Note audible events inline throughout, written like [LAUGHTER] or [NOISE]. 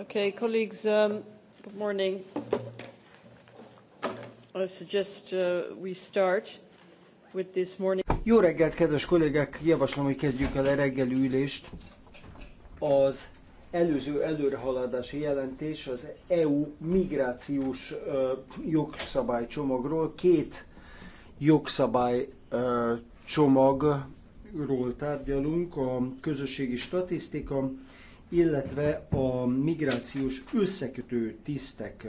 Okay, colleagues, um, good morning. I suggest uh, we start with this morning. Jó reggelt, kedves kollégák! Javaslom, hogy kezdjük el a reggeli ülést. Az előző előrehaladási jelentés az EU migrációs uh, jogszabálycsomagról. Két jogszabálycsomagról uh, csomagról tárgyalunk, a közösségi statisztika, illetve a migrációs összekötő tisztek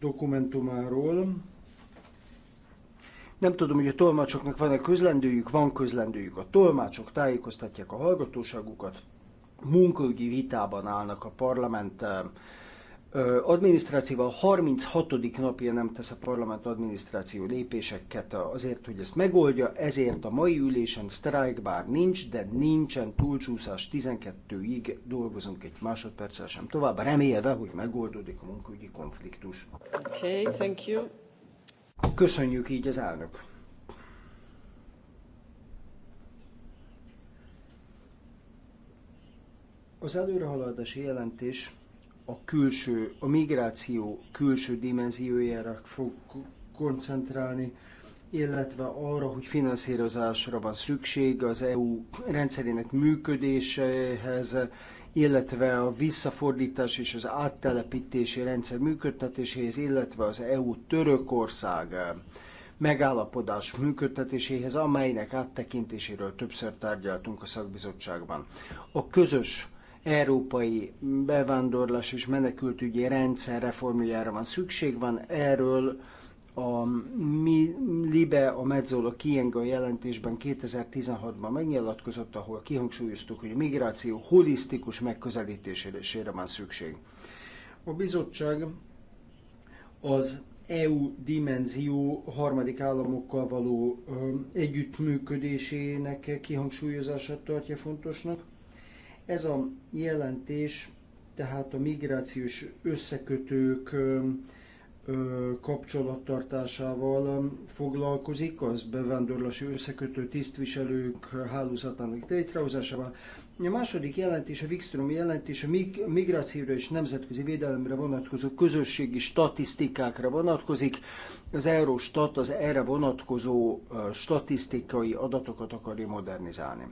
dokumentumáról. Nem tudom, hogy a tolmácsoknak van-e közlendőjük, van közlendőjük. A tolmácsok tájékoztatják a hallgatóságukat, munkaügyi vitában állnak a parlament adminisztrációval 36. napja nem tesz a parlament adminisztráció lépéseket azért, hogy ezt megoldja, ezért a mai ülésen strike bár nincs, de nincsen túlcsúszás 12-ig, dolgozunk egy másodperccel sem tovább, remélve, hogy megoldódik a munkaügyi konfliktus. Okay, thank you. Köszönjük így az elnök. Az előrehaladási jelentés a külső, a migráció külső dimenziójára fog koncentrálni, illetve arra, hogy finanszírozásra van szükség az EU rendszerének működéséhez, illetve a visszafordítás és az áttelepítési rendszer működtetéséhez, illetve az EU-Törökország megállapodás működtetéséhez, amelynek áttekintéséről többször tárgyaltunk a szakbizottságban. A közös európai bevándorlás és menekültügyi rendszer reformjára van szükség van. Erről a Mi, Libe, a Mezzola Kienga jelentésben 2016-ban megnyilatkozott, ahol kihangsúlyoztuk, hogy a migráció holisztikus megközelítésére van szükség. A bizottság az EU dimenzió harmadik államokkal való együttműködésének kihangsúlyozását tartja fontosnak. Ez a jelentés tehát a migrációs összekötők kapcsolattartásával foglalkozik, az bevándorlási összekötő tisztviselők hálózatának létrehozásával. A második jelentés, a Wikström jelentés a migrációra és nemzetközi védelemre vonatkozó közösségi statisztikákra vonatkozik. Az Eurostat az erre vonatkozó statisztikai adatokat akarja modernizálni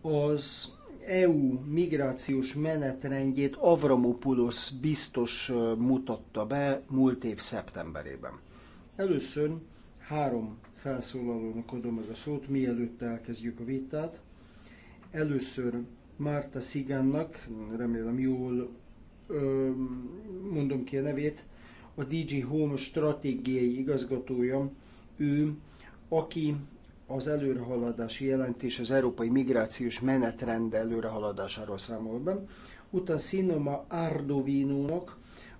az EU migrációs menetrendjét Avramopoulos biztos mutatta be múlt év szeptemberében. Először három felszólalónak adom meg a szót, mielőtt elkezdjük a vitát. Először Márta Szigánnak, remélem jól ö, mondom ki a nevét, a DG Home stratégiai igazgatója, ő, aki az előrehaladási jelentés az európai migrációs menetrend előrehaladásáról számol be. Utána Sinoma Ardovinónak,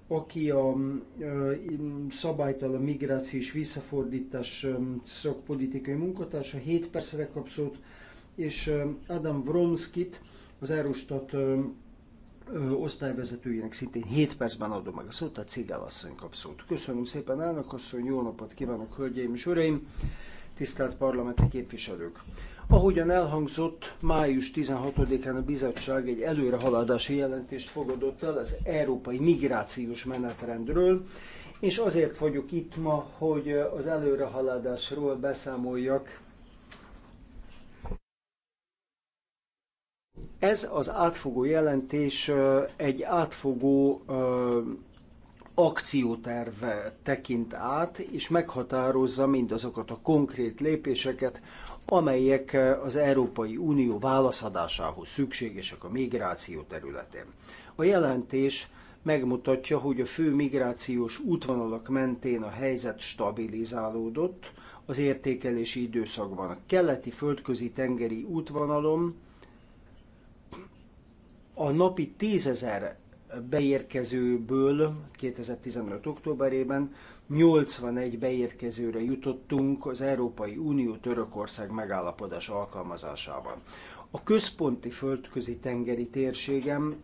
aki a mm, szabálytalan migrációs visszafordítás mm, szakpolitikai munkatársa, 7 percre kapszott, és Adam Vromskit, az Eurostat osztályvezetőjének szintén 7 percben adom meg a szót, a cigálasszony kap szót. Köszönöm szépen, elnök asszony, jó napot kívánok, hölgyeim és uraim! tisztelt parlamenti képviselők! Ahogyan elhangzott, május 16-án a bizottság egy előrehaladási jelentést fogadott el az európai migrációs menetrendről, és azért vagyok itt ma, hogy az előrehaladásról beszámoljak. Ez az átfogó jelentés egy átfogó akcióterve tekint át, és meghatározza mindazokat a konkrét lépéseket, amelyek az Európai Unió válaszadásához szükségesek a migráció területén. A jelentés megmutatja, hogy a fő migrációs útvonalak mentén a helyzet stabilizálódott az értékelési időszakban. A keleti földközi tengeri útvonalon a napi tízezer beérkezőből 2015. októberében 81 beérkezőre jutottunk az Európai Unió Törökország megállapodás alkalmazásában. A központi földközi tengeri térségem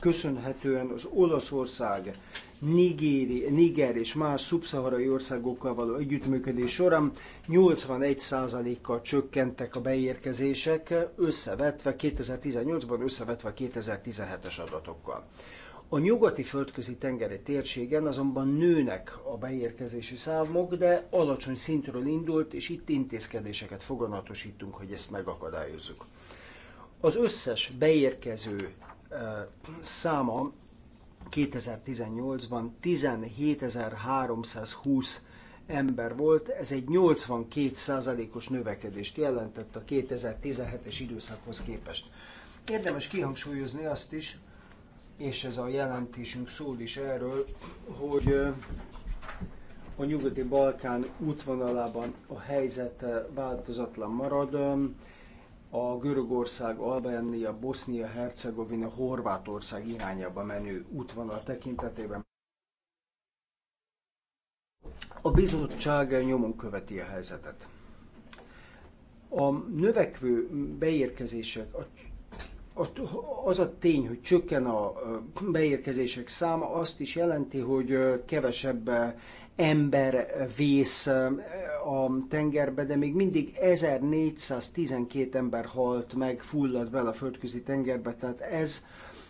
köszönhetően az Olaszország, Nigéri, Niger és más szubszaharai országokkal való együttműködés során 81%-kal csökkentek a beérkezések összevetve 2018-ban összevetve 2017-es adatokkal. A nyugati földközi tengeri térségen azonban nőnek a beérkezési számok, de alacsony szintről indult, és itt intézkedéseket foganatosítunk, hogy ezt megakadályozzuk. Az összes beérkező eh, száma 2018-ban 17.320 ember volt, ez egy 82%-os növekedést jelentett a 2017-es időszakhoz képest. Érdemes kihangsúlyozni azt is, és ez a jelentésünk szól is erről, hogy a nyugati Balkán útvonalában a helyzet változatlan marad. A Görögország, Albánia, Bosznia, Hercegovina, Horvátország irányába menő útvonal tekintetében. A bizottság nyomon követi a helyzetet. A növekvő beérkezések, a az a tény, hogy csökken a beérkezések száma, azt is jelenti, hogy kevesebb ember vész a tengerbe, de még mindig 1412 ember halt meg, fulladt bele a földközi tengerbe, tehát ez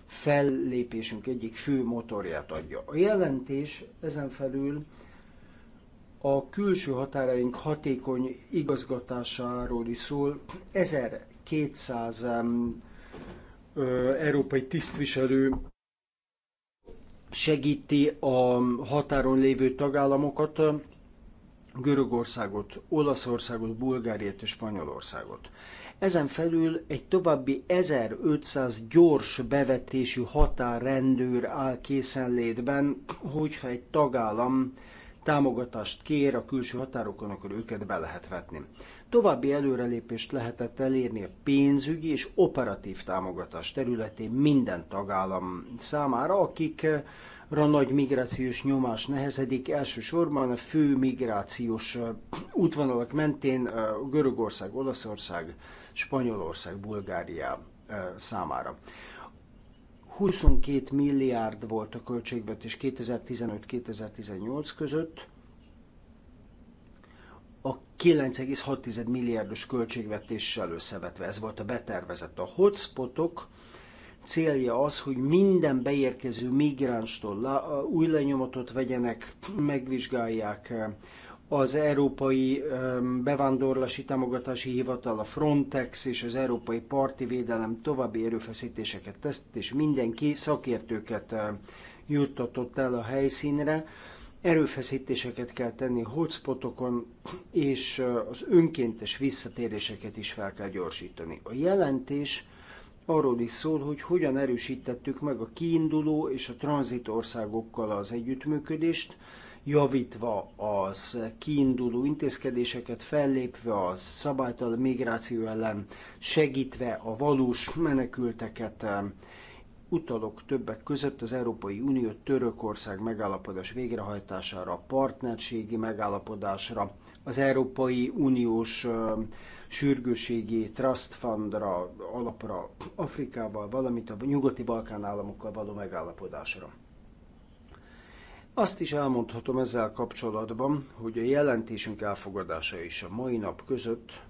fellépésünk egyik fő motorját adja. A jelentés ezen felül a külső határaink hatékony igazgatásáról is szól. 1200 európai tisztviselő segíti a határon lévő tagállamokat, Görögországot, Olaszországot, Bulgáriát és Spanyolországot. Ezen felül egy további 1500 gyors bevetésű határrendőr áll készenlétben, hogyha egy tagállam támogatást kér a külső határokon, akkor őket be lehet vetni. További előrelépést lehetett elérni a pénzügyi és operatív támogatás területén minden tagállam számára, akik a nagy migrációs nyomás nehezedik, elsősorban a fő migrációs útvonalak mentén Görögország, Olaszország, Spanyolország, Bulgária számára. 22 milliárd volt a költségvetés 2015-2018 között, a 9,6 milliárdos költségvetéssel összevetve. Ez volt a betervezett. A hotspotok célja az, hogy minden beérkező migránstól új lenyomatot vegyenek, megvizsgálják, e, az Európai e, Bevándorlási Támogatási Hivatal, a Frontex és az Európai Parti Védelem további erőfeszítéseket tesz, és mindenki szakértőket e, juttatott el a helyszínre, erőfeszítéseket kell tenni hotspotokon, és az önkéntes visszatéréseket is fel kell gyorsítani. A jelentés arról is szól, hogy hogyan erősítettük meg a kiinduló és a tranzit országokkal az együttműködést, javítva az kiinduló intézkedéseket, fellépve a szabálytalan migráció ellen, segítve a valós menekülteket, Utalok többek között az Európai Unió Törökország megállapodás végrehajtására, a partnerségi megállapodásra, az Európai Uniós sürgőségi Trust Fundra, alapra Afrikával, valamint a nyugati Balkán államokkal való megállapodásra. Azt is elmondhatom ezzel kapcsolatban, hogy a jelentésünk elfogadása is a mai nap között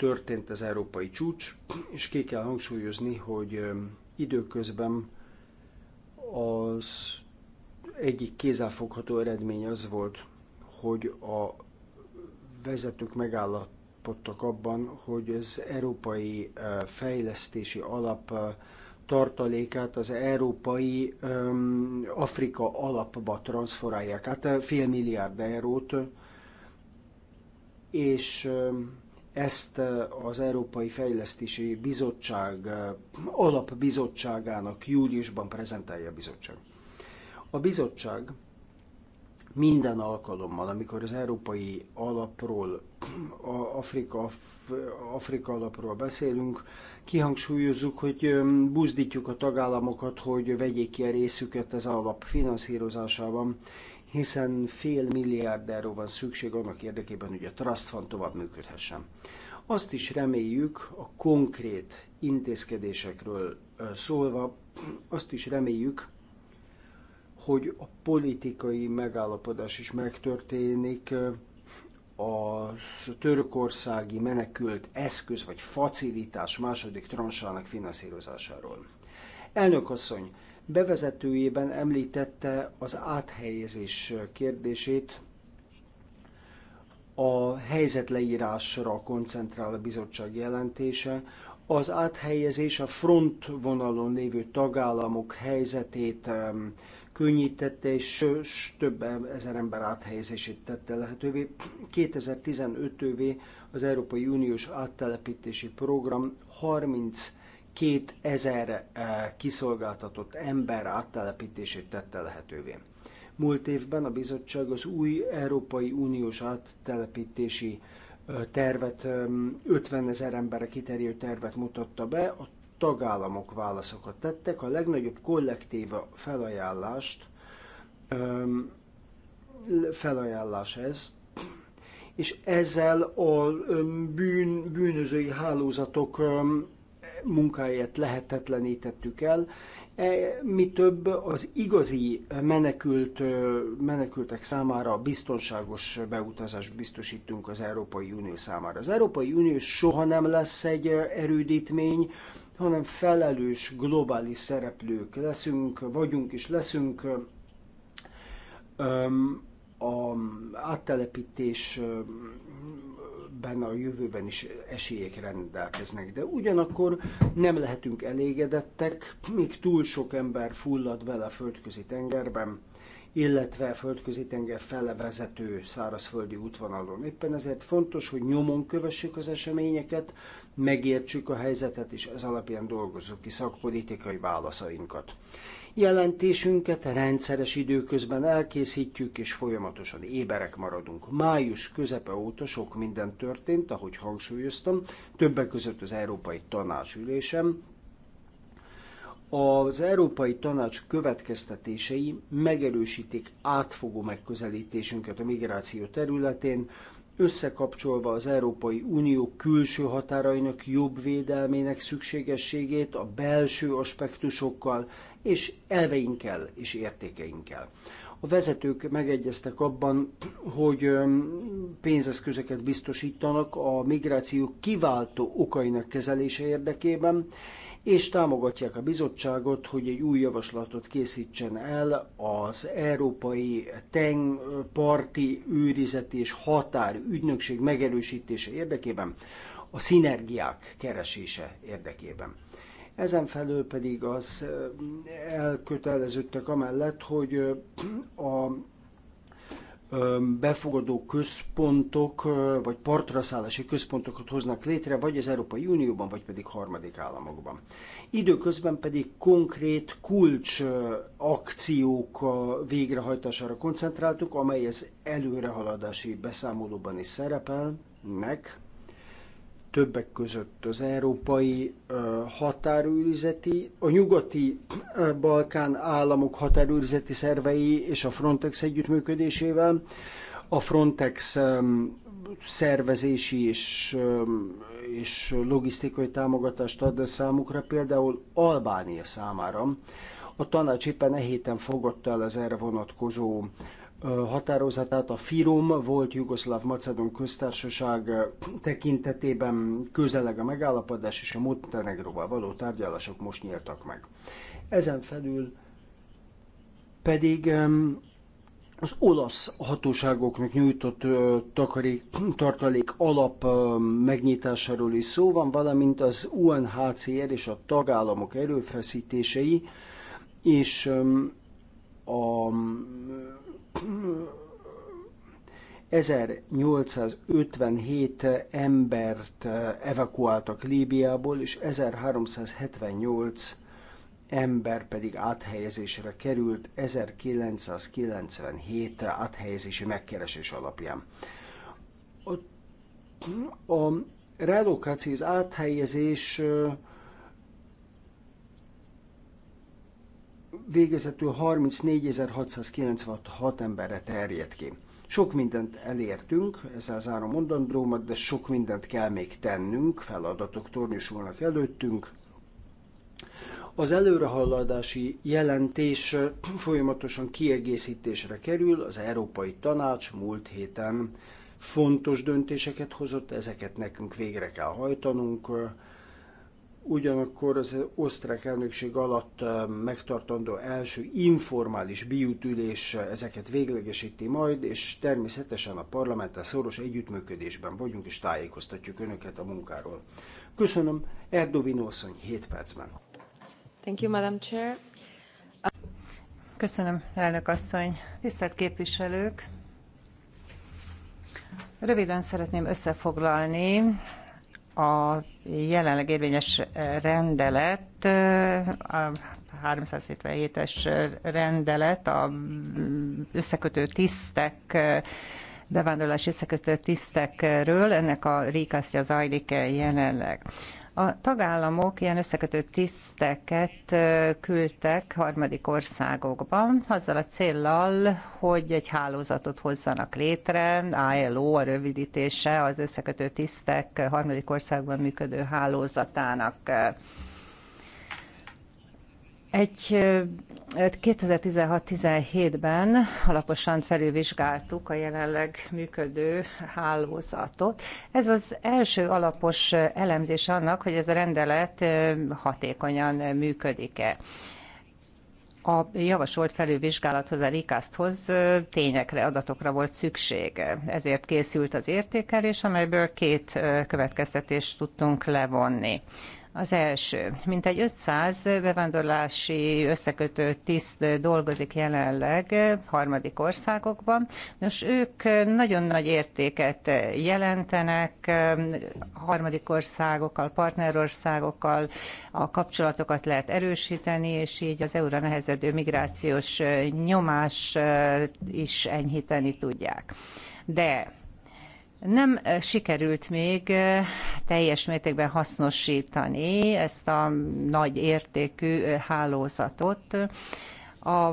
történt az európai csúcs, és ki kell hangsúlyozni, hogy időközben az egyik kézzelfogható eredmény az volt, hogy a vezetők megállapodtak abban, hogy az európai fejlesztési alap tartalékát az európai um, Afrika alapba transzforálják. hát fél milliárd eurót, és um, ezt az Európai Fejlesztési Bizottság alapbizottságának júliusban prezentálja a bizottság. A bizottság minden alkalommal, amikor az európai alapról, a Afrika, Afrika alapról beszélünk, kihangsúlyozzuk, hogy buzdítjuk a tagállamokat, hogy vegyék ki a részüket az alap finanszírozásában, hiszen fél milliárd euró van szükség annak érdekében, hogy a Trust Fund tovább működhessen. Azt is reméljük, a konkrét intézkedésekről szólva, azt is reméljük, hogy a politikai megállapodás is megtörténik, a törökországi menekült eszköz vagy facilitás második transának finanszírozásáról. Elnök asszony, Bevezetőjében említette az áthelyezés kérdését, a helyzetleírásra koncentrál a bizottság jelentése. Az áthelyezés a front vonalon lévő tagállamok helyzetét könnyítette, és több ezer ember áthelyezését tette lehetővé. 2015 ővé az Európai Uniós áttelepítési program 30 2000 eh, kiszolgáltatott ember áttelepítését tette lehetővé. Múlt évben a bizottság az új Európai Uniós áttelepítési eh, tervet, 50 eh, ezer emberre kiterjő tervet mutatta be, a tagállamok válaszokat tettek, a legnagyobb kollektíva felajánlást, felajánlás ez, és ezzel a bűn, bűnözői hálózatok munkáját lehetetlenítettük el. E, mi több az igazi menekült, menekültek számára biztonságos beutazást biztosítunk az Európai Unió számára. Az Európai Unió soha nem lesz egy erődítmény, hanem felelős globális szereplők leszünk, vagyunk és leszünk. a áttelepítés benne a jövőben is esélyek rendelkeznek. De ugyanakkor nem lehetünk elégedettek, még túl sok ember fullad bele a földközi tengerben, illetve a földközi tenger fele vezető szárazföldi útvonalon. Éppen ezért fontos, hogy nyomon kövessük az eseményeket, megértsük a helyzetet, és ez alapján dolgozzuk ki szakpolitikai válaszainkat. Jelentésünket rendszeres időközben elkészítjük, és folyamatosan éberek maradunk. Május közepe óta sok minden történt, ahogy hangsúlyoztam, többek között az Európai Tanács ülésem, az Európai Tanács következtetései megerősítik átfogó megközelítésünket a migráció területén, összekapcsolva az Európai Unió külső határainak jobb védelmének szükségességét a belső aspektusokkal és elveinkkel és értékeinkkel. A vezetők megegyeztek abban, hogy pénzeszközöket biztosítanak a migráció kiváltó okainak kezelése érdekében, és támogatják a bizottságot, hogy egy új javaslatot készítsen el az Európai Tengparti Őrizet és Ügynökség megerősítése érdekében, a szinergiák keresése érdekében. Ezen felül pedig az elköteleződtek amellett, hogy a befogadó központok, vagy partraszállási központokat hoznak létre, vagy az Európai Unióban, vagy pedig harmadik államokban. Időközben pedig konkrét kulcs akciók végrehajtására koncentráltuk, amely az előrehaladási beszámolóban is szerepelnek, többek között az európai határőrizeti, a nyugati Balkán államok határőrizeti szervei és a Frontex együttműködésével, a Frontex szervezési és, és logisztikai támogatást ad számukra, például Albánia számára. A tanács éppen e héten fogadta el az erre vonatkozó határozatát a FIROM, volt Jugoszláv Macedon köztársaság tekintetében közeleg a megállapodás és a Montenegróval való tárgyalások most nyíltak meg. Ezen felül pedig az olasz hatóságoknak nyújtott takarék, tartalék alap megnyitásáról is szó van, valamint az UNHCR és a tagállamok erőfeszítései és a 1857 embert eh, evakuáltak Líbiából, és 1378 ember pedig áthelyezésre került 1997 áthelyezési megkeresés alapján. A, a relokáció, az áthelyezés eh, végezetül 34.696 emberre terjed ki. Sok mindent elértünk, ezzel zárom mondandómat, de sok mindent kell még tennünk, feladatok tornyosulnak előttünk. Az előrehaladási jelentés [CLEARS THROAT] folyamatosan kiegészítésre kerül, az Európai Tanács múlt héten fontos döntéseket hozott, ezeket nekünk végre kell hajtanunk Ugyanakkor az osztrák elnökség alatt megtartandó első informális biútülés ezeket véglegesíti majd, és természetesen a parlamenttel szoros együttműködésben vagyunk, és tájékoztatjuk Önöket a munkáról. Köszönöm, Erdovin asszony 7 percben. Thank you, Madam Chair. Köszönöm, elnök asszony. Tisztelt képviselők! Röviden szeretném összefoglalni a jelenleg érvényes rendelet, a 377-es rendelet, a összekötő tisztek bevándorlási összekötő tisztekről, ennek a rékasztja zajlik jelenleg. A tagállamok ilyen összekötő tiszteket küldtek harmadik országokba, azzal a céllal, hogy egy hálózatot hozzanak létre, ILO a rövidítése az összekötő tisztek harmadik országban működő hálózatának. Egy 2016-17-ben alaposan felülvizsgáltuk a jelenleg működő hálózatot. Ez az első alapos elemzés annak, hogy ez a rendelet hatékonyan működik-e. A javasolt felülvizsgálathoz, a rikaszthoz tényekre, adatokra volt szükség. Ezért készült az értékelés, amelyből két következtetést tudtunk levonni. Az első, mintegy 500 bevándorlási összekötő tiszt dolgozik jelenleg harmadik országokban. Nos, ők nagyon nagy értéket jelentenek harmadik országokkal, partnerországokkal, a kapcsolatokat lehet erősíteni, és így az eu nehezedő migrációs nyomás is enyhíteni tudják. De nem sikerült még teljes mértékben hasznosítani ezt a nagy értékű hálózatot. A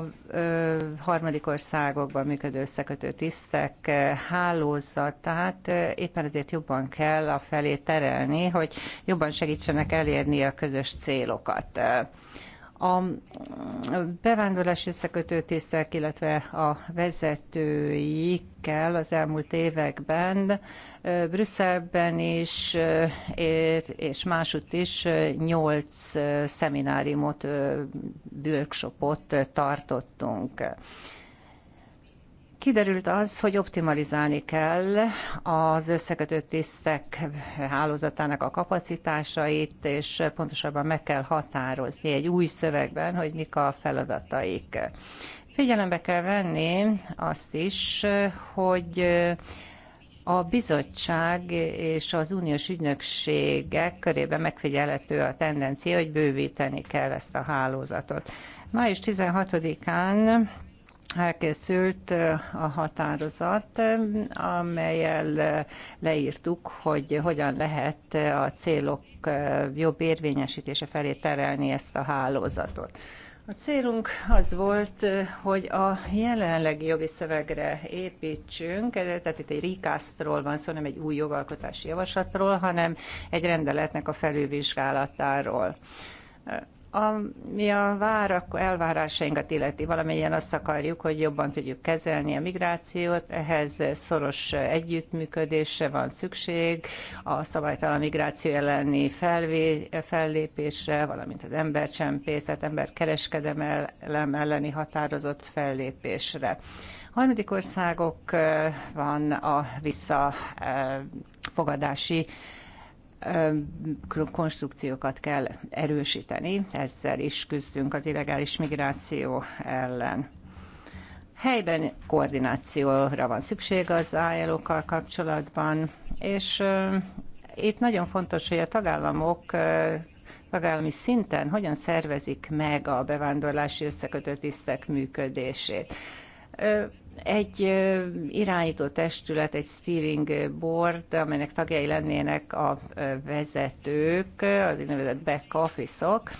harmadik országokban működő összekötő tisztek hálózatát éppen ezért jobban kell a felé terelni, hogy jobban segítsenek elérni a közös célokat. A bevándorlás összekötő tisztek, illetve a vezetőikkel az elmúlt években Brüsszelben is és másutt is nyolc szemináriumot, workshopot tartottunk. Kiderült az, hogy optimalizálni kell az összekötő tisztek hálózatának a kapacitásait, és pontosabban meg kell határozni egy új szövegben, hogy mik a feladataik. Figyelembe kell venni azt is, hogy a bizottság és az uniós ügynökségek körében megfigyelhető a tendencia, hogy bővíteni kell ezt a hálózatot. Május 16-án elkészült a határozat, amelyel leírtuk, hogy hogyan lehet a célok jobb érvényesítése felé terelni ezt a hálózatot. A célunk az volt, hogy a jelenlegi jogi szövegre építsünk, tehát itt egy rikásztról van szó, nem egy új jogalkotási javaslatról, hanem egy rendeletnek a felülvizsgálatáról ami a várak, elvárásainkat illeti, valamilyen azt akarjuk, hogy jobban tudjuk kezelni a migrációt, ehhez szoros együttműködésre van szükség, a szabálytalan migráció elleni felvé, fellépésre, valamint az embercsempészet, emberkereskedelem elleni határozott fellépésre. A harmadik országok eh, van a visszafogadási konstrukciókat kell erősíteni, ezzel is küzdünk az illegális migráció ellen. Helyben koordinációra van szükség az ilo kapcsolatban, és itt nagyon fontos, hogy a tagállamok tagállami szinten hogyan szervezik meg a bevándorlási összekötő tisztek működését egy irányító testület, egy steering board, amelynek tagjai lennének a vezetők, az úgynevezett back office-ok, -ok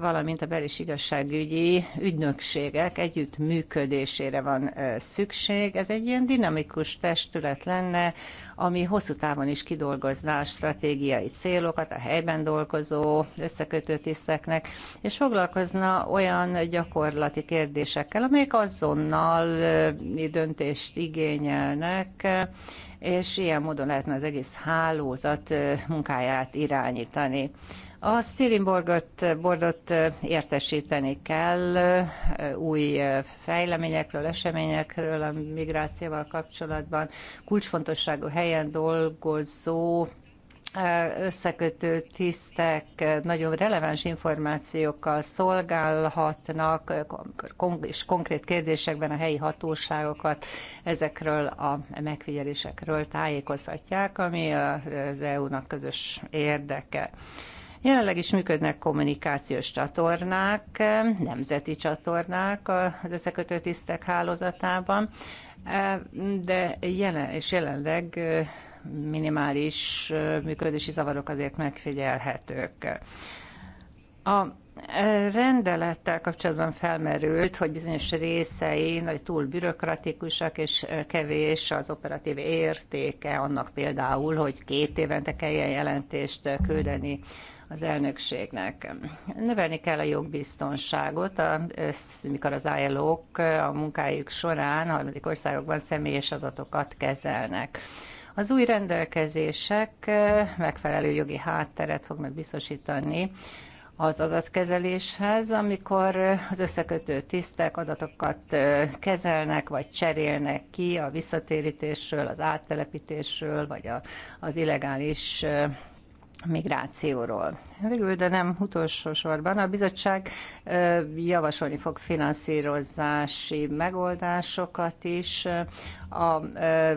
valamint a belis igazságügyi ügynökségek együttműködésére van szükség. Ez egy ilyen dinamikus testület lenne, ami hosszú távon is kidolgozná a stratégiai célokat a helyben dolgozó összekötő tiszteknek, és foglalkozna olyan gyakorlati kérdésekkel, amelyek azonnal döntést igényelnek, és ilyen módon lehetne az egész hálózat munkáját irányítani. A Stilinborgot eh, bordot eh, értesíteni kell eh, új fejleményekről, eseményekről a migrációval kapcsolatban. Kulcsfontosságú helyen dolgozó összekötő tisztek nagyon releváns információkkal szolgálhatnak, és konkrét kérdésekben a helyi hatóságokat ezekről a megfigyelésekről tájékozhatják, ami az EU-nak közös érdeke. Jelenleg is működnek kommunikációs csatornák, nemzeti csatornák az összekötő tisztek hálózatában, de jelen, és jelenleg minimális működési zavarok azért megfigyelhetők. A rendelettel kapcsolatban felmerült, hogy bizonyos részei nagy túl bürokratikusak, és kevés az operatív értéke annak például, hogy két évente kelljen jelentést küldeni az elnökségnek. Növelni kell a jogbiztonságot, mikor az ilo a munkájuk során harmadik országokban személyes adatokat kezelnek. Az új rendelkezések eh, megfelelő jogi hátteret fognak biztosítani az adatkezeléshez, amikor az összekötő tisztek adatokat eh, kezelnek, vagy cserélnek ki a visszatérítésről, az áttelepítésről, vagy a, az illegális eh, migrációról. Végül, de nem utolsó sorban, a bizottság javasolni fog finanszírozási megoldásokat is. A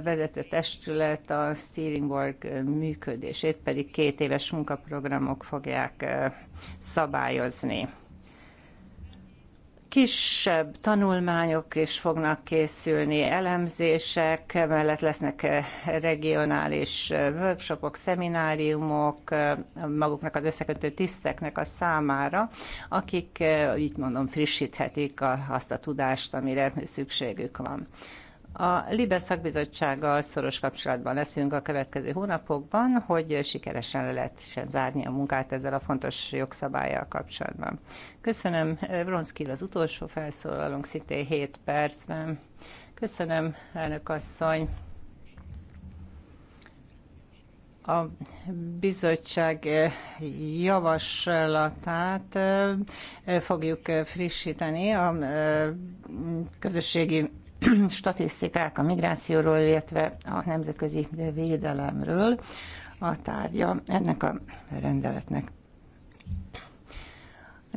vezető testület, a Steering Board működését pedig két éves munkaprogramok fogják szabályozni kisebb tanulmányok is fognak készülni, elemzések, mellett lesznek eh, regionális eh, workshopok, szemináriumok eh, maguknak az összekötő tiszteknek a számára, akik, így mondom, frissíthetik azt a tudást, amire szükségük van. A Libe szakbizottsággal szoros kapcsolatban leszünk a következő hónapokban, hogy sikeresen le lehessen zárni a munkát ezzel a fontos jogszabályjal kapcsolatban. Köszönöm, Vronszkil az utolsó felszólalunk, szintén 7 percben. Köszönöm, elnök asszony. A bizottság javaslatát eh, fogjuk eh, frissíteni a eh, közösségi [CLEARS THROAT] statisztikák a migrációról, illetve a nemzetközi védelemről a tárgya ennek a rendeletnek.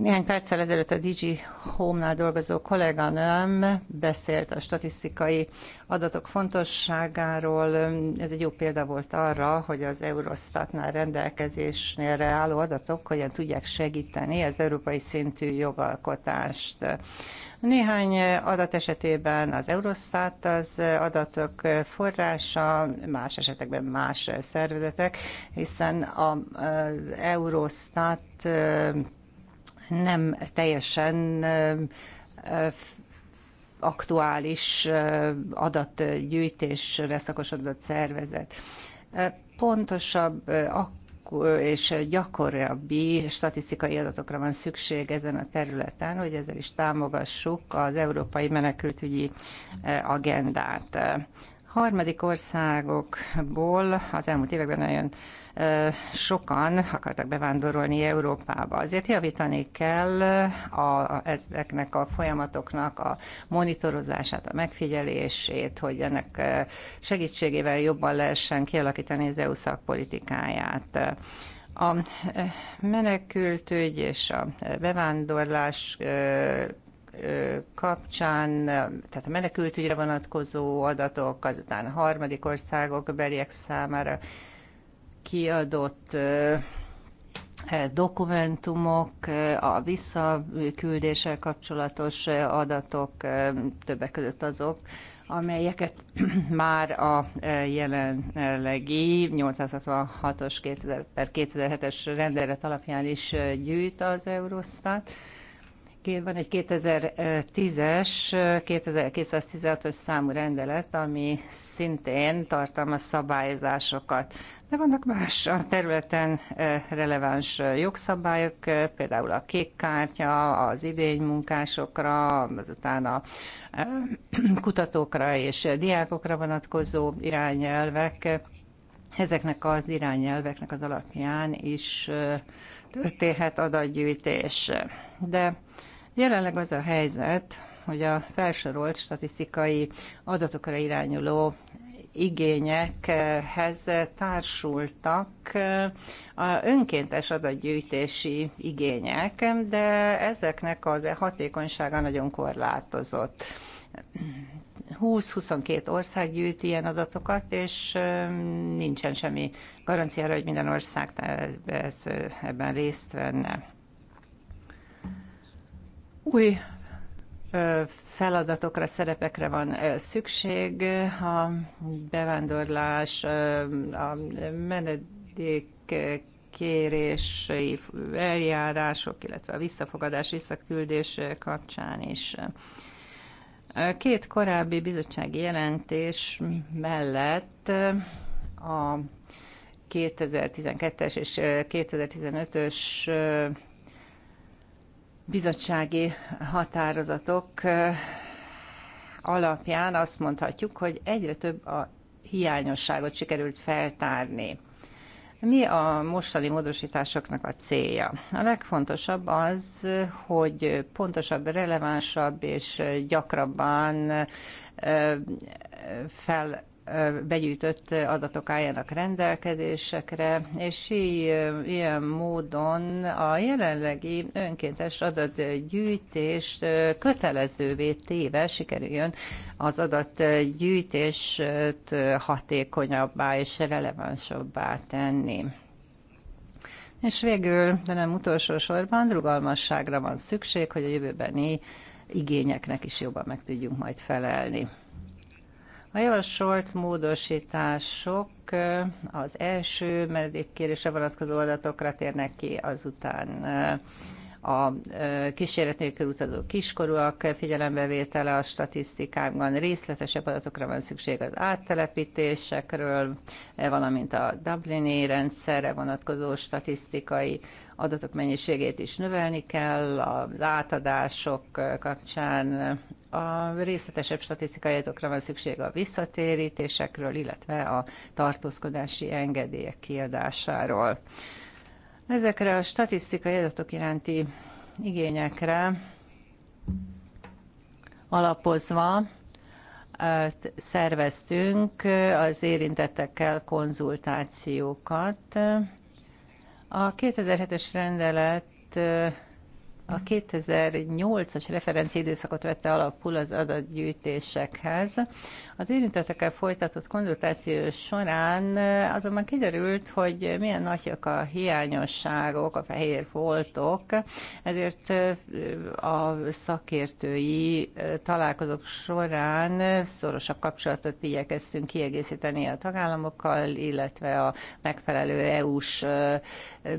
Néhány perccel ezelőtt a DG Home-nál dolgozó kolléganőm beszélt a statisztikai adatok fontosságáról. Ez egy jó példa volt arra, hogy az Eurostatnál rendelkezésnél álló adatok hogyan tudják segíteni az európai szintű jogalkotást. Néhány adat esetében az Eurostat az adatok forrása, más esetekben más szervezetek, hiszen az Eurostat nem teljesen aktuális adatgyűjtésre szakosodott szervezet. Pontosabb és gyakorabbi statisztikai adatokra van szükség ezen a területen, hogy ezzel is támogassuk az európai menekültügyi agendát. Harmadik országokból az elmúlt években nagyon sokan akartak bevándorolni Európába. Azért javítani kell a, ezeknek a folyamatoknak a monitorozását, a megfigyelését, hogy ennek segítségével jobban lehessen kialakítani az EU szakpolitikáját. A menekültügy és a bevándorlás kapcsán, tehát a menekültügyre vonatkozó adatok, azután a harmadik országok beliek számára kiadott dokumentumok, a visszaküldéssel kapcsolatos adatok, többek között azok, amelyeket [CLEARS THROAT] már a jelenlegi 866-os 2000 per 2007-es rendelet alapján is gyűjt az Eurostat van egy 2010-es, 2216-os számú rendelet, ami szintén tartalmaz szabályozásokat. De vannak más a területen eh, releváns jogszabályok, eh, például a kék kártya az idénymunkásokra, azután a eh, kutatókra és diákokra vonatkozó irányelvek. Ezeknek az irányelveknek az alapján is történhet adatgyűjtés. De Jelenleg az a helyzet, hogy a felsorolt statisztikai adatokra irányuló igényekhez társultak a önkéntes adatgyűjtési igények, de ezeknek az hatékonysága nagyon korlátozott. 20-22 ország gyűjt ilyen adatokat, és um, nincsen semmi garanciára, hogy minden ország ez, ebben részt venne. Új feladatokra, szerepekre van szükség. A bevándorlás, a menedék kérési eljárások, illetve a visszafogadás, visszaküldés kapcsán is. Két korábbi bizottsági jelentés mellett a 2012-es és 2015-ös bizottsági határozatok alapján azt mondhatjuk, hogy egyre több a hiányosságot sikerült feltárni. Mi a mostani módosításoknak a célja? A legfontosabb az, hogy pontosabb, relevánsabb és gyakrabban fel begyűjtött adatok álljanak rendelkezésekre, és így, ilyen módon a jelenlegi önkéntes adatgyűjtés kötelezővé téve sikerüljön az adatgyűjtést hatékonyabbá és relevánsabbá tenni. És végül, de nem utolsó sorban, rugalmasságra van szükség, hogy a jövőbeni igényeknek is jobban meg tudjunk majd felelni. A javasolt módosítások az első menedékkérésre vonatkozó adatokra térnek ki, azután a kísérlet nélkül utazó kiskorúak figyelembevétele a statisztikákban, részletesebb adatokra van szükség az áttelepítésekről, valamint a Dublini rendszerre vonatkozó statisztikai adatok mennyiségét is növelni kell, az átadások kapcsán a részletesebb statisztikai adatokra van szükség a visszatérítésekről, illetve a tartózkodási engedélyek kiadásáról. Ezekre a statisztikai adatok iránti igényekre alapozva hát, szerveztünk az érintettekkel konzultációkat, a 2007-es rendelet a 2008-as referenciaidőszakot vette alapul az adatgyűjtésekhez. Az érintettekkel folytatott konzultáció során azonban kiderült, hogy milyen nagyok a hiányosságok, a fehér foltok, ezért a szakértői találkozók során szorosabb kapcsolatot igyekeztünk kiegészíteni a tagállamokkal, illetve a megfelelő EU-s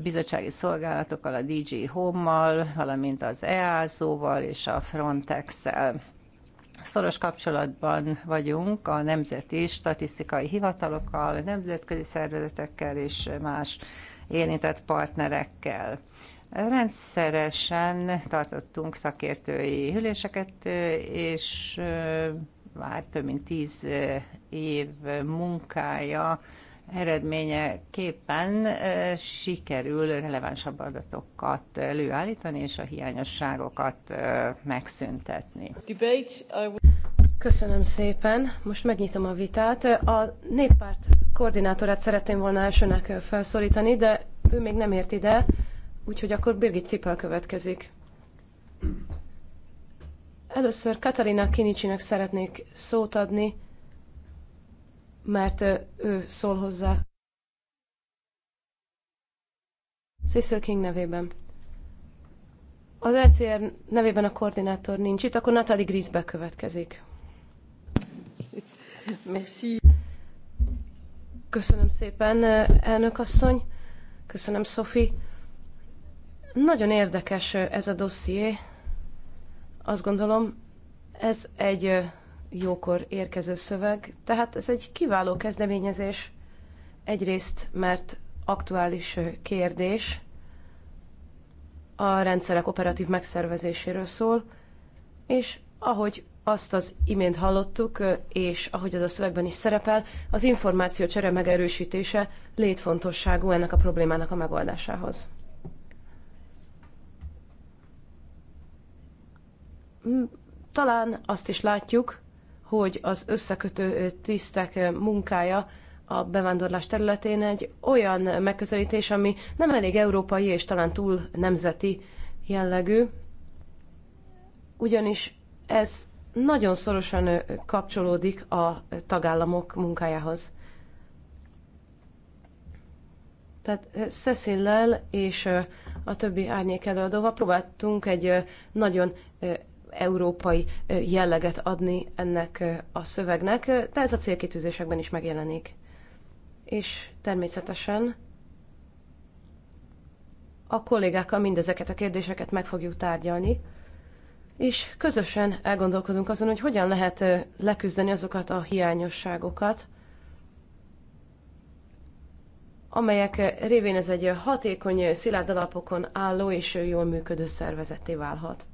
bizottsági szolgálatokkal, a DG Home-mal, valamint mint az EASO-val és a Frontex-el. Szoros kapcsolatban vagyunk a nemzeti statisztikai hivatalokkal, nemzetközi szervezetekkel és más érintett partnerekkel. Rendszeresen tartottunk szakértői hüléseket, és már több mint tíz év munkája eredményeképpen sikerül relevánsabb adatokat előállítani és a hiányosságokat megszüntetni. Köszönöm szépen. Most megnyitom a vitát. A néppárt koordinátorát szeretném volna elsőnek felszólítani, de ő még nem ért ide, úgyhogy akkor Birgit Cipel következik. Először Katarina Kinicsinek szeretnék szót adni mert ő szól hozzá. Cecil King nevében. Az ECR nevében a koordinátor nincs itt, akkor Natalie Grisbe következik. Merci. Köszönöm szépen, elnök asszony. Köszönöm, Sophie. Nagyon érdekes ez a dosszié. Azt gondolom, ez egy jókor érkező szöveg, tehát ez egy kiváló kezdeményezés, egyrészt mert aktuális kérdés a rendszerek operatív megszervezéséről szól, és ahogy azt az imént hallottuk, és ahogy az a szövegben is szerepel, az információ csere megerősítése létfontosságú ennek a problémának a megoldásához. Talán azt is látjuk, hogy az összekötő tisztek munkája a bevándorlás területén egy olyan megközelítés, ami nem elég európai és talán túl nemzeti jellegű, ugyanis ez nagyon szorosan kapcsolódik a tagállamok munkájához. Tehát Cecillel és a többi árnyék előadóval próbáltunk egy nagyon európai jelleget adni ennek a szövegnek, de ez a célkitűzésekben is megjelenik. És természetesen a kollégákkal mindezeket a kérdéseket meg fogjuk tárgyalni, és közösen elgondolkodunk azon, hogy hogyan lehet leküzdeni azokat a hiányosságokat, amelyek révén ez egy hatékony, szilárd alapokon álló és jól működő szervezetté válhat.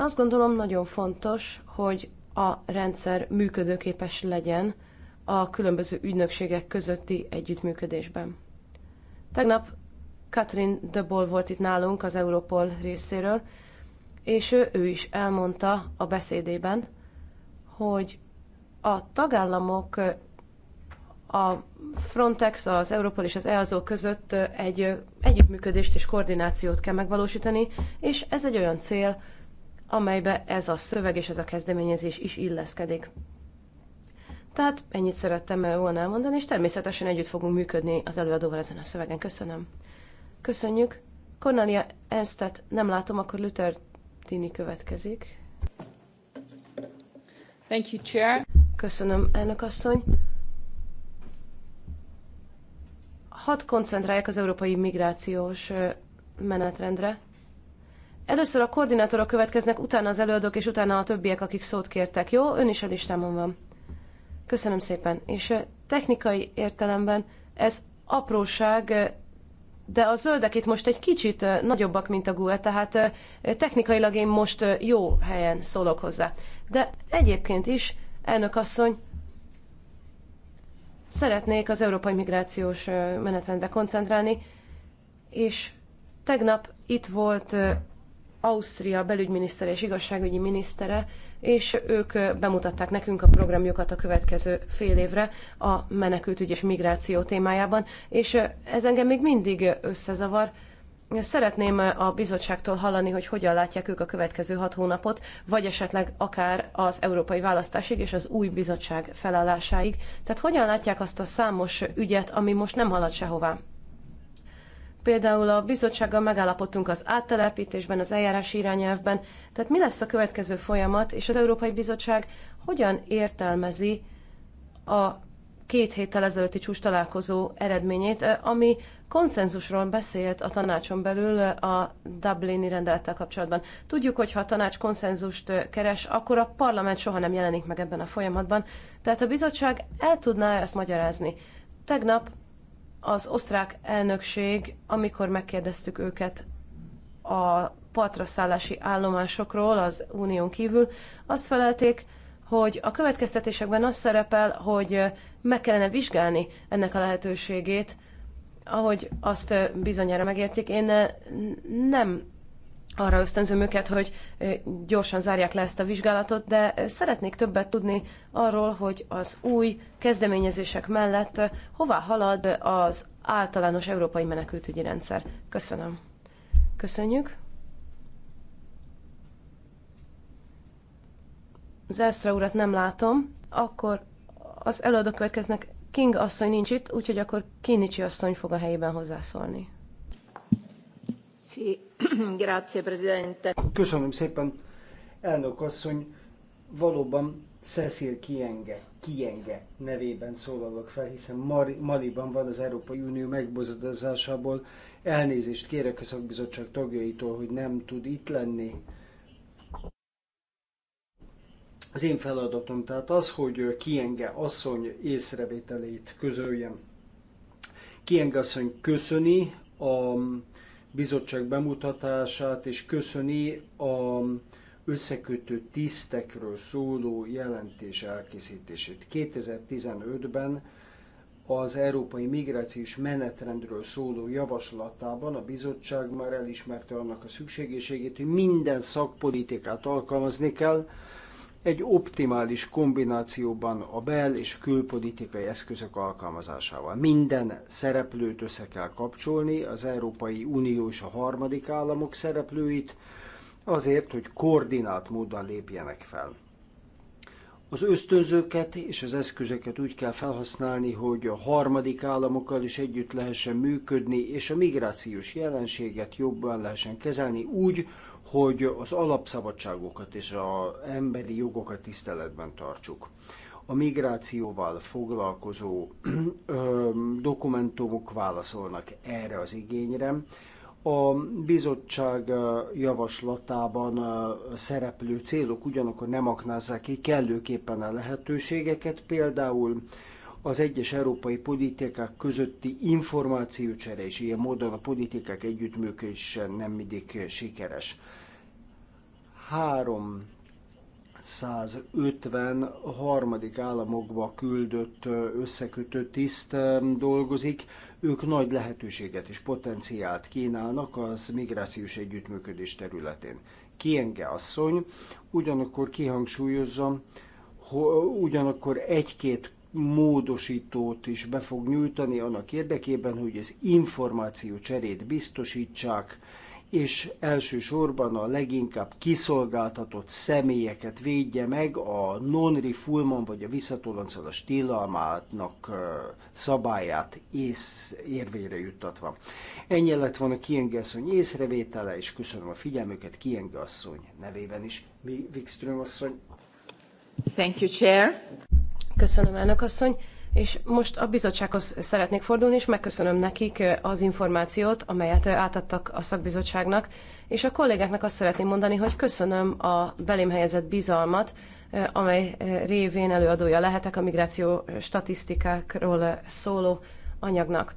Azt gondolom nagyon fontos, hogy a rendszer működőképes legyen a különböző ügynökségek közötti együttműködésben. Tegnap Katrin de Boll volt itt nálunk az Europol részéről, és ő, ő is elmondta a beszédében, hogy a tagállamok a Frontex, az Európol és az EASO között egy együttműködést és koordinációt kell megvalósítani, és ez egy olyan cél, amelybe ez a szöveg és ez a kezdeményezés is illeszkedik. Tehát ennyit szerettem volna elmondani, és természetesen együtt fogunk működni az előadóval ezen a szövegen. Köszönöm. Köszönjük. Cornelia Ernstet nem látom, akkor Luther Tini következik. Thank you, Chair. Köszönöm, elnök asszony. Hadd koncentrálják az európai migrációs menetrendre. Először a koordinátorok következnek, utána az előadók, és utána a többiek, akik szót kértek. Jó, ön is a listámon van. Köszönöm szépen. És technikai értelemben ez apróság, de a zöldek itt most egy kicsit nagyobbak, mint a GUE, tehát technikailag én most jó helyen szólok hozzá. De egyébként is, elnök asszony, szeretnék az európai migrációs menetrendre koncentrálni, és tegnap itt volt Ausztria belügyminisztere és igazságügyi minisztere, és ők bemutatták nekünk a programjukat a következő fél évre a menekültügy és migráció témájában, és ez engem még mindig összezavar. Szeretném a bizottságtól hallani, hogy hogyan látják ők a következő hat hónapot, vagy esetleg akár az európai választásig és az új bizottság felállásáig. Tehát hogyan látják azt a számos ügyet, ami most nem halad sehová? Például a bizottsággal megállapodtunk az áttelepítésben, az eljárási irányelvben. Tehát mi lesz a következő folyamat, és az Európai Bizottság hogyan értelmezi a két héttel ezelőtti csúcs találkozó eredményét, ami konszenzusról beszélt a tanácson belül a Dublini rendelettel kapcsolatban. Tudjuk, hogy ha a tanács konszenzust keres, akkor a parlament soha nem jelenik meg ebben a folyamatban. Tehát a bizottság el tudná ezt magyarázni. Tegnap az osztrák elnökség, amikor megkérdeztük őket a partraszállási állomásokról az unión kívül, azt felelték, hogy a következtetésekben az szerepel, hogy meg kellene vizsgálni ennek a lehetőségét, ahogy azt bizonyára megértik, én nem arra ösztönzöm őket, hogy gyorsan zárják le ezt a vizsgálatot, de szeretnék többet tudni arról, hogy az új kezdeményezések mellett hová halad az általános európai menekültügyi rendszer. Köszönöm. Köszönjük. Zelstra urat nem látom, akkor az előadók következnek. King asszony nincs itt, úgyhogy akkor Kinicsi asszony fog a helyében hozzászólni. Sí. [COUGHS] Köszönöm szépen, elnök asszony. Valóban Cecil Kienge, Kienge nevében szólalok fel, hiszen Maliban van az Európai Unió megbozadásából. Elnézést kérek a szakbizottság tagjaitól, hogy nem tud itt lenni. Az én feladatom tehát az, hogy Kienge asszony észrevételét közöljem. Kienge asszony köszöni a bizottság bemutatását, és köszöni a összekötő tisztekről szóló jelentés elkészítését. 2015-ben az Európai Migrációs Menetrendről szóló javaslatában a bizottság már elismerte annak a szükségességét, hogy minden szakpolitikát alkalmazni kell, egy optimális kombinációban a bel- és külpolitikai eszközök alkalmazásával. Minden szereplőt össze kell kapcsolni, az Európai Unió és a harmadik államok szereplőit, azért, hogy koordinált módon lépjenek fel. Az ösztönzőket és az eszközöket úgy kell felhasználni, hogy a harmadik államokkal is együtt lehessen működni, és a migrációs jelenséget jobban lehessen kezelni úgy, hogy az alapszabadságokat és az emberi jogokat tiszteletben tartsuk. A migrációval foglalkozó dokumentumok válaszolnak erre az igényre. A bizottság javaslatában szereplő célok ugyanakkor nem aknázzák ki kellőképpen a lehetőségeket, például az egyes európai politikák közötti információcsere, és ilyen módon a politikák együttműködése nem mindig sikeres. 350 harmadik államokba küldött összekötő tiszt dolgozik. Ők nagy lehetőséget és potenciált kínálnak az migrációs együttműködés területén. Kienge asszony ugyanakkor kihangsúlyozza, ugyanakkor egy-két módosítót is be fog nyújtani annak érdekében, hogy az információ cserét biztosítsák, és elsősorban a leginkább kiszolgáltatott személyeket védje meg a non-refoulement vagy a visszatoloncolás tilalmátnak szabályát ész, érvényre juttatva. Ennyi lett van a asszony észrevétele, és köszönöm a figyelmüket Kienge nevében is. Wikström asszony. Thank you, Chair. Köszönöm, elnök asszony. És most a bizottsághoz szeretnék fordulni, és megköszönöm nekik az információt, amelyet átadtak a szakbizottságnak, és a kollégáknak azt szeretném mondani, hogy köszönöm a belém helyezett bizalmat, amely révén előadója lehetek a migráció statisztikákról szóló anyagnak.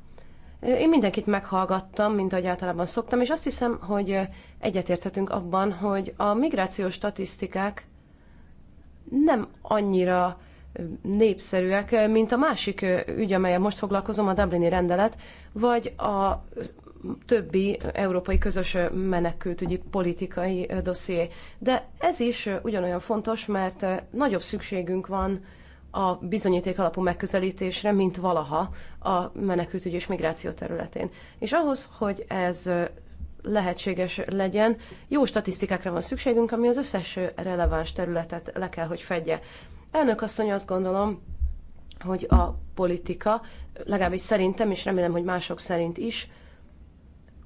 Én mindenkit meghallgattam, mint ahogy általában szoktam, és azt hiszem, hogy egyetérthetünk abban, hogy a migrációs statisztikák nem annyira népszerűek, mint a másik ügy, amelyen most foglalkozom, a Dublini rendelet, vagy a többi európai közös menekültügyi politikai dosszié. De ez is ugyanolyan fontos, mert nagyobb szükségünk van a bizonyíték alapú megközelítésre, mint valaha a menekültügyi és migráció területén. És ahhoz, hogy ez lehetséges legyen, jó statisztikákra van szükségünk, ami az összes releváns területet le kell, hogy fedje. Elnök asszony, azt gondolom, hogy a politika, legalábbis szerintem, és remélem, hogy mások szerint is,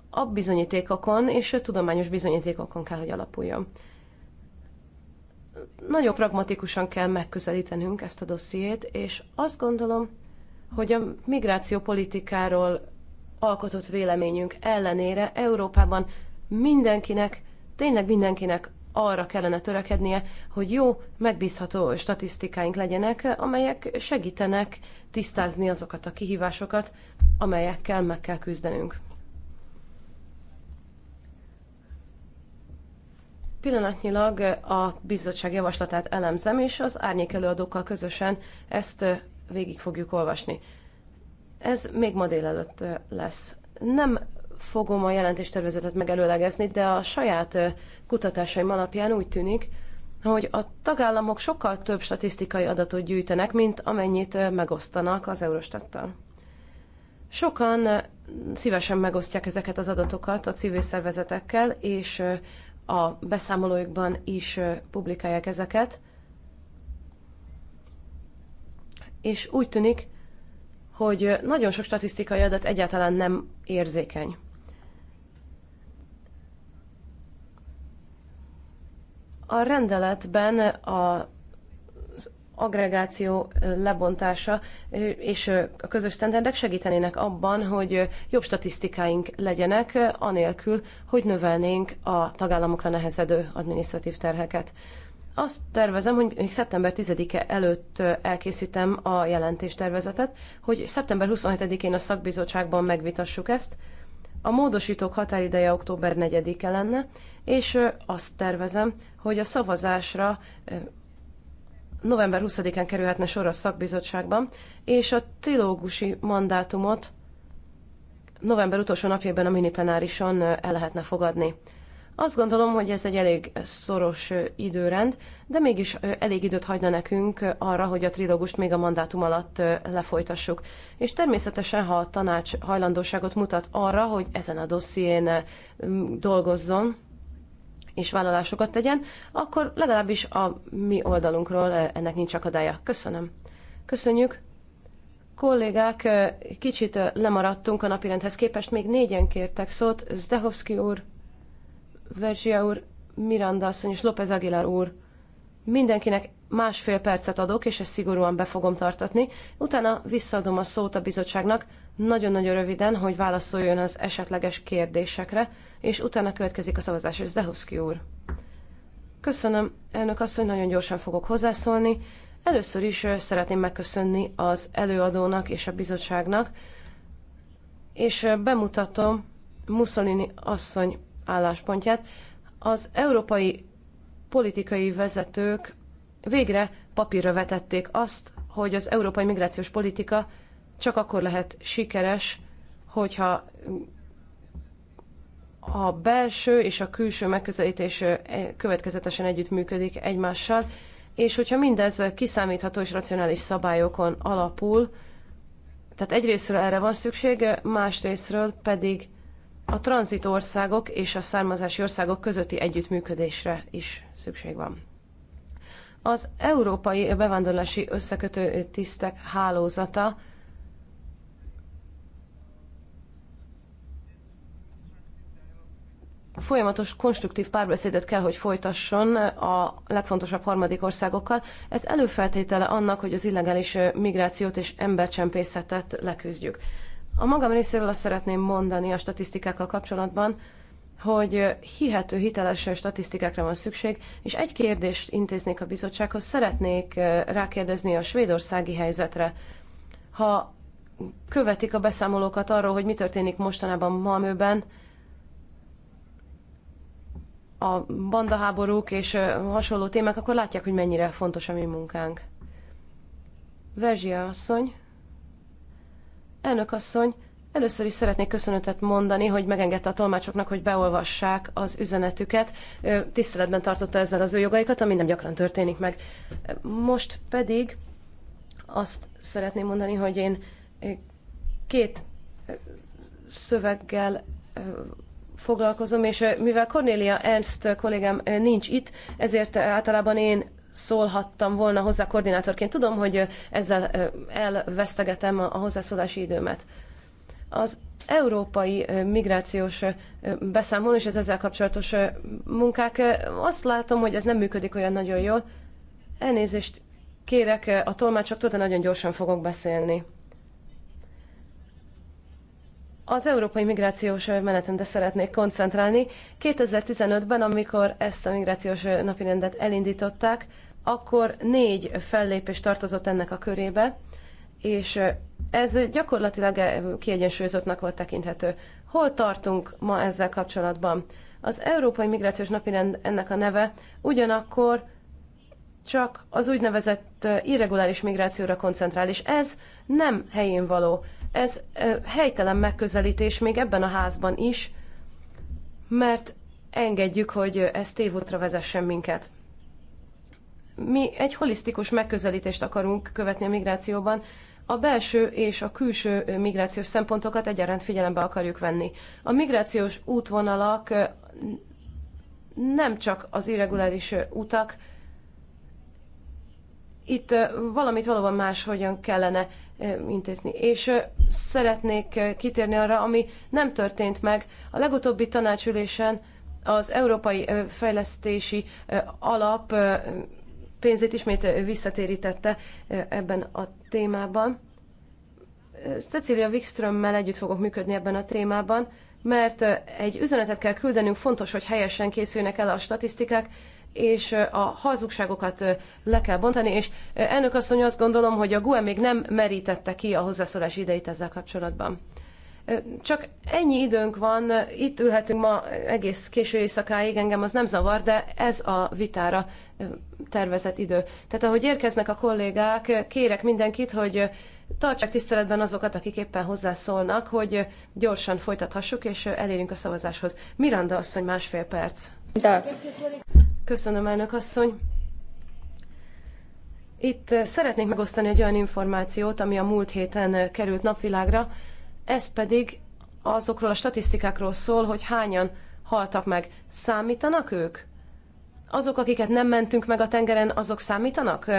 a bizonyítékokon és a tudományos bizonyítékokon kell, hogy alapuljon. Nagyon pragmatikusan kell megközelítenünk ezt a dossziét, és azt gondolom, hogy a migráció politikáról alkotott véleményünk ellenére Európában mindenkinek, tényleg mindenkinek arra kellene törekednie, hogy jó, megbízható statisztikáink legyenek, amelyek segítenek tisztázni azokat a kihívásokat, amelyekkel meg kell küzdenünk. Pillanatnyilag a bizottság javaslatát elemzem, és az árnyék előadókkal közösen ezt végig fogjuk olvasni. Ez még ma délelőtt lesz. Nem fogom a jelentéstervezetet megelőlegezni, de a saját kutatásaim alapján úgy tűnik, hogy a tagállamok sokkal több statisztikai adatot gyűjtenek, mint amennyit megosztanak az Eurostattal. Sokan szívesen megosztják ezeket az adatokat a civil szervezetekkel, és a beszámolóikban is publikálják ezeket. És úgy tűnik, hogy nagyon sok statisztikai adat egyáltalán nem érzékeny. A rendeletben a agregáció lebontása és a közös standardek segítenének abban, hogy jobb statisztikáink legyenek, anélkül, hogy növelnénk a tagállamokra nehezedő adminisztratív terheket. Azt tervezem, hogy még szeptember 10-e előtt elkészítem a jelentéstervezetet, hogy szeptember 27-én a szakbizottságban megvitassuk ezt. A módosítók határideje október 4-e lenne, és azt tervezem, hogy a szavazásra november 20-án kerülhetne sor a szakbizottságban, és a trilógusi mandátumot november utolsó napjában a miniplenárison el lehetne fogadni. Azt gondolom, hogy ez egy elég szoros időrend, de mégis elég időt hagyna nekünk arra, hogy a trilógust még a mandátum alatt lefolytassuk. És természetesen, ha a tanács hajlandóságot mutat arra, hogy ezen a dosszién dolgozzon, és vállalásokat tegyen, akkor legalábbis a mi oldalunkról eh, ennek nincs akadálya. Köszönöm. Köszönjük. Kollégák, eh, kicsit eh, lemaradtunk a napirendhez képest, még négyen kértek szót, Zdehovszki úr, Verzsia úr, Miranda asszony és López Aguilar úr. Mindenkinek másfél percet adok, és ezt szigorúan be fogom tartatni. Utána visszaadom a szót a bizottságnak, nagyon-nagyon röviden, hogy válaszoljon az esetleges kérdésekre, és utána következik a szavazás, és Zehovszki úr. Köszönöm, elnök asszony, nagyon gyorsan fogok hozzászólni. Először is szeretném megköszönni az előadónak és a bizottságnak, és bemutatom Mussolini asszony álláspontját. Az európai politikai vezetők végre papírra vetették azt, hogy az európai migrációs politika csak akkor lehet sikeres, hogyha a belső és a külső megközelítés e, következetesen együttműködik egymással, és hogyha mindez kiszámítható és racionális szabályokon alapul, tehát egyrésztről erre van szükség, másrésztről pedig a tranzitországok és a származási országok közötti együttműködésre is szükség van. Az Európai Bevándorlási Összekötő Tisztek Hálózata folyamatos konstruktív párbeszédet kell, hogy folytasson a legfontosabb harmadik országokkal. Ez előfeltétele annak, hogy az illegális migrációt és embercsempészetet leküzdjük. A magam részéről azt szeretném mondani a statisztikákkal kapcsolatban, hogy hihető, hiteles statisztikákra van szükség, és egy kérdést intéznék a bizottsághoz. Szeretnék rákérdezni a svédországi helyzetre. Ha követik a beszámolókat arról, hogy mi történik mostanában Malmöben, a bandaháborúk és hasonló témák, akkor látják, hogy mennyire fontos a mi munkánk. Verzsia asszony, elnök asszony, Először is szeretnék köszönetet mondani, hogy megengedte a tolmácsoknak, hogy beolvassák az üzenetüket. Tiszteletben tartotta ezzel az ő jogaikat, ami nem gyakran történik meg. Most pedig azt szeretném mondani, hogy én két szöveggel foglalkozom, és mivel Cornelia Ernst kollégám nincs itt, ezért általában én szólhattam volna hozzá koordinátorként. Tudom, hogy ezzel elvesztegetem a hozzászólási időmet. Az európai migrációs beszámoló és az ezzel kapcsolatos munkák, azt látom, hogy ez nem működik olyan nagyon jól. Elnézést kérek a tolmácsoktól, de nagyon gyorsan fogok beszélni. Az európai migrációs menetrendre szeretnék koncentrálni. 2015-ben, amikor ezt a migrációs napirendet elindították, akkor négy fellépés tartozott ennek a körébe, és ez gyakorlatilag kiegyensúlyozottnak volt tekinthető. Hol tartunk ma ezzel kapcsolatban? Az Európai Migrációs Napirend ennek a neve, ugyanakkor csak az úgynevezett irreguláris migrációra koncentrál, és ez nem helyén való. Ez helytelen megközelítés még ebben a házban is, mert engedjük, hogy ez tévútra vezessen minket. Mi egy holisztikus megközelítést akarunk követni a migrációban, a belső és a külső migrációs szempontokat egyaránt figyelembe akarjuk venni. A migrációs útvonalak nem csak az irreguláris utak, itt valamit valóban máshogyan kellene intézni. És szeretnék kitérni arra, ami nem történt meg. A legutóbbi tanácsülésen az Európai Fejlesztési Alap pénzét ismét visszatérítette ebben a témában. Cecilia Wikströmmel együtt fogok működni ebben a témában, mert egy üzenetet kell küldenünk, fontos, hogy helyesen készüljenek el a statisztikák, és a hazugságokat le kell bontani, és elnök asszony azt gondolom, hogy a GUE még nem merítette ki a hozzászólás idejét ezzel kapcsolatban. Csak ennyi időnk van, itt ülhetünk ma egész késő éjszakáig, engem az nem zavar, de ez a vitára tervezett idő. Tehát ahogy érkeznek a kollégák, kérek mindenkit, hogy tartsák tiszteletben azokat, akik éppen hozzászólnak, hogy gyorsan folytathassuk, és elérjünk a szavazáshoz. Miranda asszony, másfél perc. De. Köszönöm, elnök asszony. Itt eh, szeretnék megosztani egy olyan információt, ami a múlt héten eh, került napvilágra, ez pedig azokról a statisztikákról szól, hogy hányan haltak meg. Számítanak ők? azok, akiket nem mentünk meg a tengeren, azok számítanak,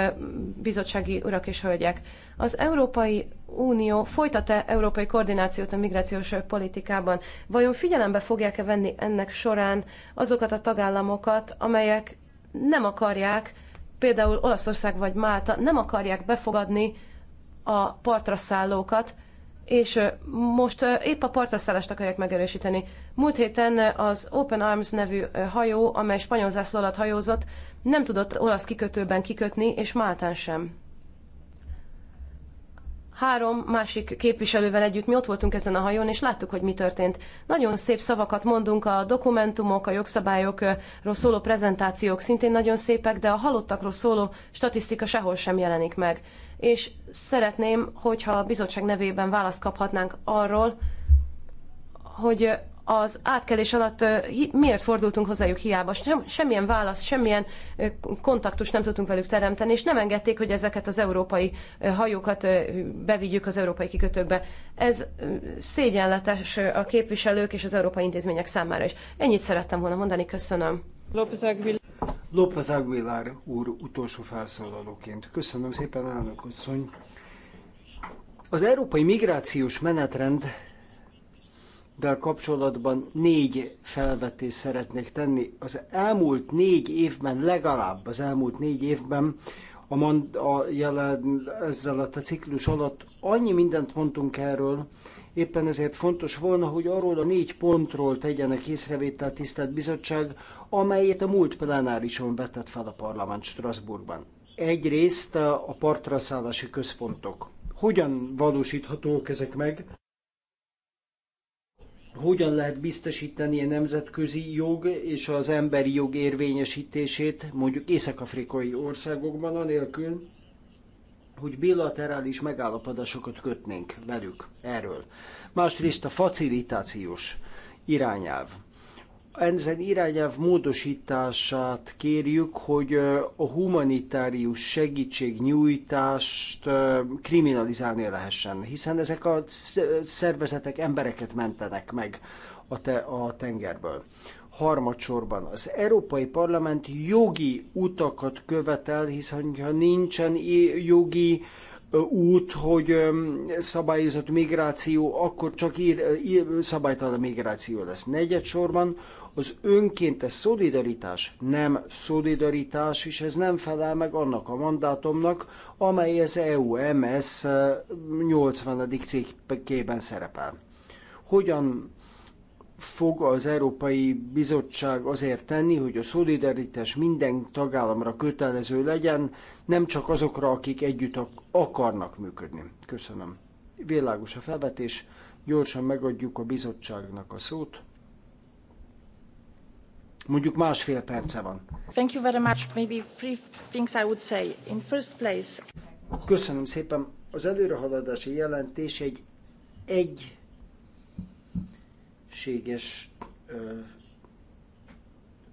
bizottsági urak és hölgyek? Az Európai Unió folytat-e európai koordinációt a migrációs politikában? Vajon figyelembe fogják-e venni ennek során azokat a tagállamokat, amelyek nem akarják, például Olaszország vagy Málta, nem akarják befogadni a partra szállókat, és most épp a szállást akarják megerősíteni. Múlt héten az Open Arms nevű hajó, amely spanyol zászló alatt hajózott, nem tudott olasz kikötőben kikötni, és Máltán sem. Három másik képviselővel együtt mi ott voltunk ezen a hajón, és láttuk, hogy mi történt. Nagyon szép szavakat mondunk, a dokumentumok, a jogszabályokról szóló prezentációk szintén nagyon szépek, de a halottakról szóló statisztika sehol sem jelenik meg és szeretném, hogyha a bizottság nevében választ kaphatnánk arról, hogy az átkelés alatt miért fordultunk hozzájuk hiába. Sem, semmilyen válasz, semmilyen kontaktust nem tudtunk velük teremteni, és nem engedték, hogy ezeket az európai hajókat bevigyük az európai kikötőkbe. Ez szégyenletes a képviselők és az európai intézmények számára is. Ennyit szerettem volna mondani, köszönöm. López López Aguilar úr utolsó felszólalóként. Köszönöm szépen, elnök asszony. Az európai migrációs menetrend de kapcsolatban négy felvetést szeretnék tenni. Az elmúlt négy évben, legalább az elmúlt négy évben, a, mond, a jelen, ezzel a ciklus alatt annyi mindent mondtunk erről, Éppen ezért fontos volna, hogy arról a négy pontról tegyenek észrevételt tisztelt bizottság, amelyet a múlt plenárison vetett fel a parlament Strasbourgban. Egyrészt a partraszállási központok. Hogyan valósíthatók ezek meg? Hogyan lehet biztosítani a nemzetközi jog és az emberi jog érvényesítését mondjuk észak-afrikai országokban, anélkül, hogy bilaterális megállapodásokat kötnénk velük erről. Másrészt a facilitációs irányelv. Ezen irányelv módosítását kérjük, hogy a humanitárius segítségnyújtást kriminalizálni lehessen, hiszen ezek a szervezetek embereket mentenek meg a, te- a tengerből. Harmadsorban az Európai Parlament jogi utakat követel, hiszen ha nincsen jogi út, hogy szabályozott migráció, akkor csak ír, ír, szabálytalan migráció lesz. Negyedsorban az önkéntes szolidaritás nem szolidaritás, és ez nem felel meg annak a mandátumnak, amely az EUMS 80. cikkében szerepel. Hogyan fog az Európai Bizottság azért tenni, hogy a szolidaritás minden tagállamra kötelező legyen, nem csak azokra, akik együtt akarnak működni? Köszönöm. Világos a felvetés, gyorsan megadjuk a bizottságnak a szót. Mondjuk másfél perce van. Thank you very much. Maybe three things I would say. In first place... Köszönöm szépen. Az előrehaladási jelentés egy egy egységes ö,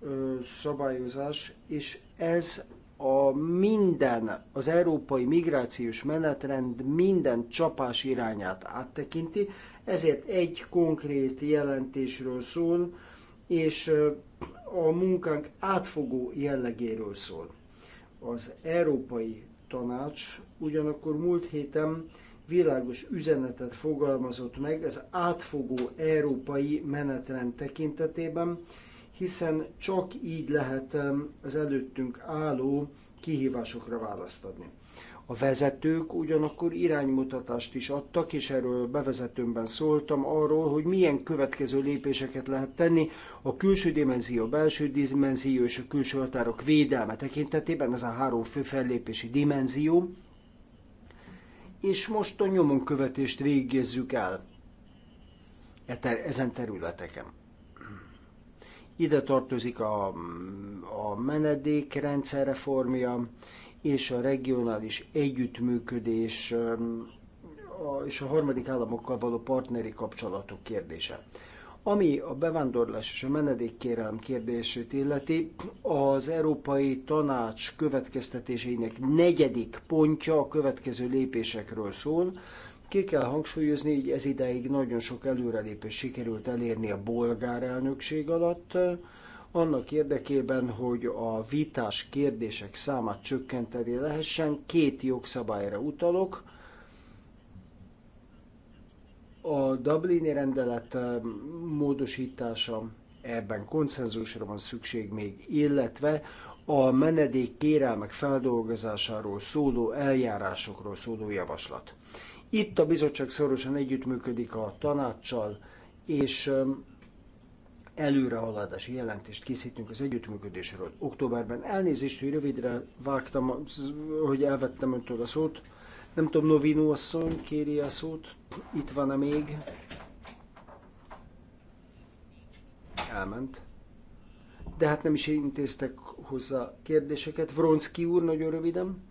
ö, szabályozás, és ez a minden, az európai migrációs menetrend minden csapás irányát áttekinti, ezért egy konkrét jelentésről szól, és a munkánk átfogó jellegéről szól. Az Európai Tanács ugyanakkor múlt héten világos üzenetet fogalmazott meg az átfogó európai menetrend tekintetében, hiszen csak így lehet az előttünk álló kihívásokra választ adni. A vezetők ugyanakkor iránymutatást is adtak, és erről bevezetőmben szóltam arról, hogy milyen következő lépéseket lehet tenni a külső dimenzió, a belső dimenzió és a külső határok védelme tekintetében, ez a három fő fellépési dimenzió, és most a követést végezzük el e ezen területeken. Ide tartozik a, a menedékrendszer reformja és a regionális együttműködés és a harmadik államokkal való partneri kapcsolatok kérdése. Ami a bevándorlás és a menedékkérelem kérdését illeti, az Európai Tanács következtetéseinek negyedik pontja a következő lépésekről szól. Ki kell hangsúlyozni, hogy ez idáig nagyon sok előrelépés sikerült elérni a bolgár elnökség alatt, annak érdekében, hogy a vitás kérdések számát csökkenteni lehessen, két jogszabályra utalok – a Dublini rendelet módosítása ebben konszenzusra van szükség még, illetve a menedék kérelmek feldolgozásáról szóló eljárásokról szóló javaslat. Itt a bizottság szorosan együttműködik a tanácssal, és előrehaladási jelentést készítünk az együttműködésről. Októberben elnézést, hogy rövidre vágtam, hogy elvettem öntől a szót. Nem tudom, Novinó asszony kéri a szót. Itt van-e még? Elment. De hát nem is intéztek hozzá kérdéseket. Vronszki úr, nagyon röviden.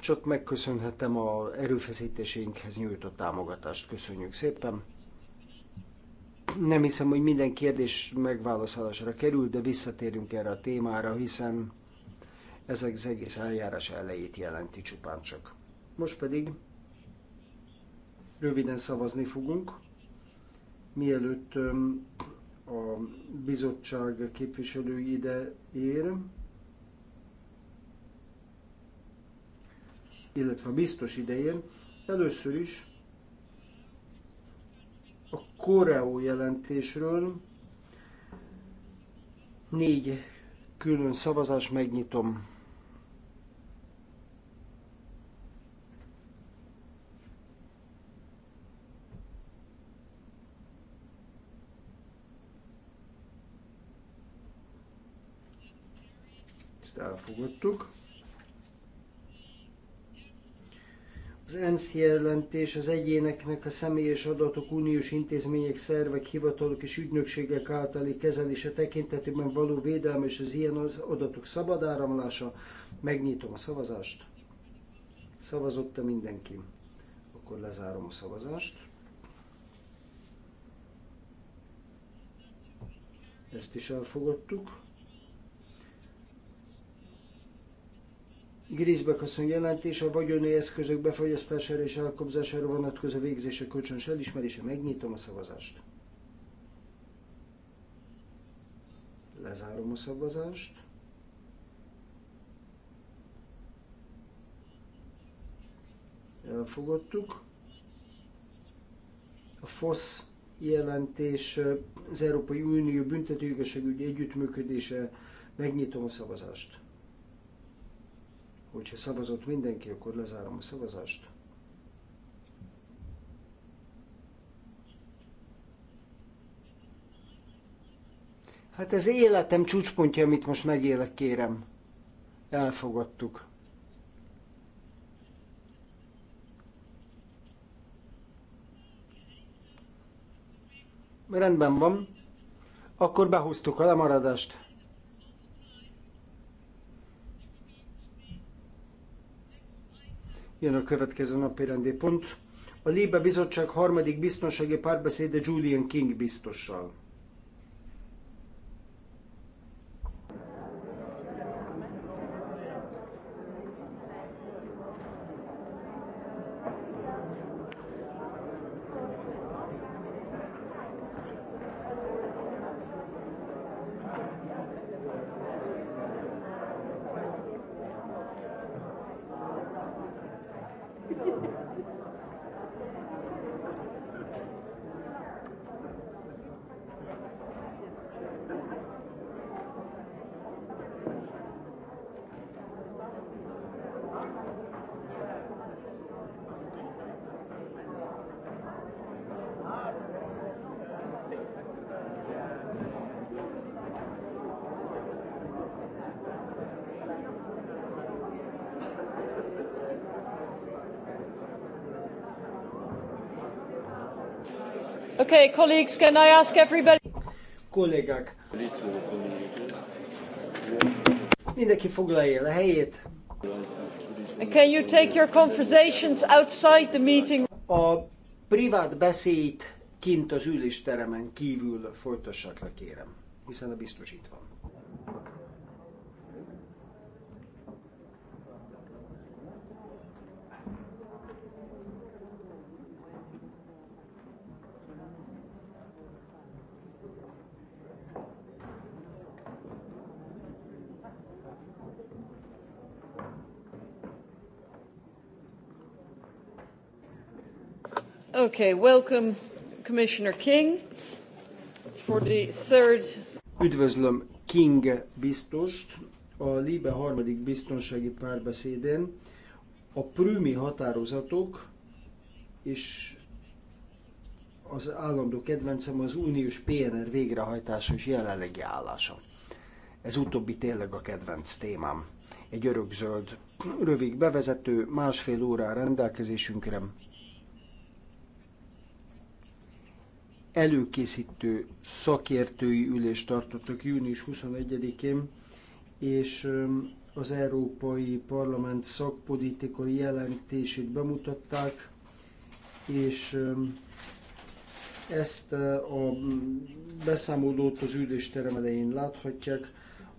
Csak megköszönhetem a erőfeszítéseinkhez nyújtott támogatást. Köszönjük szépen. Nem hiszem, hogy minden kérdés megválaszolásra kerül, de visszatérünk erre a témára, hiszen ezek az egész eljárás elejét jelenti csupán csak. Most pedig röviden szavazni fogunk, mielőtt a bizottság képviselői ide ér, illetve a biztos idején. Először is a Koreó jelentésről négy külön szavazás, megnyitom elfogadtuk. Az ENSZ jelentés az egyéneknek a személyes adatok uniós intézmények, szervek, hivatalok és ügynökségek általi kezelése tekintetében való védelme és az ilyen az adatok szabad áramlása. Megnyitom a szavazást. Szavazott-e mindenki? Akkor lezárom a szavazást. Ezt is elfogadtuk. Grisbek asszony jelentése a vagyoni eszközök befogyasztására és elkobzására vonatkozó végzése kölcsönös elismerése. Megnyitom a szavazást. Lezárom a szavazást. Elfogadtuk. A FOSZ jelentés az Európai Unió büntetőjogaságügyi együttműködése. Megnyitom a szavazást. Hogyha szavazott mindenki, akkor lezárom a szavazást. Hát ez életem csúcspontja, amit most megélek, kérem. Elfogadtuk. Rendben van. Akkor behúztuk a lemaradást. Jön a következő napi rendi pont. A Libe Bizottság harmadik biztonsági párbeszéde Julian King biztossal. Okay, colleagues, can I ask everybody... Kollégák! Mindenki foglalja a helyét. And can you take your conversations outside the meeting? A privát beszéd kint az ülésteremen kívül folytassák le, kérem, hiszen a biztosít van. Okay, welcome Commissioner King for the third... Üdvözlöm King biztost a Libe harmadik biztonsági párbeszédén. A prümi határozatok és az állandó kedvencem az uniós PNR végrehajtása és jelenlegi állása. Ez utóbbi tényleg a kedvenc témám. Egy örökzöld, rövid bevezető, másfél órá rendelkezésünkre, előkészítő szakértői ülést tartottak június 21-én, és az Európai Parlament szakpolitikai jelentését bemutatták, és ezt a beszámolót az ülésterem elején láthatják.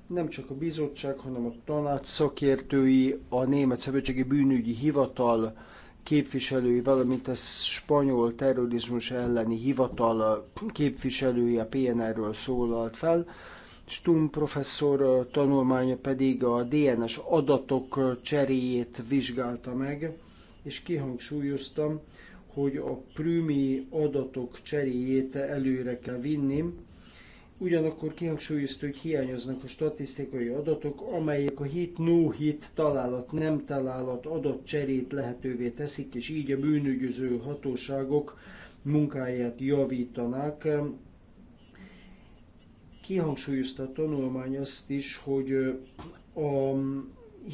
Nem csak a bizottság, hanem a tanács szakértői, a Német Szövetségi Bűnügyi Hivatal, képviselői, valamint a spanyol terrorizmus elleni hivatal képviselője PNR-ről szólalt fel. Stum professzor tanulmánya pedig a DNS adatok cseréjét vizsgálta meg, és kihangsúlyoztam, hogy a prümi adatok cseréjét előre kell vinni, Ugyanakkor kihangsúlyozta, hogy hiányoznak a statisztikai adatok, amelyek a hit no hit találat nem találat adatcserét lehetővé teszik, és így a bűnügyöző hatóságok munkáját javítanák. Kihangsúlyozta a tanulmány azt is, hogy a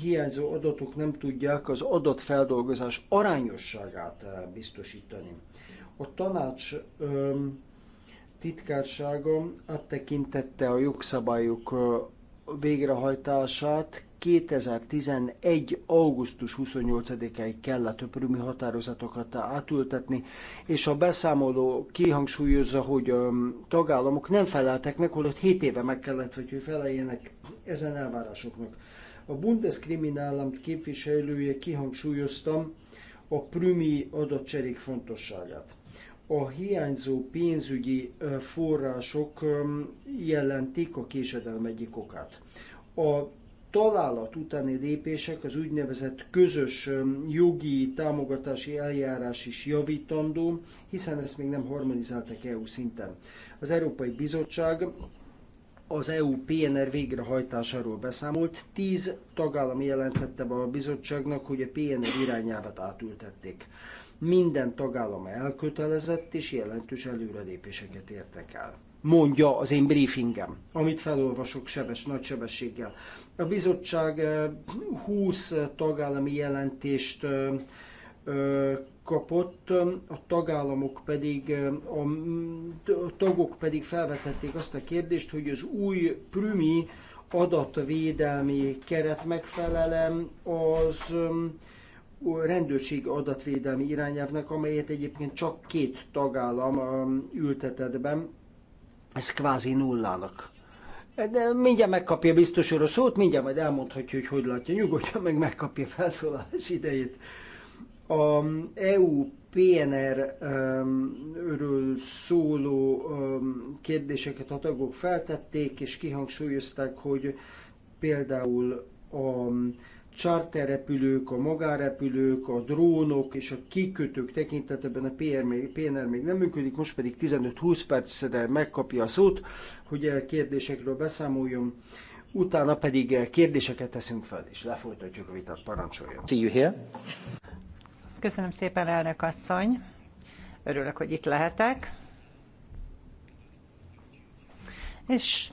hiányzó adatok nem tudják az adatfeldolgozás arányosságát biztosítani. A tanács titkársága áttekintette a jogszabályok végrehajtását, 2011. augusztus 28-áig a töprümi határozatokat átültetni, és a beszámoló kihangsúlyozza, hogy a tagállamok nem feleltek meg, holott 7 éve meg kellett, hogy feleljenek ezen elvárásoknak. A Bundeskriminálamt képviselője kihangsúlyoztam a prümi adatcserék fontosságát a hiányzó pénzügyi források jelentik a késedelem egyik okát. A találat utáni lépések az úgynevezett közös jogi támogatási eljárás is javítandó, hiszen ezt még nem harmonizálták EU szinten. Az Európai Bizottság az EU PNR végrehajtásáról beszámolt. Tíz tagállam jelentette be a bizottságnak, hogy a PNR irányelvet átültették minden tagállam elkötelezett és jelentős előrelépéseket értek el. Mondja az én briefingem, amit felolvasok sebes, nagy sebességgel. A bizottság 20 tagállami jelentést kapott, a tagállamok pedig, a tagok pedig felvetették azt a kérdést, hogy az új prümi adatvédelmi keret megfelelem az rendőrség adatvédelmi irányelvnek, amelyet egyébként csak két tagállam um, ültetett be, ez kvázi nullának. De mindjárt megkapja biztos a szót, mindjárt majd elmondhatja, hogy hogy látja, nyugodtan meg, megkapja felszólalás idejét. A EU PNR-ről um, szóló um, kérdéseket a tagok feltették, és kihangsúlyozták, hogy például a charterrepülők, a magárepülők, a drónok és a kikötők tekintetében a PR még, PNR még nem működik, most pedig 15-20 percre megkapja a szót, hogy e kérdésekről beszámoljon, utána pedig e kérdéseket teszünk fel, és lefolytatjuk a vitát, parancsoljon. See you here. Köszönöm szépen, elnök asszony. Örülök, hogy itt lehetek. És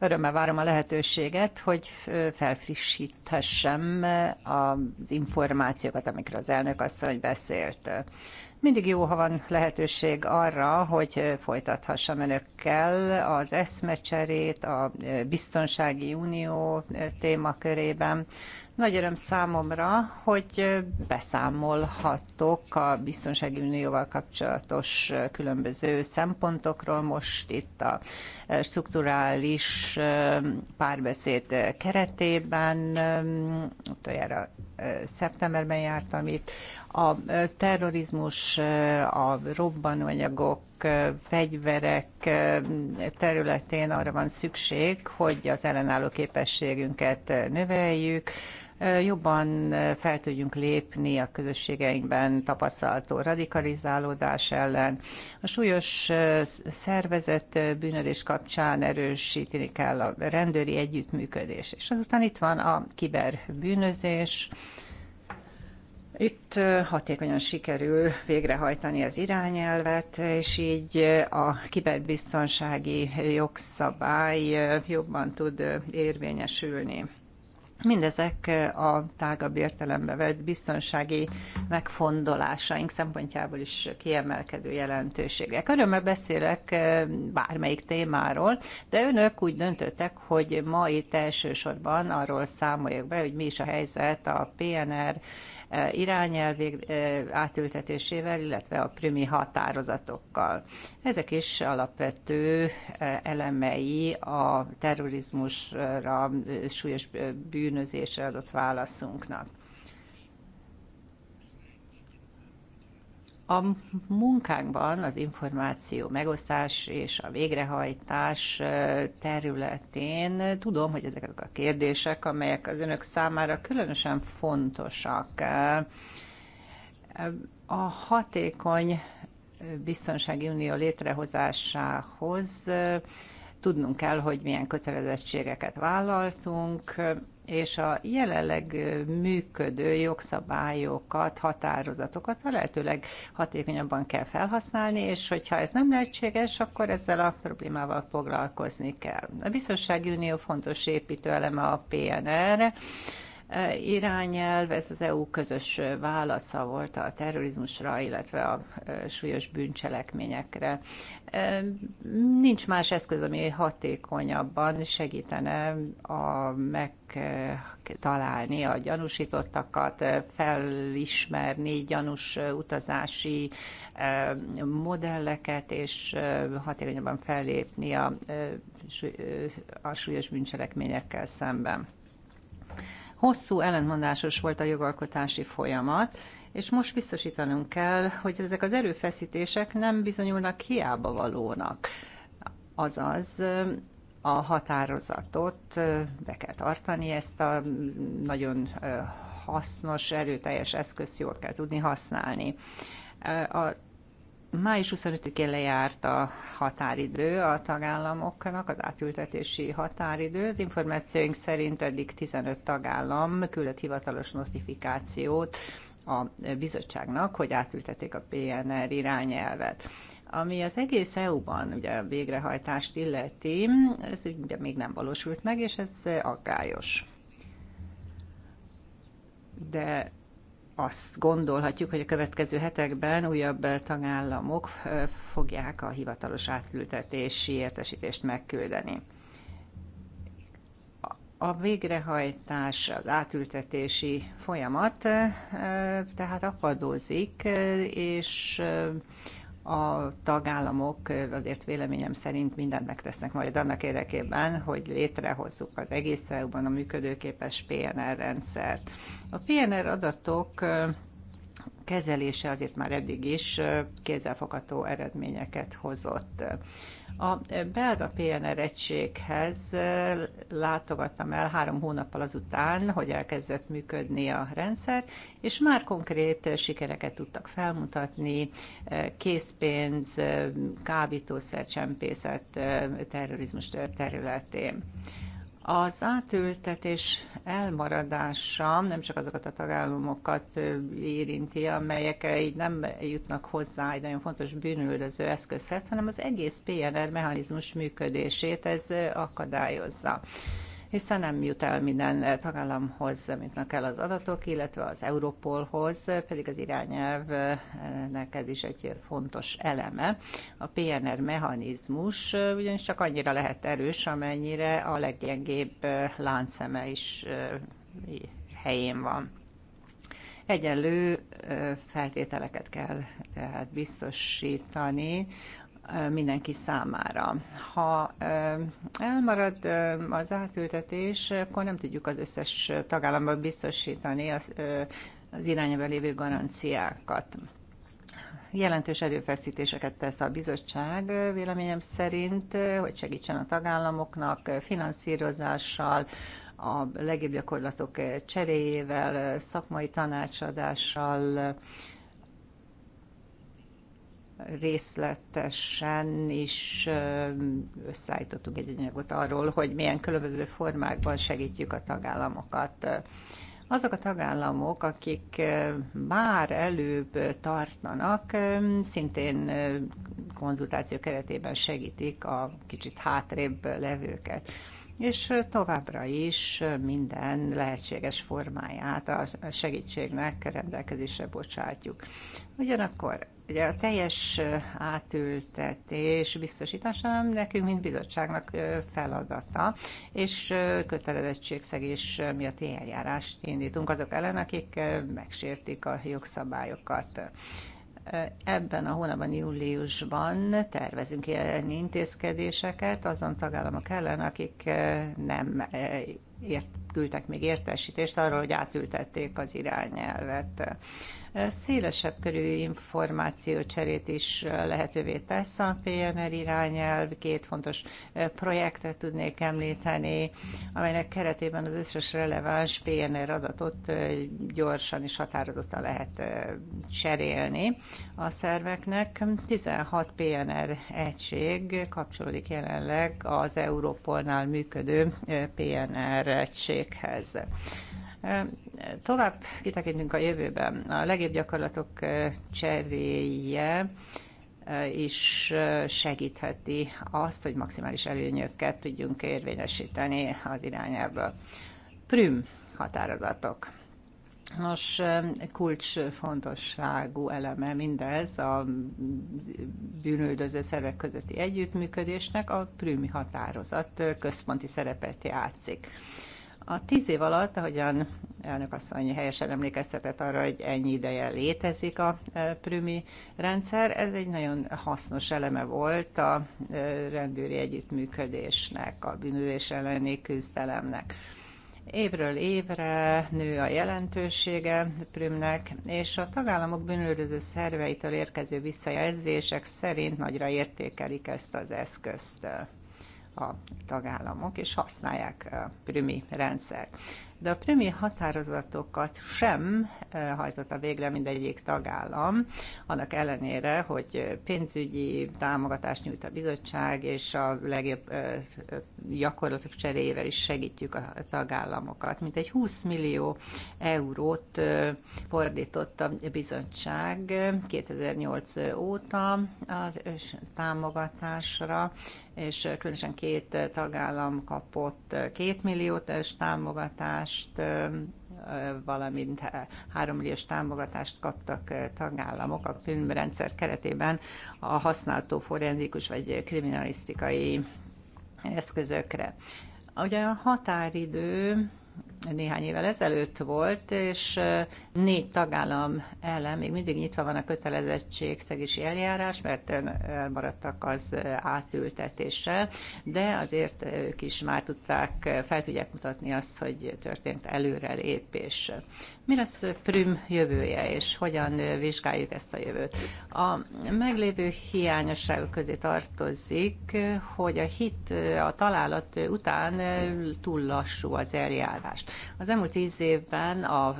Örömmel várom a lehetőséget, hogy felfrissíthessem az információkat, amikre az elnök asszony beszélt. Mindig jó, ha van lehetőség arra, hogy folytathassam önökkel az eszmecserét a biztonsági unió témakörében. Nagy öröm számomra, hogy beszámolhatok a Biztonsági Unióval kapcsolatos különböző szempontokról most itt a strukturális párbeszéd keretében. Utoljára szeptemberben jártam itt. A terrorizmus, a robbanóanyagok, fegyverek területén arra van szükség, hogy az ellenálló képességünket növeljük, jobban fel tudjunk lépni a közösségeinkben tapasztalható radikalizálódás ellen. A súlyos szervezet bűnödés kapcsán erősíteni kell a rendőri együttműködés. És azután itt van a kiberbűnözés, itt hatékonyan sikerül végrehajtani az irányelvet, és így a kiberbiztonsági jogszabály jobban tud érvényesülni. Mindezek eh, a tágabb értelembe vett biztonsági megfondolásaink szempontjából is kiemelkedő jelentőségek. Örömmel beszélek eh, bármelyik témáról, de önök úgy döntöttek, hogy ma itt elsősorban arról számoljuk be, hogy mi is a helyzet a PNR Eh, irányelvég eh, átültetésével, illetve a prümi határozatokkal. Ezek is alapvető eh, elemei a terrorizmusra, súlyos bűnözésre adott válaszunknak. A munkánkban az információ megosztás és a végrehajtás területén tudom, hogy ezek azok a kérdések, amelyek az önök számára különösen fontosak. A hatékony biztonsági unió létrehozásához Tudnunk kell, hogy milyen kötelezettségeket vállaltunk, és a jelenleg működő jogszabályokat, határozatokat a lehetőleg hatékonyabban kell felhasználni, és hogyha ez nem lehetséges, akkor ezzel a problémával foglalkozni kell. A Biztonsági Unió fontos építőeleme a PNR, irányelv, ez az EU közös válasza volt a terrorizmusra, illetve a súlyos bűncselekményekre. Nincs más eszköz, ami hatékonyabban segítene a megtalálni a gyanúsítottakat, felismerni gyanús utazási modelleket, és hatékonyabban fellépni a súlyos bűncselekményekkel szemben. Hosszú ellentmondásos volt a jogalkotási folyamat, és most biztosítanunk kell, hogy ezek az erőfeszítések nem bizonyulnak hiába valónak. Azaz a határozatot be kell tartani, ezt a nagyon hasznos, erőteljes eszközt jól kell tudni használni. A Május 25-én lejárt a határidő a tagállamoknak, az átültetési határidő. Az információink szerint eddig 15 tagállam küldött hivatalos notifikációt a bizottságnak, hogy átültették a PNR irányelvet. Ami az egész EU-ban ugye a végrehajtást illeti, ez ugye még nem valósult meg, és ez aggályos. De azt gondolhatjuk, hogy a következő hetekben újabb tagállamok fogják a hivatalos átültetési értesítést megküldeni. A végrehajtás, az átültetési folyamat tehát akadozik, és a tagállamok azért véleményem szerint mindent megtesznek majd annak érdekében, hogy létrehozzuk az egész EU-ban a működőképes PNR rendszert. A PNR adatok kezelése azért már eddig is kézzelfogható eredményeket hozott. A belga PNR egységhez eh, látogattam el három hónappal azután, hogy elkezdett működni a rendszer, és már konkrét sikereket tudtak felmutatni, eh, készpénz, eh, kábítószer, csempészet, terrorizmus területén. Az átültetés elmaradása nem csak azokat a tagállamokat érinti, amelyek így nem jutnak hozzá egy nagyon fontos bűnüldöző eszközhez, hanem az egész PNR mechanizmus működését ez akadályozza hiszen nem jut el minden tagállamhoz, amiknek kell az adatok, illetve az Europolhoz, pedig az irányelvnek ez is egy fontos eleme. A PNR mechanizmus ugyanis csak annyira lehet erős, amennyire a leggyengébb láncszeme is helyén van. Egyenlő feltételeket kell tehát biztosítani mindenki számára. Ha elmarad az átültetés, akkor nem tudjuk az összes tagállamban biztosítani az, az irányába lévő garanciákat. Jelentős erőfeszítéseket tesz a bizottság véleményem szerint, hogy segítsen a tagállamoknak finanszírozással, a legjobb gyakorlatok cseréjével, szakmai tanácsadással, részletesen is összeállítottunk egy anyagot arról, hogy milyen különböző formákban segítjük a tagállamokat. Azok a tagállamok, akik már előbb tartanak, szintén konzultáció keretében segítik a kicsit hátrébb levőket és továbbra is minden lehetséges formáját a segítségnek rendelkezésre bocsátjuk. Ugyanakkor ugye a teljes átültetés biztosítása nekünk, mint bizottságnak feladata, és kötelezettségszegés miatt eljárást indítunk azok ellen, akik megsértik a jogszabályokat ebben a hónapban, júliusban tervezünk ilyen intézkedéseket azon tagállamok ellen, akik eh, nem eh, ért, küldtek még értesítést arról, hogy átültették az irányelvet szélesebb körű információcserét is lehetővé tesz a PNR irányelv. Két fontos eh, projektet tudnék említeni, amelynek keretében az összes releváns PNR adatot eh, gyorsan és határozottan lehet eh, cserélni a szerveknek. 16 PNR egység kapcsolódik jelenleg az Európolnál működő PNR egységhez. Tovább kitekintünk a jövőben. A legjobb gyakorlatok cseréje is segítheti azt, hogy maximális előnyöket tudjunk érvényesíteni az irányából. Prüm határozatok. Nos, fontosságú eleme mindez a bűnöldöző szervek közötti együttműködésnek, a prümi határozat központi szerepet játszik. A tíz év alatt, ahogyan elnök asszony helyesen emlékeztetett arra, hogy ennyi ideje létezik a e, prümi rendszer, ez egy nagyon hasznos eleme volt a e, rendőri együttműködésnek, a bűnülés elleni küzdelemnek. Évről évre nő a jelentősége Prümnek, és a tagállamok bűnöldöző szerveitől érkező visszajelzések szerint nagyra értékelik ezt az eszközt a tagállamok, és használják a prümi rendszert. De a prümi határozatokat sem hajtotta végre mindegyik tagállam, annak ellenére, hogy pénzügyi támogatást nyújt a bizottság, és a legjobb gyakorlatok cseréjével is segítjük a tagállamokat. Mint egy 20 millió eurót fordított a bizottság 2008 óta a támogatásra, és különösen két tagállam kapott két milliót támogatást, valamint három milliós támogatást kaptak tagállamok a filmrendszer keretében a használható forenzikus vagy kriminalisztikai eszközökre. Ugye a határidő néhány évvel ezelőtt volt, és négy tagállam ellen még mindig nyitva van a kötelezettségszegési eljárás, mert maradtak az átültetéssel, de azért ők is már tudták, fel tudják mutatni azt, hogy történt előrelépés. Mi lesz Prüm jövője, és hogyan vizsgáljuk ezt a jövőt? A meglévő hiányosságok közé tartozik, hogy a hit a találat után túl lassú az eljárás. Az elmúlt tíz évben a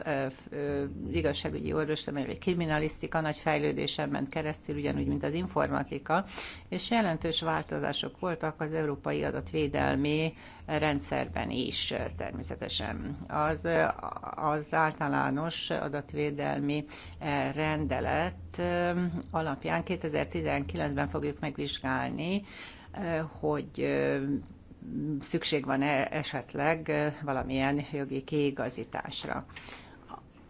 igazságügyi orvostudomány vagy kriminalisztika nagy fejlődésen ment keresztül, ugyanúgy, mint az informatika, és jelentős változások voltak az európai adatvédelmi rendszerben is természetesen. Az, az általános adatvédelmi eh, rendelet eh, alapján 2019-ben fogjuk megvizsgálni, eh, hogy szükség van-e esetleg valamilyen jogi kiigazításra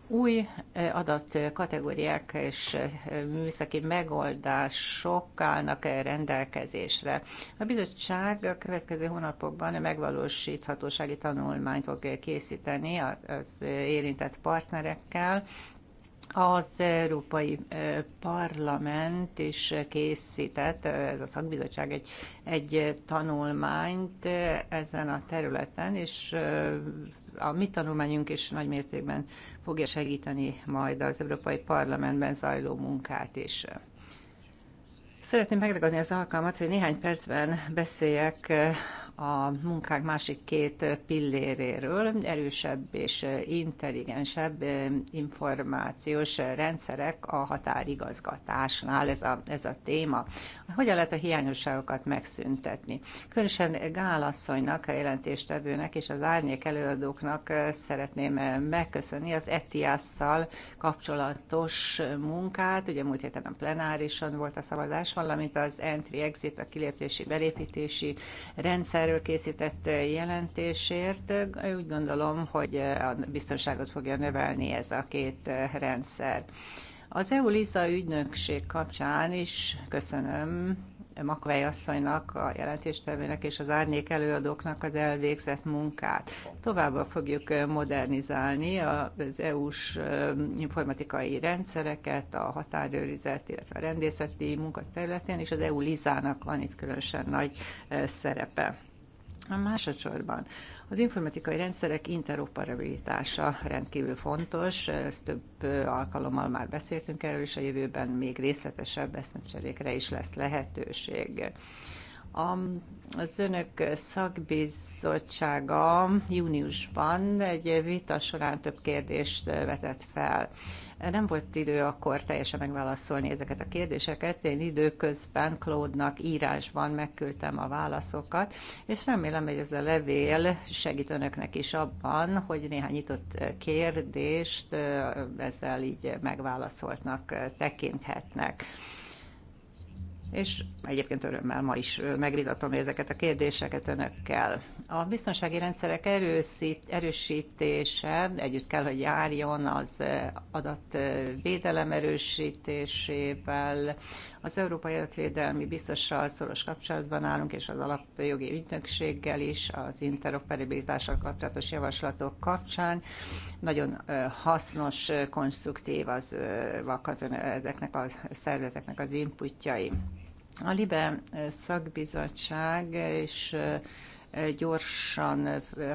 új eh, adatkategóriák és eh, műszaki megoldások állnak eh, rendelkezésre. A bizottság a következő hónapokban a megvalósíthatósági tanulmányt fog készíteni az érintett partnerekkel, az Európai Parlament is készített, ez a szakbizottság egy, egy tanulmányt ezen a területen, és a mi tanulmányunk is nagy mértékben fogja segíteni majd az Európai Parlamentben zajló munkát is. Szeretném megragadni az alkalmat, hogy néhány percben beszéljek a munkák másik két pilléréről, erősebb és intelligensebb eh, információs rendszerek a határigazgatásnál ez a, ez a téma. Hogyan lehet a hiányosságokat megszüntetni? Különösen Gál asszonynak, a jelentéstevőnek és az árnyék előadóknak eh, szeretném eh, megköszönni az ETIAS-szal kapcsolatos munkát. Ugye múlt héten a plenárison volt a szavazás, valamint az entry-exit, a kilépési-belépítési rendszer erről készített jelentésért. Úgy gondolom, hogy a biztonságot fogja növelni ez a két rendszer. Az EU-LISA ügynökség kapcsán is köszönöm Makvei asszonynak, a jelentéstevőnek és az árnyék előadóknak az elvégzett munkát. Továbbá fogjuk modernizálni az EU-s informatikai rendszereket, a határőrizet, illetve a rendészeti munkaterületén, és az EU Lizának van itt különösen nagy szerepe. Másodszorban az informatikai rendszerek interoperabilitása rendkívül fontos, ezt több alkalommal már beszéltünk erről, és a jövőben még részletesebb eszmecserékre is lesz lehetőség. A, az önök szakbizottsága júniusban egy vita során több kérdést vetett fel. Nem volt idő akkor teljesen megválaszolni ezeket a kérdéseket. Én időközben Claude-nak írásban megküldtem a válaszokat, és remélem, hogy ez a levél segít önöknek is abban, hogy néhány nyitott kérdést ezzel így megválaszoltnak tekinthetnek és egyébként örömmel ma is megvitatom ezeket a kérdéseket önökkel. A biztonsági rendszerek erőszít, erősítése együtt kell, hogy járjon az adatvédelem erősítésével. Az Európai Adatvédelmi Biztossal szoros kapcsolatban állunk, és az alapjogi ügynökséggel is az interoperabilitással kapcsolatos javaslatok kapcsán. Nagyon hasznos, konstruktív az, az, ezeknek a szervezeteknek az inputjai. A LIBE szakbizottság és gyorsan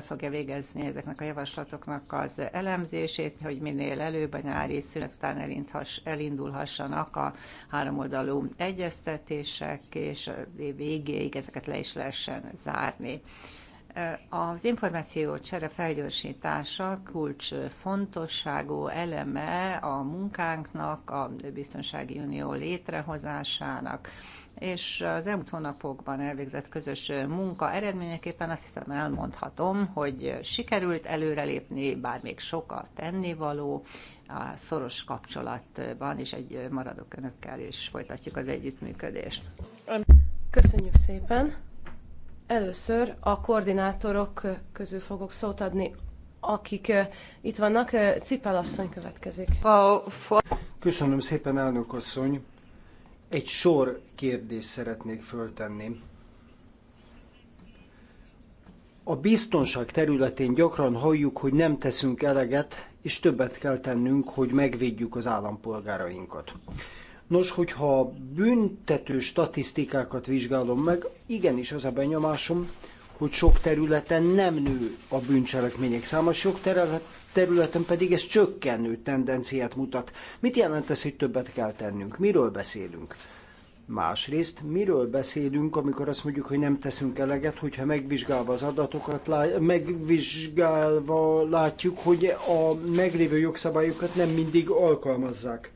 fogja végezni ezeknek a javaslatoknak az elemzését, hogy minél előbb a nyári szünet után elindulhassanak a háromoldalú egyeztetések, és a végéig ezeket le is lehessen zárni. Az információ csere felgyorsítása kulcs fontosságú eleme a munkánknak, a Biztonsági Unió létrehozásának, és az elmúlt hónapokban elvégzett közös munka eredményeképpen azt hiszem elmondhatom, hogy sikerült előrelépni, bár még sok a tennivaló, a szoros kapcsolatban, és egy maradok önökkel, és folytatjuk az együttműködést. Köszönjük szépen! Először a koordinátorok közül fogok szót adni, akik eh, itt vannak. Eh, Cipel asszony következik. Köszönöm szépen, elnök asszony! Egy sor kérdést szeretnék föltenni. A biztonság területén gyakran halljuk, hogy nem teszünk eleget, és többet kell tennünk, hogy megvédjük az állampolgárainkat. Nos, hogyha büntető statisztikákat vizsgálom meg, igenis az a benyomásom, hogy sok területen nem nő a bűncselekmények száma, sok területen pedig ez csökkenő tendenciát mutat. Mit jelent ez, hogy többet kell tennünk? Miről beszélünk? Másrészt, miről beszélünk, amikor azt mondjuk, hogy nem teszünk eleget, hogyha megvizsgálva az adatokat, lá... megvizsgálva látjuk, hogy a meglévő jogszabályokat nem mindig alkalmazzák.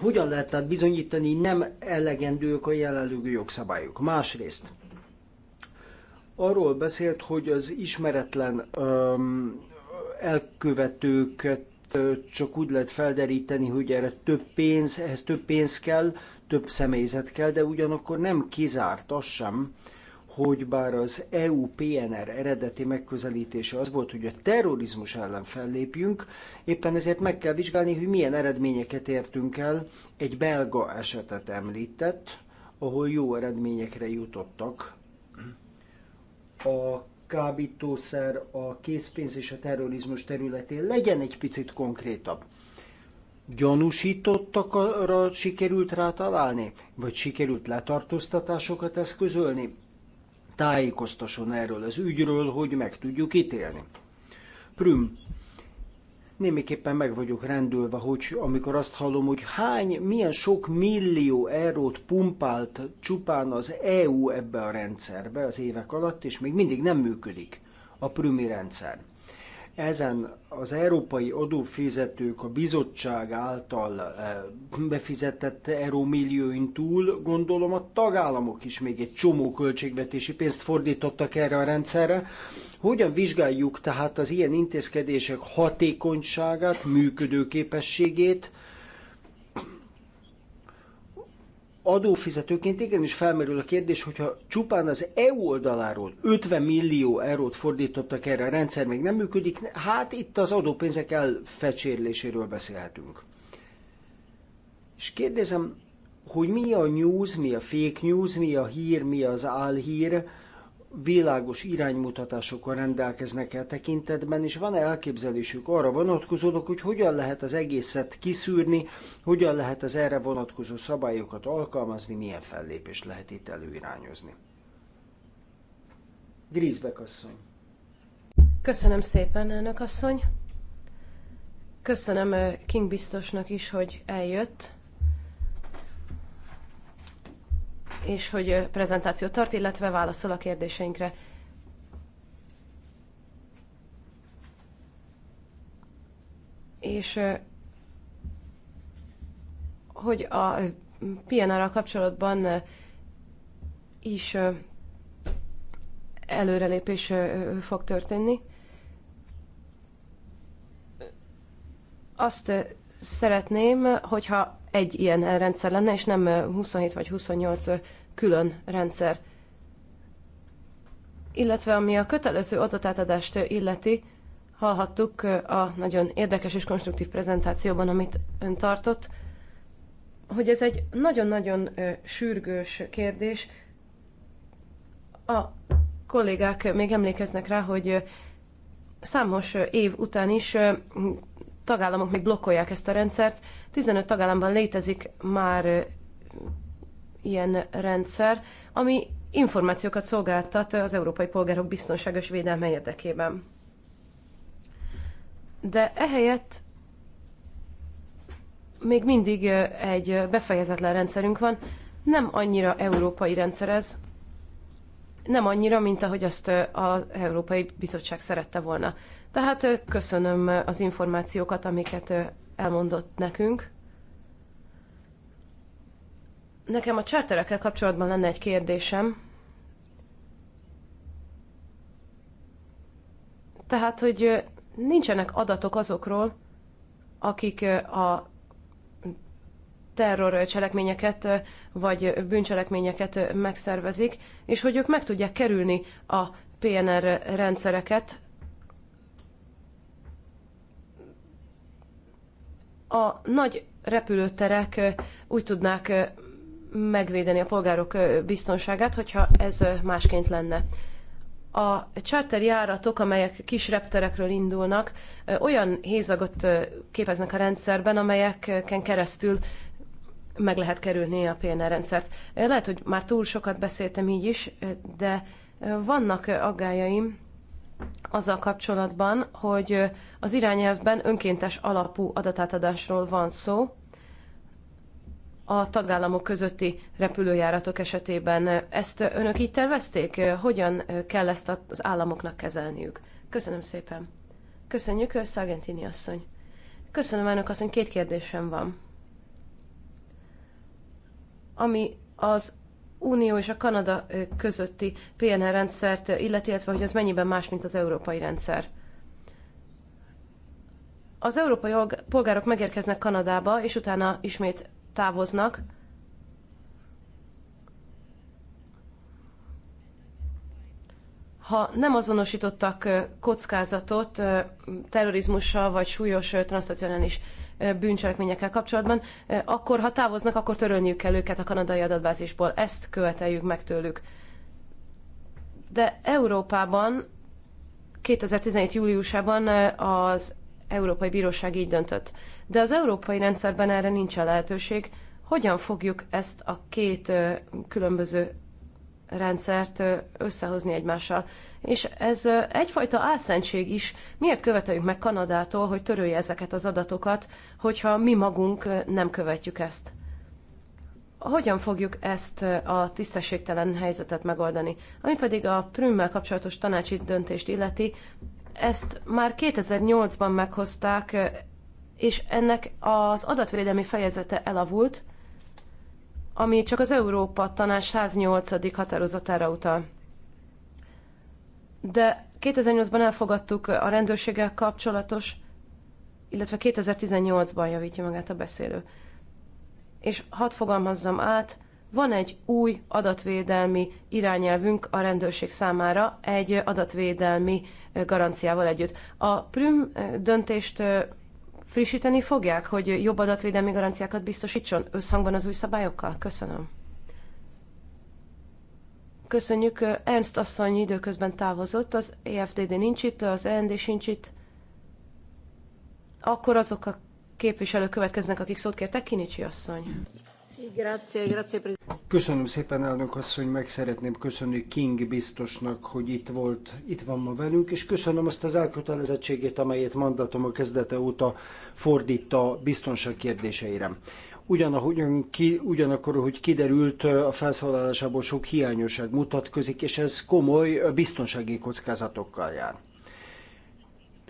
Hogyan lehet tehát bizonyítani, nem elegendők a jelenlegi jogszabályok? Másrészt, arról beszélt, hogy az ismeretlen um, elkövetőket csak úgy lehet felderíteni, hogy erre több pénz, ehhez több pénz kell, több személyzet kell, de ugyanakkor nem kizárt az sem, hogy bár az EU-PNR eredeti megközelítése az volt, hogy a terrorizmus ellen fellépjünk, éppen ezért meg kell vizsgálni, hogy milyen eredményeket értünk el. Egy belga esetet említett, ahol jó eredményekre jutottak, a kábítószer, a készpénz és a terrorizmus területén legyen egy picit konkrétabb. Gyanúsítottakra sikerült rátalálni, vagy sikerült letartóztatásokat eszközölni? Tájékoztasson erről az ügyről, hogy meg tudjuk ítélni. Prüm némiképpen meg vagyok rendülve, hogy amikor azt hallom, hogy hány, milyen sok millió eurót pumpált csupán az EU ebbe a rendszerbe az évek alatt, és még mindig nem működik a prümi rendszer ezen az európai adófizetők a bizottság által eh, befizetett eurómillióin túl, gondolom a tagállamok is még egy csomó költségvetési pénzt fordítottak erre a rendszerre. Hogyan vizsgáljuk tehát az ilyen intézkedések hatékonyságát, működőképességét, adófizetőként igenis felmerül a kérdés, hogyha csupán az EU oldaláról 50 millió eurót fordítottak erre, a rendszer még nem működik, hát itt az adópénzek elfecsérléséről beszélhetünk. És kérdezem, hogy mi a news, mi a fake news, mi a hír, mi az álhír, világos iránymutatásokkal rendelkeznek el tekintetben, és van-e elképzelésük arra vonatkozónak, hogy hogyan lehet az egészet kiszűrni, hogyan lehet az erre vonatkozó szabályokat alkalmazni, milyen fellépést lehet itt előirányozni. Grízbek asszony. Köszönöm szépen, elnök asszony. Köszönöm King biztosnak is, hogy eljött és hogy prezentációt tart, illetve válaszol a kérdéseinkre. És hogy a PNR-ral kapcsolatban is előrelépés fog történni. Azt szeretném, hogyha egy ilyen rendszer lenne, és nem 27 vagy 28 külön rendszer. Illetve ami a kötelező adatátadást illeti, hallhattuk a nagyon érdekes és konstruktív prezentációban, amit ön tartott, hogy ez egy nagyon-nagyon sürgős kérdés. A kollégák még emlékeznek rá, hogy számos év után is tagállamok még blokkolják ezt a rendszert. 15 tagállamban létezik már ilyen rendszer, ami információkat szolgáltat az európai polgárok biztonságos védelme érdekében. De ehelyett még mindig egy befejezetlen rendszerünk van, nem annyira európai rendszer ez, nem annyira, mint ahogy azt az Európai Bizottság szerette volna. Tehát köszönöm az információkat, amiket elmondott nekünk. Nekem a charterekkel kapcsolatban lenne egy kérdésem. Tehát, hogy nincsenek adatok azokról, akik a terror cselekményeket vagy bűncselekményeket megszervezik, és hogy ők meg tudják kerülni a PNR rendszereket, a nagy repülőterek úgy tudnák megvédeni a polgárok biztonságát, hogyha ez másként lenne. A charter járatok, amelyek kis repterekről indulnak, olyan hézagot képeznek a rendszerben, amelyeken keresztül meg lehet kerülni a PNR rendszert. Lehet, hogy már túl sokat beszéltem így is, de vannak aggájaim azzal kapcsolatban, hogy az irányelvben önkéntes alapú adatátadásról van szó, a tagállamok közötti repülőjáratok esetében. Ezt önök így tervezték? Hogyan kell ezt az államoknak kezelniük? Köszönöm szépen. Köszönjük, Szargentini asszony. Köszönöm, elnök asszony, két kérdésem van. Ami az Unió és a Kanada közötti PNR rendszert illeti, illetve hogy az mennyiben más, mint az európai rendszer. Az európai polgárok megérkeznek Kanadába, és utána ismét távoznak. Ha nem azonosítottak kockázatot terrorizmussal vagy súlyos transnacionális bűncselekményekkel kapcsolatban, akkor ha távoznak, akkor törölniük kell őket a kanadai adatbázisból. Ezt követeljük meg tőlük. De Európában 2017. júliusában az Európai Bíróság így döntött. De az európai rendszerben erre a lehetőség. Hogyan fogjuk ezt a két különböző rendszert összehozni egymással? és ez egyfajta álszentség is. Miért követeljük meg Kanadától, hogy törölje ezeket az adatokat, hogyha mi magunk nem követjük ezt? Hogyan fogjuk ezt a tisztességtelen helyzetet megoldani? Ami pedig a prümmel kapcsolatos tanácsi döntést illeti, ezt már 2008-ban meghozták, és ennek az adatvédelmi fejezete elavult, ami csak az Európa Tanács 108. határozatára utal de 2008-ban elfogadtuk a rendőrséggel kapcsolatos, illetve 2018-ban javítja magát a beszélő. És hadd fogalmazzam át, van egy új adatvédelmi irányelvünk a rendőrség számára egy adatvédelmi garanciával együtt. A Prüm döntést frissíteni fogják, hogy jobb adatvédelmi garanciákat biztosítson összhangban az új szabályokkal? Köszönöm. Köszönjük. Ernst asszony időközben távozott, az EFDD nincs itt, az END sincs itt. Akkor azok a képviselők következnek, akik szót kértek. Kinicsi asszony. Köszönöm szépen, elnök asszony, meg szeretném köszönni King biztosnak, hogy itt volt, itt van ma velünk, és köszönöm azt az elkötelezettségét, amelyet mandatom a kezdete óta fordít a biztonság kérdéseire. Ugyanahogy, ki, ugyanakkor, hogy kiderült, a felszólalásából sok hiányosság mutatkozik, és ez komoly biztonsági kockázatokkal jár.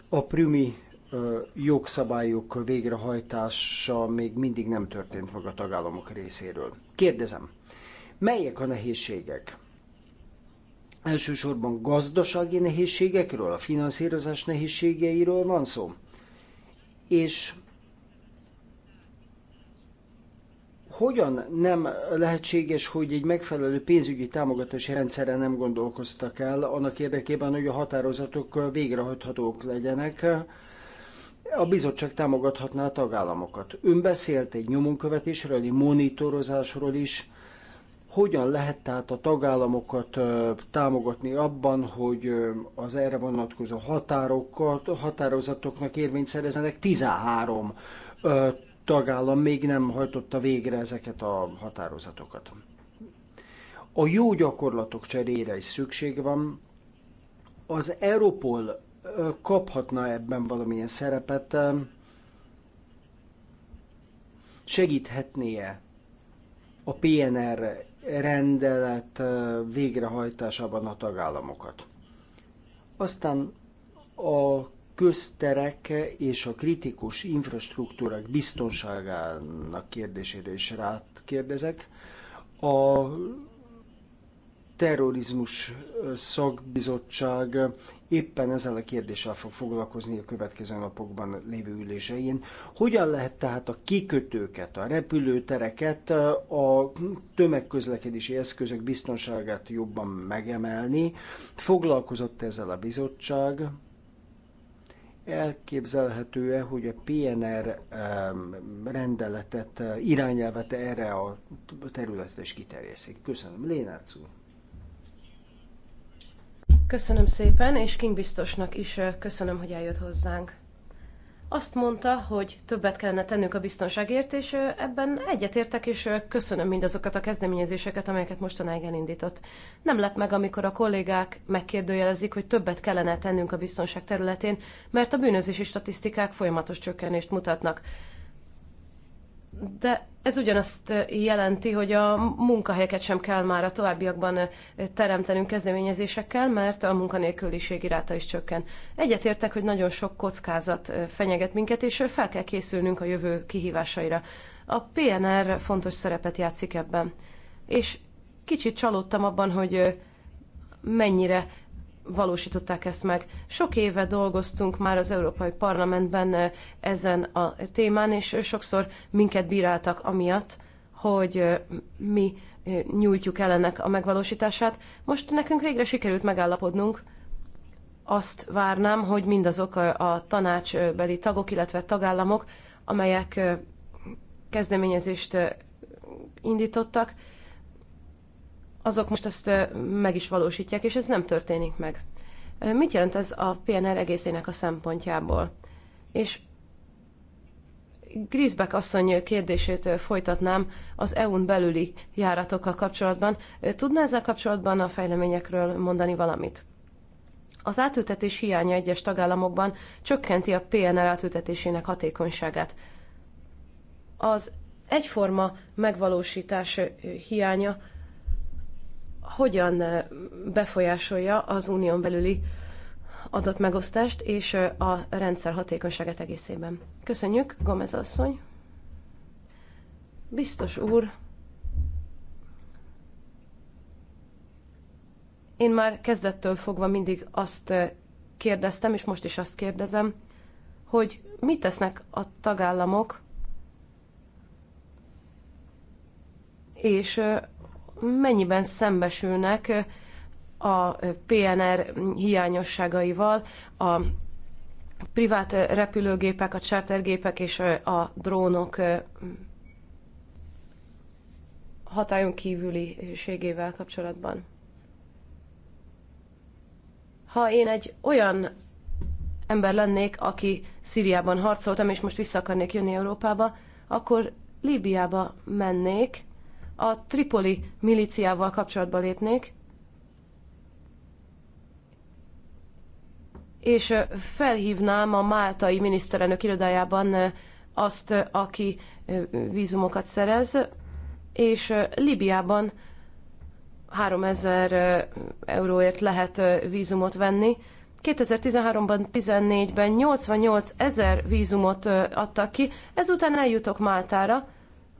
A prümi jogszabályok végrehajtása még mindig nem történt meg a tagállamok részéről. Kérdezem, melyek a nehézségek? Elsősorban gazdasági nehézségekről, a finanszírozás nehézségeiről van szó. És hogyan nem lehetséges, hogy egy megfelelő pénzügyi támogatási rendszerre nem gondolkoztak el, annak érdekében, hogy a határozatok végrehajthatók legyenek, a bizottság támogathatná a tagállamokat. Ön beszélt egy nyomonkövetésről, egy monitorozásról is. Hogyan lehet tehát a tagállamokat támogatni abban, hogy az erre vonatkozó határokat, határozatoknak érvényt szerezzenek? 13 tagállam még nem hajtotta végre ezeket a határozatokat. A jó gyakorlatok cserére is szükség van. Az Europol kaphatna ebben valamilyen szerepet, segíthetnie a PNR rendelet végrehajtásában a tagállamokat. Aztán a közterek és a kritikus infrastruktúrák biztonságának kérdésére is kérdezek. A terrorizmus szakbizottság éppen ezzel a kérdéssel fog foglalkozni a következő napokban lévő ülésein. Hogyan lehet tehát a kikötőket, a repülőtereket, a tömegközlekedési eszközök biztonságát jobban megemelni? Foglalkozott ezzel a bizottság, Elképzelhető-e, hogy a PNR rendeletet, eh, irányelvet erre a területre is kiterjeszik? Köszönöm. Lénárc úr. Köszönöm szépen, és King biztosnak is eh, köszönöm, hogy eljött hozzánk azt mondta, hogy többet kellene tennünk a biztonságért, és ebben egyetértek, és köszönöm mindazokat a kezdeményezéseket, amelyeket mostanáig elindított. Nem lep meg, amikor a kollégák megkérdőjelezik, hogy többet kellene tennünk a biztonság területén, mert a bűnözési statisztikák folyamatos csökkenést mutatnak de ez ugyanazt jelenti, hogy a munkahelyeket sem kell már a továbbiakban teremtenünk kezdeményezésekkel, mert a munkanélküliség iráta is csökken. Egyetértek, hogy nagyon sok kockázat fenyeget minket, és fel kell készülnünk a jövő kihívásaira. A PNR fontos szerepet játszik ebben. És kicsit csalódtam abban, hogy mennyire valósították ezt meg. Sok éve dolgoztunk már az Európai Parlamentben eh, ezen a témán, és sokszor minket bíráltak amiatt, hogy eh, mi eh, nyújtjuk el ennek a megvalósítását. Most nekünk végre sikerült megállapodnunk. Azt várnám, hogy mindazok a tanácsbeli tagok, illetve tagállamok, amelyek kezdeményezést indítottak, azok most ezt meg is valósítják, és ez nem történik meg. Mit jelent ez a PNR egészének a szempontjából? És Grisbeck asszony kérdését folytatnám az EU-n belüli járatokkal kapcsolatban. Tudná ezzel kapcsolatban a fejleményekről mondani valamit? Az átültetés hiánya egyes tagállamokban csökkenti a PNR átültetésének hatékonyságát. Az egyforma megvalósítás hiánya hogyan befolyásolja az unión belüli adatmegosztást és a rendszer hatékonyságát egészében. Köszönjük, Gomez asszony. Biztos úr, én már kezdettől fogva mindig azt kérdeztem, és most is azt kérdezem, hogy mit tesznek a tagállamok, és mennyiben szembesülnek a PNR hiányosságaival, a privát repülőgépek, a chartergépek és a drónok hatályon kívüliségével kapcsolatban. Ha én egy olyan ember lennék, aki Szíriában harcoltam, és most vissza akarnék jönni Európába, akkor Líbiába mennék, a Tripoli milíciával kapcsolatba lépnék, és felhívnám a máltai miniszterelnök irodájában azt, aki vízumokat szerez, és Libiában 3000 euróért lehet vízumot venni. 2013-ban, 14-ben 88 ezer vízumot adtak ki, ezután eljutok Máltára,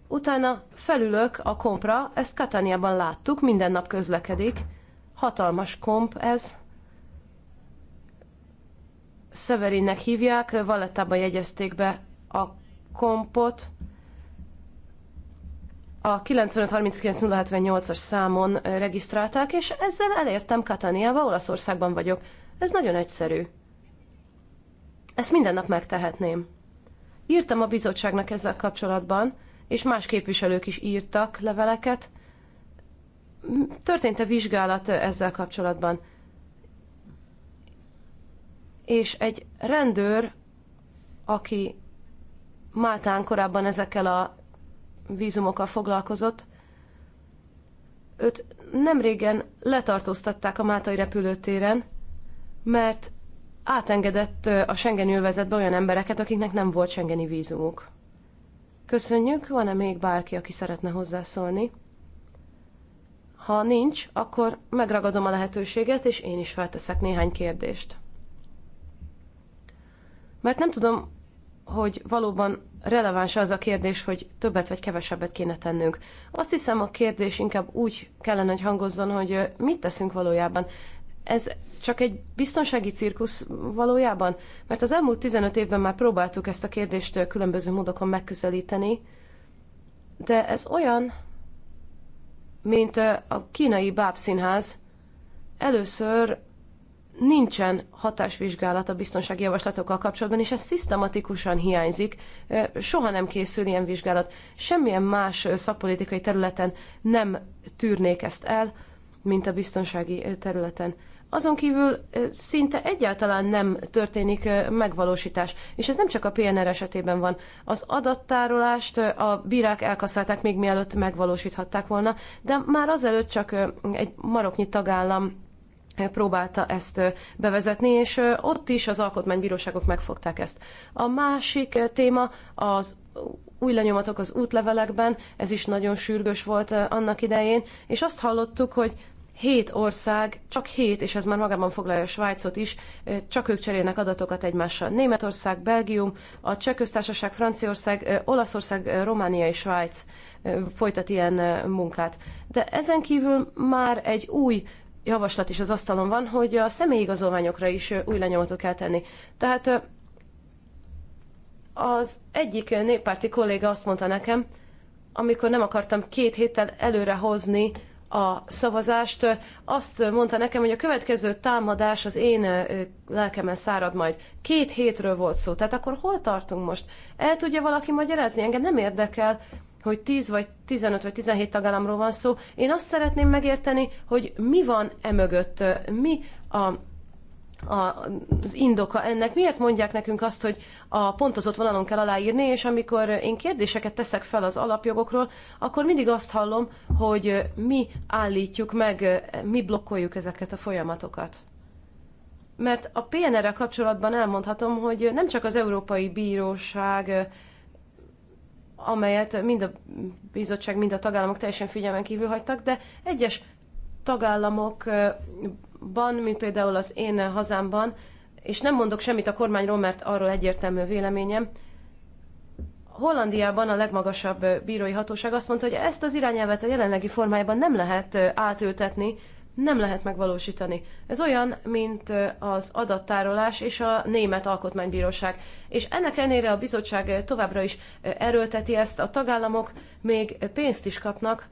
Utána felülök a kompra, ezt Kataniában láttuk, minden nap közlekedik. Hatalmas komp ez. Severinnek hívják, Valettában jegyezték be a kompot. A 9539078-as számon regisztrálták, és ezzel elértem Kataniába, Olaszországban vagyok. Ez nagyon egyszerű. Ezt minden nap megtehetném. Írtam a bizottságnak ezzel kapcsolatban, és más képviselők is írtak leveleket. Történt-e vizsgálat ezzel kapcsolatban? És egy rendőr, aki Máltán korábban ezekkel a vízumokkal foglalkozott, őt nem régen letartóztatták a Mátai repülőtéren, mert átengedett a Schengen övezetbe olyan embereket, akiknek nem volt Schengeni vízumuk. Köszönjük, van-e még bárki, aki szeretne hozzászólni? Ha nincs, akkor megragadom a lehetőséget, és én is felteszek néhány kérdést. Mert nem tudom, hogy valóban releváns az a kérdés, hogy többet vagy kevesebbet kéne tennünk. Azt hiszem, a kérdés inkább úgy kellene, hogy hangozzon, hogy mit teszünk valójában ez csak egy biztonsági cirkusz valójában? Mert az elmúlt 15 évben már próbáltuk ezt a kérdést különböző módokon megközelíteni, de ez olyan, mint a kínai bábszínház. Először nincsen hatásvizsgálat a biztonsági javaslatokkal kapcsolatban, és ez szisztematikusan hiányzik. Soha nem készül ilyen vizsgálat. Semmilyen más szakpolitikai területen nem tűrnék ezt el, mint a biztonsági területen azon kívül szinte egyáltalán nem történik megvalósítás. És ez nem csak a PNR esetében van. Az adattárolást a bírák elkaszálták még mielőtt megvalósíthatták volna, de már azelőtt csak egy maroknyi tagállam próbálta ezt bevezetni, és ott is az alkotmánybíróságok megfogták ezt. A másik téma az új lenyomatok az útlevelekben, ez is nagyon sürgős volt annak idején, és azt hallottuk, hogy hét ország, csak hét, és ez már magában foglalja a Svájcot is, csak ők cserélnek adatokat egymással. Németország, Belgium, a Cseh Köztársaság, Franciaország, Olaszország, Románia és Svájc folytat ilyen munkát. De ezen kívül már egy új javaslat is az asztalon van, hogy a személyigazolványokra is új lenyomatot kell tenni. Tehát az egyik néppárti kolléga azt mondta nekem, amikor nem akartam két héttel előre hozni a szavazást, azt mondta nekem, hogy a következő támadás az én lelkemen szárad majd. Két hétről volt szó, tehát akkor hol tartunk most? El tudja valaki magyarázni? Engem nem érdekel, hogy 10 vagy 15 vagy 17 tagállamról van szó. Én azt szeretném megérteni, hogy mi van emögött, mi a az indoka ennek. Miért mondják nekünk azt, hogy a pontozott vonalon kell aláírni, és amikor én kérdéseket teszek fel az alapjogokról, akkor mindig azt hallom, hogy mi állítjuk meg, mi blokkoljuk ezeket a folyamatokat. Mert a PNR-rel kapcsolatban elmondhatom, hogy nem csak az Európai Bíróság, amelyet mind a bizottság, mind a tagállamok teljesen figyelmen kívül hagytak, de egyes tagállamok ban, mint például az én hazámban, és nem mondok semmit a kormányról, mert arról egyértelmű véleményem, Hollandiában a legmagasabb bírói hatóság azt mondta, hogy ezt az irányelvet a jelenlegi formájában nem lehet átültetni, nem lehet megvalósítani. Ez olyan, mint az adattárolás és a Német Alkotmánybíróság. És ennek ellenére a bizottság továbbra is erőlteti ezt, a tagállamok még pénzt is kapnak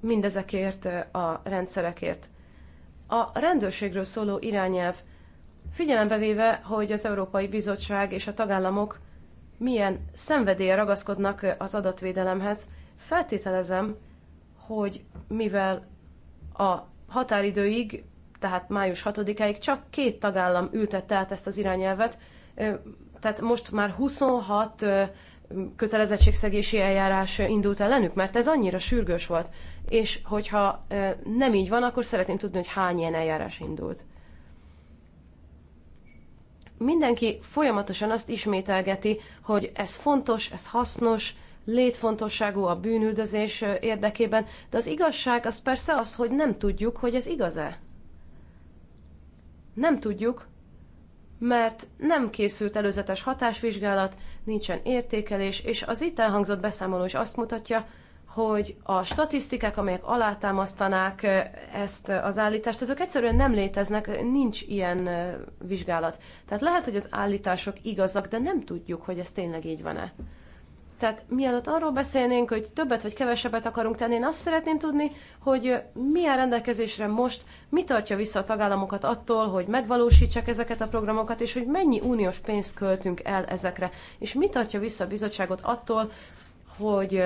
mindezekért a rendszerekért. A rendőrségről szóló irányelv figyelembe véve, hogy az Európai Bizottság és a tagállamok milyen szenvedélye ragaszkodnak az adatvédelemhez, feltételezem, hogy mivel a határidőig, tehát május 6-áig csak két tagállam ültette át ezt az irányelvet, tehát most már 26 kötelezettségszegési eljárás indult ellenük, mert ez annyira sürgős volt és hogyha nem így van, akkor szeretném tudni, hogy hány ilyen eljárás indult. Mindenki folyamatosan azt ismételgeti, hogy ez fontos, ez hasznos, létfontosságú a bűnüldözés érdekében, de az igazság az persze az, hogy nem tudjuk, hogy ez igaz-e. Nem tudjuk, mert nem készült előzetes hatásvizsgálat, nincsen értékelés, és az itt elhangzott beszámoló is azt mutatja, hogy a statisztikák, amelyek alátámasztanák ezt az állítást, azok egyszerűen nem léteznek, nincs ilyen vizsgálat. Tehát lehet, hogy az állítások igazak, de nem tudjuk, hogy ez tényleg így van-e. Tehát mielőtt arról beszélnénk, hogy többet vagy kevesebbet akarunk tenni, én azt szeretném tudni, hogy milyen rendelkezésre most, mi tartja vissza a tagállamokat attól, hogy megvalósítsák ezeket a programokat, és hogy mennyi uniós pénzt költünk el ezekre, és mi tartja vissza a bizottságot attól, hogy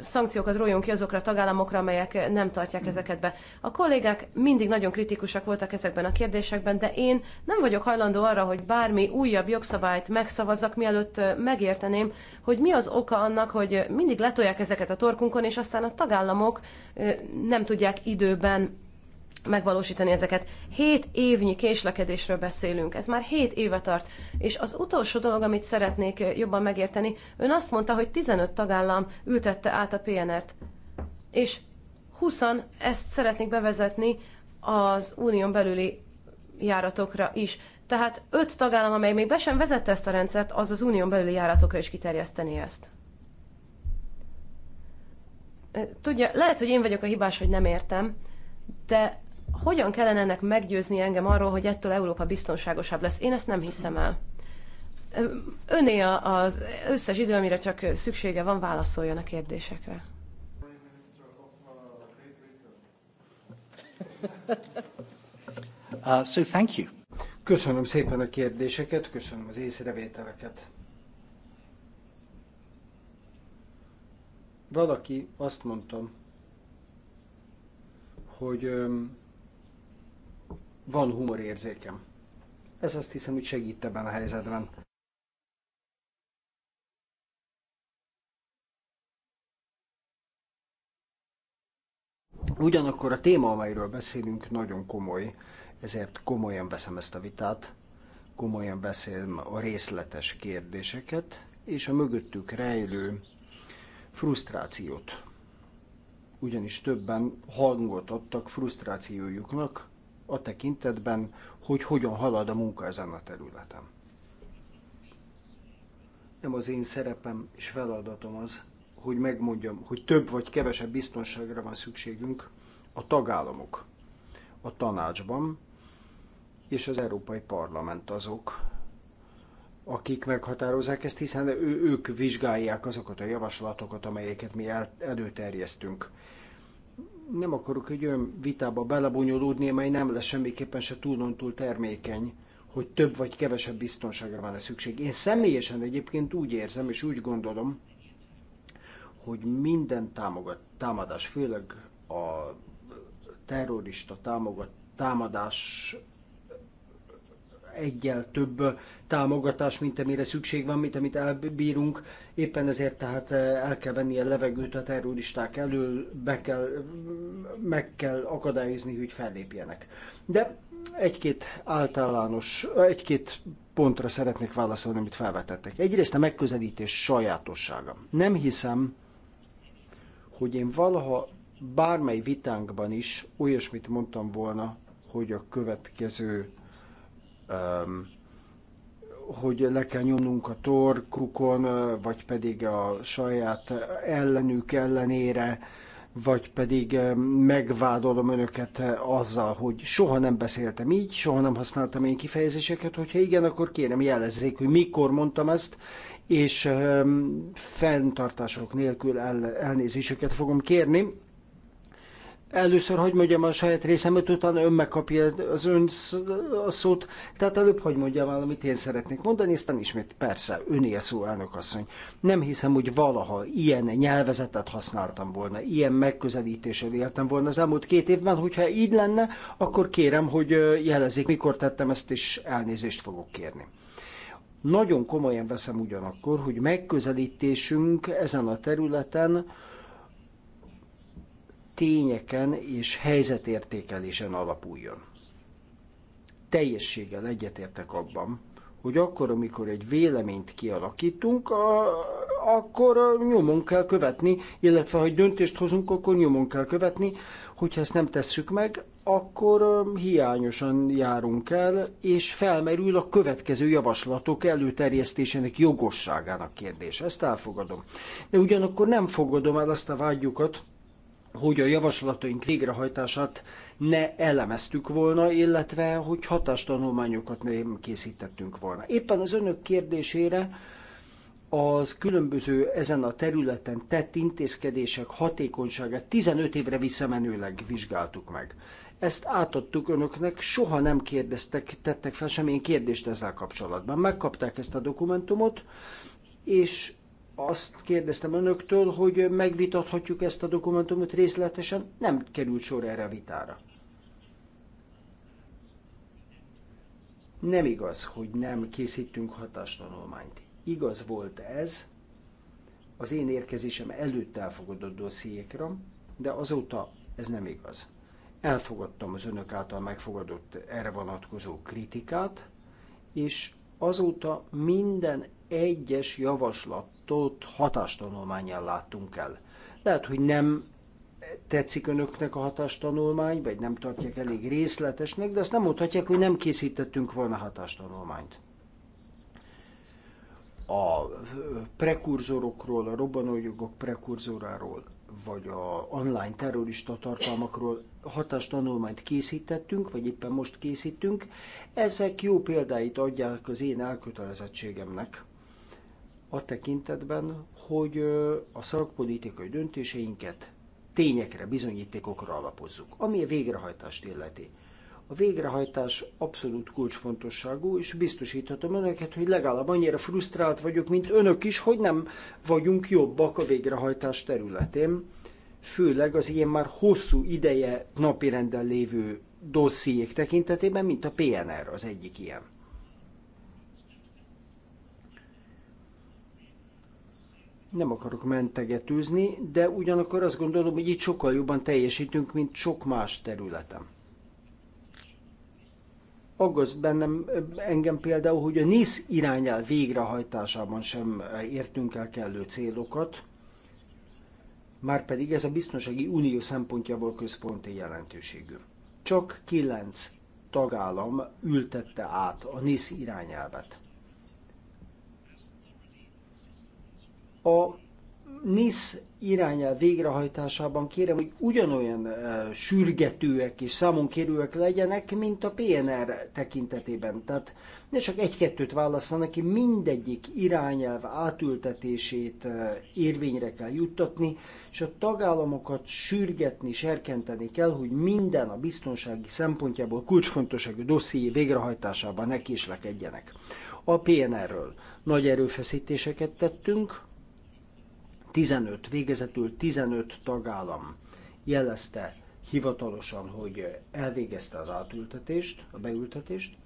szankciókat rójunk ki azokra a tagállamokra, amelyek nem tartják hmm. ezeket be. A kollégák mindig nagyon kritikusak voltak ezekben a kérdésekben, de én nem vagyok hajlandó arra, hogy bármi újabb jogszabályt megszavazzak, mielőtt megérteném, hogy mi az oka annak, hogy mindig letolják ezeket a torkunkon, és aztán a tagállamok nem tudják időben megvalósítani ezeket. Hét évnyi késlekedésről beszélünk, ez már hét éve tart. És az utolsó dolog, amit szeretnék jobban megérteni, ön azt mondta, hogy 15 tagállam ültette át a PNR-t. És 20 ezt szeretnék bevezetni az unión belüli járatokra is. Tehát öt tagállam, amely még be sem vezette ezt a rendszert, az az unión belüli járatokra is kiterjeszteni ezt. Tudja, lehet, hogy én vagyok a hibás, hogy nem értem, de hogyan kellene ennek meggyőzni engem arról, hogy ettől Európa biztonságosabb lesz? Én ezt nem hiszem el. Öné az összes idő, amire csak szüksége van, válaszoljon a kérdésekre. Uh, so thank you. Köszönöm szépen a kérdéseket, köszönöm az észrevételeket. Valaki azt mondtam, hogy van humorérzékem. Ez azt hiszem, hogy segít ebben a helyzetben. Ugyanakkor a téma, amelyről beszélünk, nagyon komoly, ezért komolyan veszem ezt a vitát, komolyan beszélem a részletes kérdéseket, és a mögöttük rejlő frusztrációt. Ugyanis többen hangot adtak frusztrációjuknak, a tekintetben, hogy hogyan halad a munka ezen a területen. Nem az én szerepem és feladatom az, hogy megmondjam, hogy több vagy kevesebb biztonságra van szükségünk a tagállamok, a tanácsban és az Európai Parlament azok, akik meghatározzák ezt, hiszen ő, ők vizsgálják azokat a javaslatokat, amelyeket mi el, előterjesztünk nem akarok egy olyan vitába belebonyolódni, amely nem lesz semmiképpen se túlontúl túl termékeny, hogy több vagy kevesebb biztonságra van-e szükség. Én személyesen egyébként úgy érzem és úgy gondolom, hogy minden támogat, támadás, főleg a terrorista támogat, támadás egyel több támogatás, mint amire szükség van, mint amit elbírunk. Éppen ezért tehát eh, el kell venni a levegőt a terroristák elől, be kell, meg kell akadályozni, hogy fellépjenek. De egy-két általános, egy-két pontra szeretnék válaszolni, amit felvetettek. Egyrészt a megközelítés sajátossága. Nem hiszem, hogy én valaha bármely vitánkban is olyasmit mondtam volna, hogy a következő hogy le kell nyomnunk a torkukon, vagy pedig a saját ellenük ellenére, vagy pedig megvádolom önöket azzal, hogy soha nem beszéltem így, soha nem használtam én kifejezéseket, hogyha igen, akkor kérem jelezzék, hogy mikor mondtam ezt, és fenntartások nélkül el, elnézéseket fogom kérni. Először hogy mondjam a saját részemet, utána ön megkapja az ön a szót. Tehát előbb hogy mondjam valamit én szeretnék mondani, aztán ismét persze, öné a szó, elnökasszony. Nem hiszem, hogy valaha ilyen nyelvezetet használtam volna, ilyen megközelítéssel éltem volna az elmúlt két évben. Hogyha így lenne, akkor kérem, hogy jelezzék, mikor tettem ezt, és elnézést fogok kérni. Nagyon komolyan veszem ugyanakkor, hogy megközelítésünk ezen a területen, tényeken és helyzetértékelésen alapuljon. Teljességgel egyetértek abban, hogy akkor, amikor egy véleményt kialakítunk, a, akkor nyomon kell követni, illetve ha döntést hozunk, akkor nyomon kell követni, hogyha ezt nem tesszük meg, akkor um, hiányosan járunk el, és felmerül a következő javaslatok előterjesztésének jogosságának kérdése. Ezt elfogadom. De ugyanakkor nem fogadom el azt a vágyukat, hogy a javaslataink végrehajtását ne elemeztük volna, illetve hogy hatástanulmányokat nem készítettünk volna. Éppen az önök kérdésére az különböző ezen a területen tett intézkedések hatékonyságát 15 évre visszamenőleg vizsgáltuk meg. Ezt átadtuk önöknek, soha nem kérdeztek, tettek fel semmilyen kérdést ezzel kapcsolatban. Megkapták ezt a dokumentumot, és azt kérdeztem önöktől, hogy megvitathatjuk ezt a dokumentumot részletesen, nem került sor erre a vitára. Nem igaz, hogy nem készítünk hatástanulmányt. Igaz volt ez az én érkezésem előtt elfogadott dossziékra, de azóta ez nem igaz. Elfogadtam az önök által megfogadott erre vonatkozó kritikát, és azóta minden egyes javaslat javaslatot hatástanulmányjal láttunk el. Lehet, hogy nem tetszik önöknek a hatástanulmány, vagy nem tartják elég részletesnek, de azt nem mondhatják, hogy nem készítettünk volna hatástanulmányt. A prekurzorokról, a robbanójogok prekurzoráról, vagy a online terrorista tartalmakról hatástanulmányt készítettünk, vagy éppen most készítünk. Ezek jó példáit adják az én elkötelezettségemnek, a tekintetben, hogy a szakpolitikai döntéseinket tényekre, bizonyítékokra alapozzuk, ami a végrehajtást illeti. A végrehajtás abszolút kulcsfontosságú, és biztosíthatom önöket, hogy legalább annyira frusztrált vagyok, mint önök is, hogy nem vagyunk jobbak a végrehajtás területén, főleg az ilyen már hosszú ideje napirenden lévő dossziék tekintetében, mint a PNR az egyik ilyen. Nem akarok mentegetőzni, de ugyanakkor azt gondolom, hogy itt sokkal jobban teljesítünk, mint sok más területen. Aggaszt bennem engem például, hogy a NISZ irányel végrehajtásában sem értünk el kellő célokat, márpedig ez a biztonsági unió szempontjából központi jelentőségű. Csak kilenc tagállam ültette át a NISZ irányelvet. A NISZ irányel végrehajtásában kérem, hogy ugyanolyan sürgetőek és számonkérőek legyenek, mint a PNR tekintetében. Tehát ne csak egy-kettőt választanak ki, mindegyik irányelv átültetését érvényre kell juttatni, és a tagállamokat sürgetni, serkenteni kell, hogy minden a biztonsági szempontjából kulcsfontosságú dosszié végrehajtásában ne késlekedjenek. A PNR-ről nagy erőfeszítéseket tettünk, 15, végezetül 15 tagállam jelezte hivatalosan, hogy elvégezte az átültetést, a beültetést.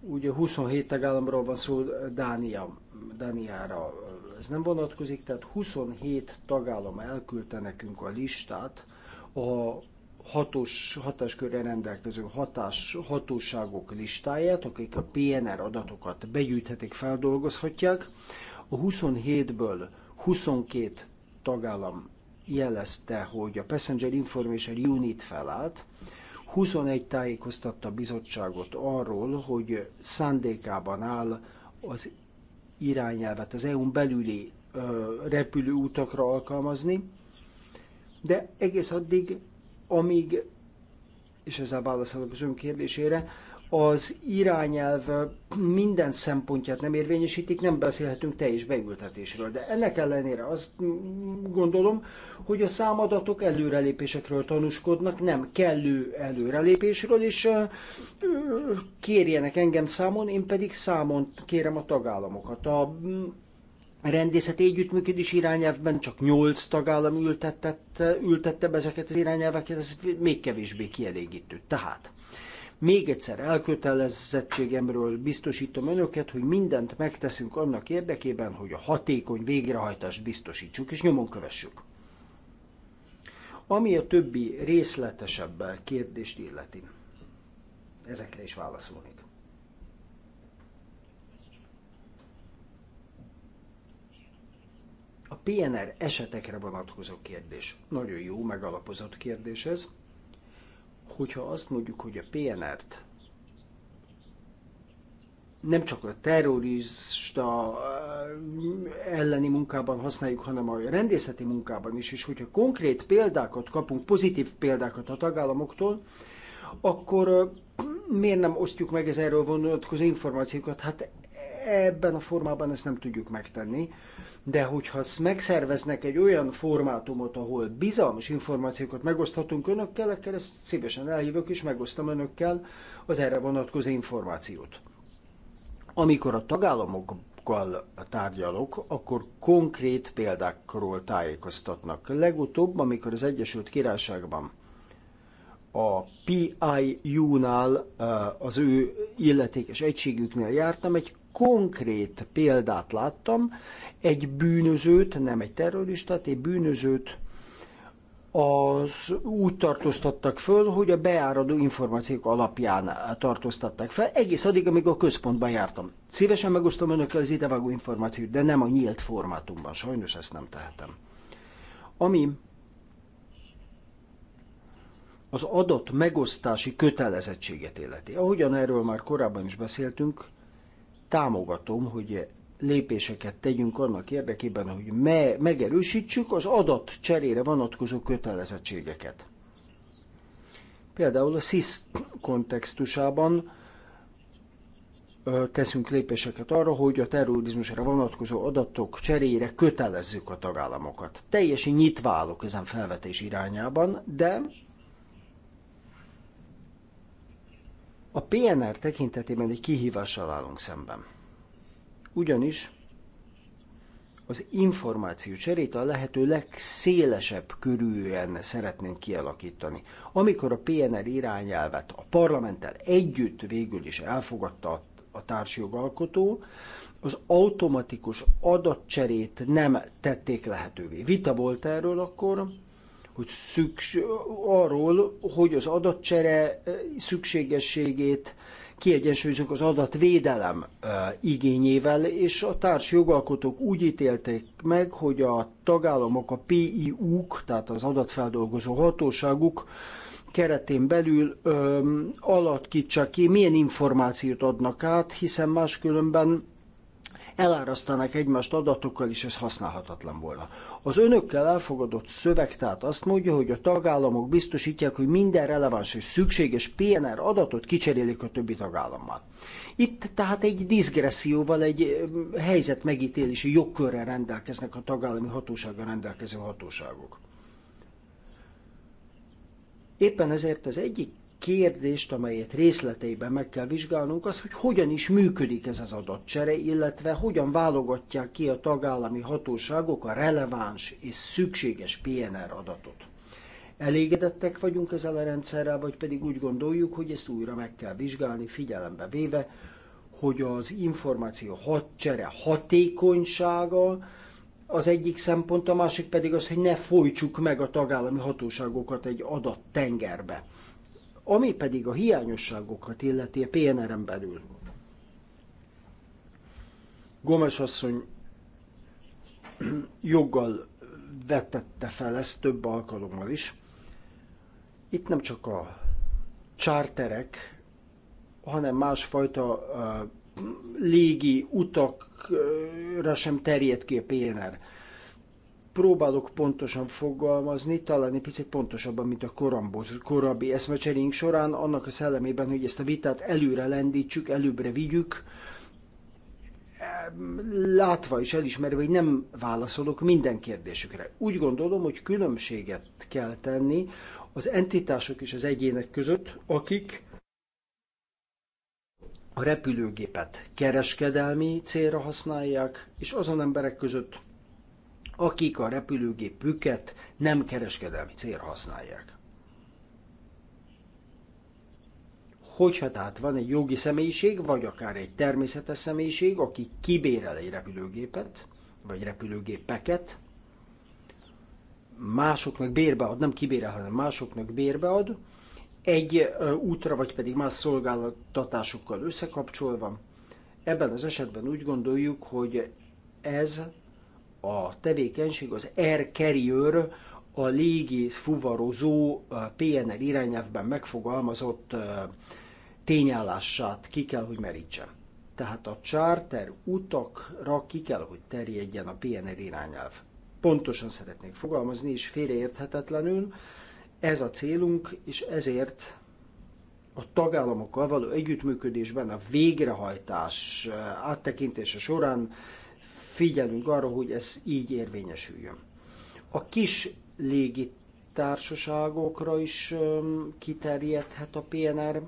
Ugye 27 tagállamról van szó, Dánia, Dániára ez nem vonatkozik, tehát 27 tagállam elküldte nekünk a listát a hatós hatáskörre rendelkező hatás, hatóságok listáját, akik a PNR adatokat begyűjthetik, feldolgozhatják. A 27-ből 22 tagállam jelezte, hogy a Passenger Information Unit felállt, 21 tájékoztatta a bizottságot arról, hogy szándékában áll az irányelvet az EU-n belüli repülőutakra alkalmazni, de egész addig, amíg, és ezzel válaszolok az ön kérdésére, az irányelv minden szempontját nem érvényesítik, nem beszélhetünk teljes beültetésről. De ennek ellenére azt gondolom, hogy a számadatok előrelépésekről tanúskodnak, nem kellő előrelépésről, és kérjenek engem számon, én pedig számon kérem a tagállamokat. A mm, rendészeti együttműködés irányelvben csak 8 tagállam ültette be ezeket az irányelveket, ez még kevésbé kielégítő. Tehát még egyszer elkötelezettségemről biztosítom önöket, hogy mindent megteszünk annak érdekében, hogy a hatékony végrehajtást biztosítsuk és nyomon kövessük. Ami a többi részletesebb kérdést illeti, ezekre is válaszolnék. A PNR esetekre vonatkozó kérdés. Nagyon jó, megalapozott kérdés ez hogyha azt mondjuk, hogy a PNR-t nem csak a terrorista eh, elleni munkában használjuk, hanem a rendészeti munkában is, és hogyha konkrét példákat kapunk, pozitív példákat a tagállamoktól, akkor eh, miért nem osztjuk meg ez erről vonatkozó információkat? Hát ebben a formában ezt nem tudjuk megtenni de hogyha megszerveznek egy olyan formátumot, ahol bizalmas információkat megoszthatunk önökkel, akkor ezt szívesen elhívok és megosztom önökkel az erre vonatkozó információt. Amikor a tagállamokkal tárgyalok, akkor konkrét példákról tájékoztatnak. Legutóbb, amikor az Egyesült Királyságban a PIU-nál, az ő illetékes egységüknél jártam, egy konkrét példát láttam, egy bűnözőt, nem egy terroristát, egy bűnözőt az úgy tartóztattak föl, hogy a beáradó információk alapján tartóztatták fel, egész addig, amíg a központban jártam. Szívesen megosztom önökkel az idevágó információt, de nem a nyílt formátumban, sajnos ezt nem tehetem. Ami az adat megosztási kötelezettséget illeti. Ahogyan erről már korábban is beszéltünk, támogatom, hogy lépéseket tegyünk annak érdekében, hogy me- megerősítsük az adat cserére vonatkozó kötelezettségeket. Például a SIS kontextusában teszünk lépéseket arra, hogy a terrorizmusra vonatkozó adatok cserére kötelezzük a tagállamokat. Teljesen nyitva állok ezen felvetés irányában, de A PNR tekintetében egy kihívással állunk szemben. Ugyanis az információ cserét a lehető legszélesebb körűen szeretnénk kialakítani. Amikor a PNR irányelvet a parlamenttel együtt végül is elfogadta a társjogalkotó, az automatikus adatcserét nem tették lehetővé. Vita volt erről akkor, hogy szüks, arról, hogy az adatcsere eh, szükségességét kiegyensúlyozunk az adatvédelem eh, igényével, és a társ jogalkotók úgy ítélték meg, hogy a tagállamok, a PIU-k, tehát az adatfeldolgozó hatóságuk keretén belül eh, alatt ki, milyen információt adnak át, hiszen máskülönben elárasztanak egymást adatokkal, és ez használhatatlan volna. Az önökkel elfogadott szöveg tehát azt mondja, hogy a tagállamok biztosítják, hogy minden releváns és szükséges PNR adatot kicserélik a többi tagállammal. Itt tehát egy diszgresszióval, egy helyzet megítélési jogkörrel rendelkeznek a tagállami hatósága rendelkező hatóságok. Éppen ezért az egyik kérdést, amelyet részleteiben meg kell vizsgálnunk, az, hogy hogyan is működik ez az adatcsere, illetve hogyan válogatják ki a tagállami hatóságok a releváns és szükséges PNR adatot. Elégedettek vagyunk ezzel a rendszerrel, vagy pedig úgy gondoljuk, hogy ezt újra meg kell vizsgálni, figyelembe véve, hogy az információ hat csere hatékonysága az egyik szempont, a másik pedig az, hogy ne folytsuk meg a tagállami hatóságokat egy adattengerbe. tengerbe ami pedig a hiányosságokat illeti a PNR-en belül. Gomes asszony [CLEARS THROAT] joggal vetette fel ezt több alkalommal is. Itt nem csak a csárterek, hanem másfajta uh, légi utakra sem terjed ki a PNR próbálok pontosan fogalmazni, talán egy picit pontosabban, mint a koramboz, korábbi eszmecserénk során, annak a szellemében, hogy ezt a vitát előre lendítsük, előbbre vigyük, látva és elismerve, hogy nem válaszolok minden kérdésükre. Úgy gondolom, hogy különbséget kell tenni az entitások és az egyének között, akik a repülőgépet kereskedelmi célra használják, és azon emberek között, akik a repülőgépüket nem kereskedelmi célra használják. Hogyha tehát van egy jogi személyiség, vagy akár egy természetes személyiség, aki kibérel egy repülőgépet, vagy repülőgépeket, másoknak bérbe ad, nem kibérel, hanem másoknak bérbe ad, egy útra, vagy pedig más szolgáltatásokkal összekapcsolva. Ebben az esetben úgy gondoljuk, hogy ez a tevékenység az air carrier, a légi fuvarozó PNR irányelvben megfogalmazott tényállását ki kell, hogy merítsen. Tehát a charter utakra ki kell, hogy terjedjen a PNR irányelv. Pontosan szeretnék fogalmazni, és félreérthetetlenül ez a célunk, és ezért a tagállamokkal való együttműködésben a végrehajtás áttekintése során figyelünk arra, hogy ez így érvényesüljön. A kis légi társaságokra is kiterjedhet a PNR.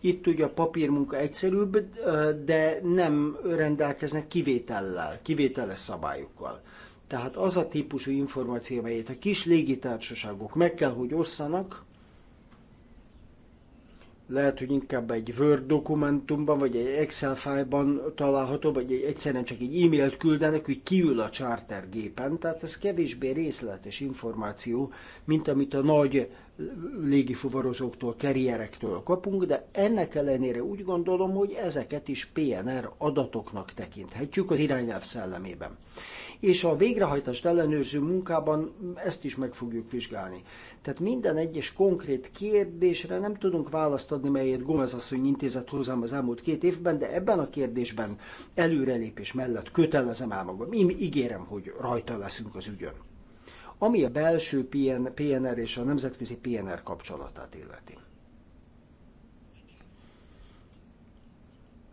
Itt ugye a papírmunka egyszerűbb, de nem rendelkeznek kivétellel, kivételes szabályokkal. Tehát az a típusú információ, amelyet a kis légitársaságok meg kell, hogy osszanak, lehet, hogy inkább egy Word dokumentumban, vagy egy Excel fájban található, vagy egy, egyszerűen csak egy e-mailt küldenek, hogy kiül a chartergépen, tehát ez kevésbé részletes információ, mint amit a nagy légifuvarozóktól, karrierektől kapunk, de ennek ellenére úgy gondolom, hogy ezeket is PNR adatoknak tekinthetjük az irányelv szellemében. És a végrehajtást ellenőrző munkában ezt is meg fogjuk vizsgálni. Tehát minden egyes konkrét kérdésre nem tudunk választ adni, melyet Gomez asszony intézett hozzám az elmúlt két évben, de ebben a kérdésben előrelépés mellett kötelezem el magam. Én ígérem, hogy rajta leszünk az ügyön ami a belső PNR és a nemzetközi PNR kapcsolatát illeti.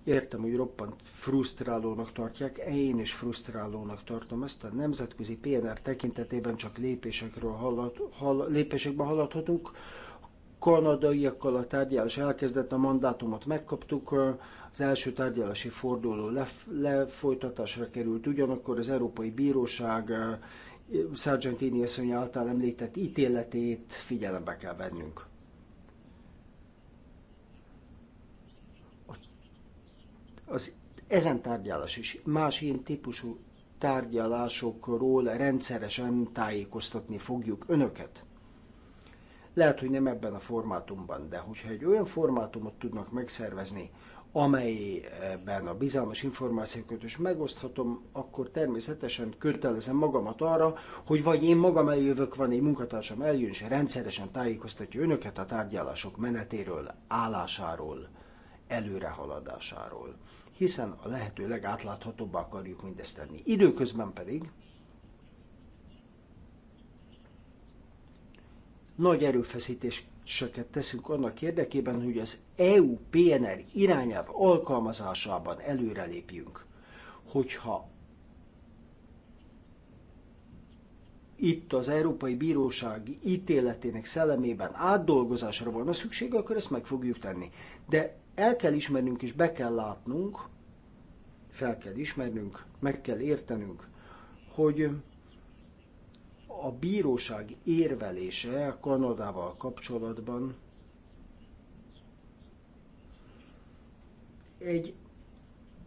Értem, hogy roppant frusztrálónak tartják, én is frusztrálónak tartom ezt a nemzetközi PNR tekintetében csak lépésekről hallat, hall, lépésekben haladhatunk. A kanadaiakkal a tárgyalás elkezdett, a mandátumot megkaptuk, az első tárgyalási forduló lef, lefolytatásra került, ugyanakkor az Európai Bíróság Sargentini asszony által említett ítéletét figyelembe kell vennünk. Az ezen tárgyalás is más ilyen típusú tárgyalásokról rendszeresen tájékoztatni fogjuk önöket. Lehet, hogy nem ebben a formátumban, de hogyha egy olyan formátumot tudnak megszervezni, amelyben a bizalmas információkat is megoszthatom, akkor természetesen kötelezem magamat arra, hogy vagy én magam eljövök, van egy munkatársam eljön, és rendszeresen tájékoztatja önöket a tárgyalások menetéről, állásáról, előrehaladásáról. Hiszen a lehető legátláthatóbbá akarjuk mindezt tenni. Időközben pedig nagy erőfeszítés lépéseket teszünk annak érdekében, hogy az EU PNR irányába alkalmazásában előrelépjünk. Hogyha itt az Európai Bíróság ítéletének szellemében átdolgozásra volna szükség, akkor ezt meg fogjuk tenni. De el kell ismernünk és be kell látnunk, fel kell ismernünk, meg kell értenünk, hogy a bíróság érvelése Kanadával kapcsolatban egy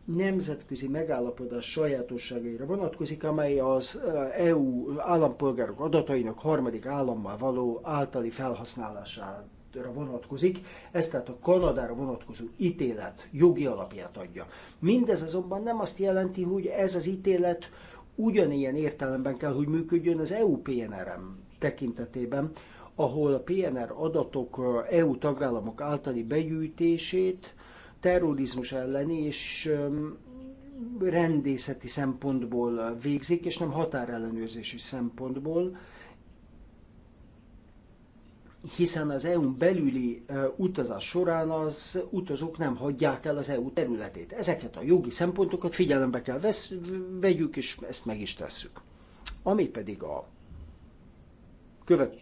nemzetközi megállapodás sajátosságaira vonatkozik, amely az EU állampolgárok adatainak harmadik állammal való általi felhasználására vonatkozik, ez tehát a Kanadára vonatkozó ítélet jogi alapját adja. Mindez azonban nem azt jelenti, hogy ez az ítélet ugyanilyen értelemben kell, hogy működjön az EU PNRM tekintetében, ahol a PNR adatok EU eh, e tagállamok általi begyűjtését terrorizmus elleni és rendészeti szempontból végzik, és nem határellenőrzési szempontból hiszen az EU-n belüli utazás során az utazók nem hagyják el az EU területét. Ezeket a jogi szempontokat figyelembe kell vesz, vegyük, és ezt meg is tesszük. Ami pedig a követ...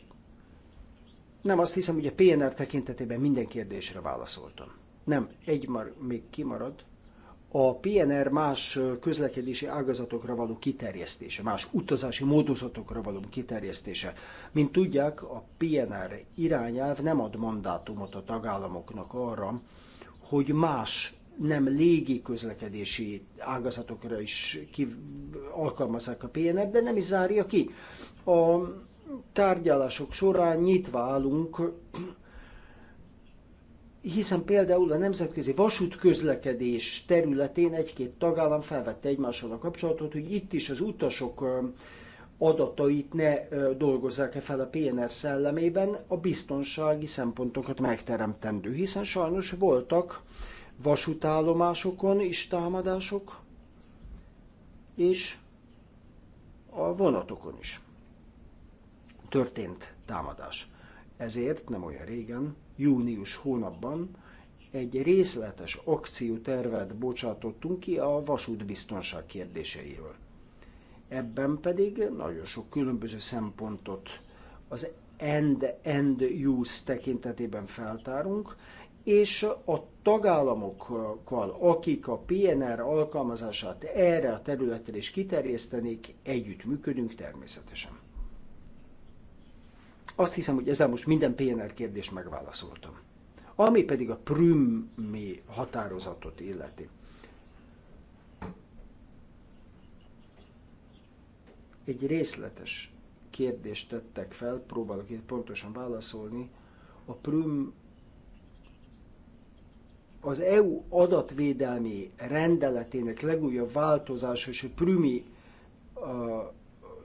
Nem, azt hiszem, hogy a PNR tekintetében minden kérdésre válaszoltam. Nem, egy már még kimarad a PNR más közlekedési ágazatokra való kiterjesztése, más utazási módozatokra való kiterjesztése. Mint tudják, a PNR irányelv nem ad mandátumot a tagállamoknak arra, hogy más nem légi közlekedési ágazatokra is alkalmazzák a PNR, de nem is zárja ki. A tárgyalások során nyitva állunk hiszen például a nemzetközi vasútközlekedés területén egy-két tagállam felvette egymással a kapcsolatot, hogy itt is az utasok adatait ne dolgozzák-e fel a PNR szellemében, a biztonsági szempontokat megteremtendő, hiszen sajnos voltak vasútállomásokon is támadások, és a vonatokon is történt támadás. Ezért nem olyan régen június hónapban egy részletes akciótervet bocsátottunk ki a vasútbiztonság kérdéseiről. Ebben pedig nagyon sok különböző szempontot az end-end use tekintetében feltárunk, és a tagállamokkal, akik a PNR alkalmazását erre a területre is kiterjesztenék, együtt működünk természetesen. Azt hiszem, hogy ezzel most minden PNR kérdést megválaszoltam. Ami pedig a prümmi határozatot illeti. Egy részletes kérdést tettek fel, próbálok itt pontosan válaszolni. A prüm az EU adatvédelmi rendeletének legújabb változása és a prümi a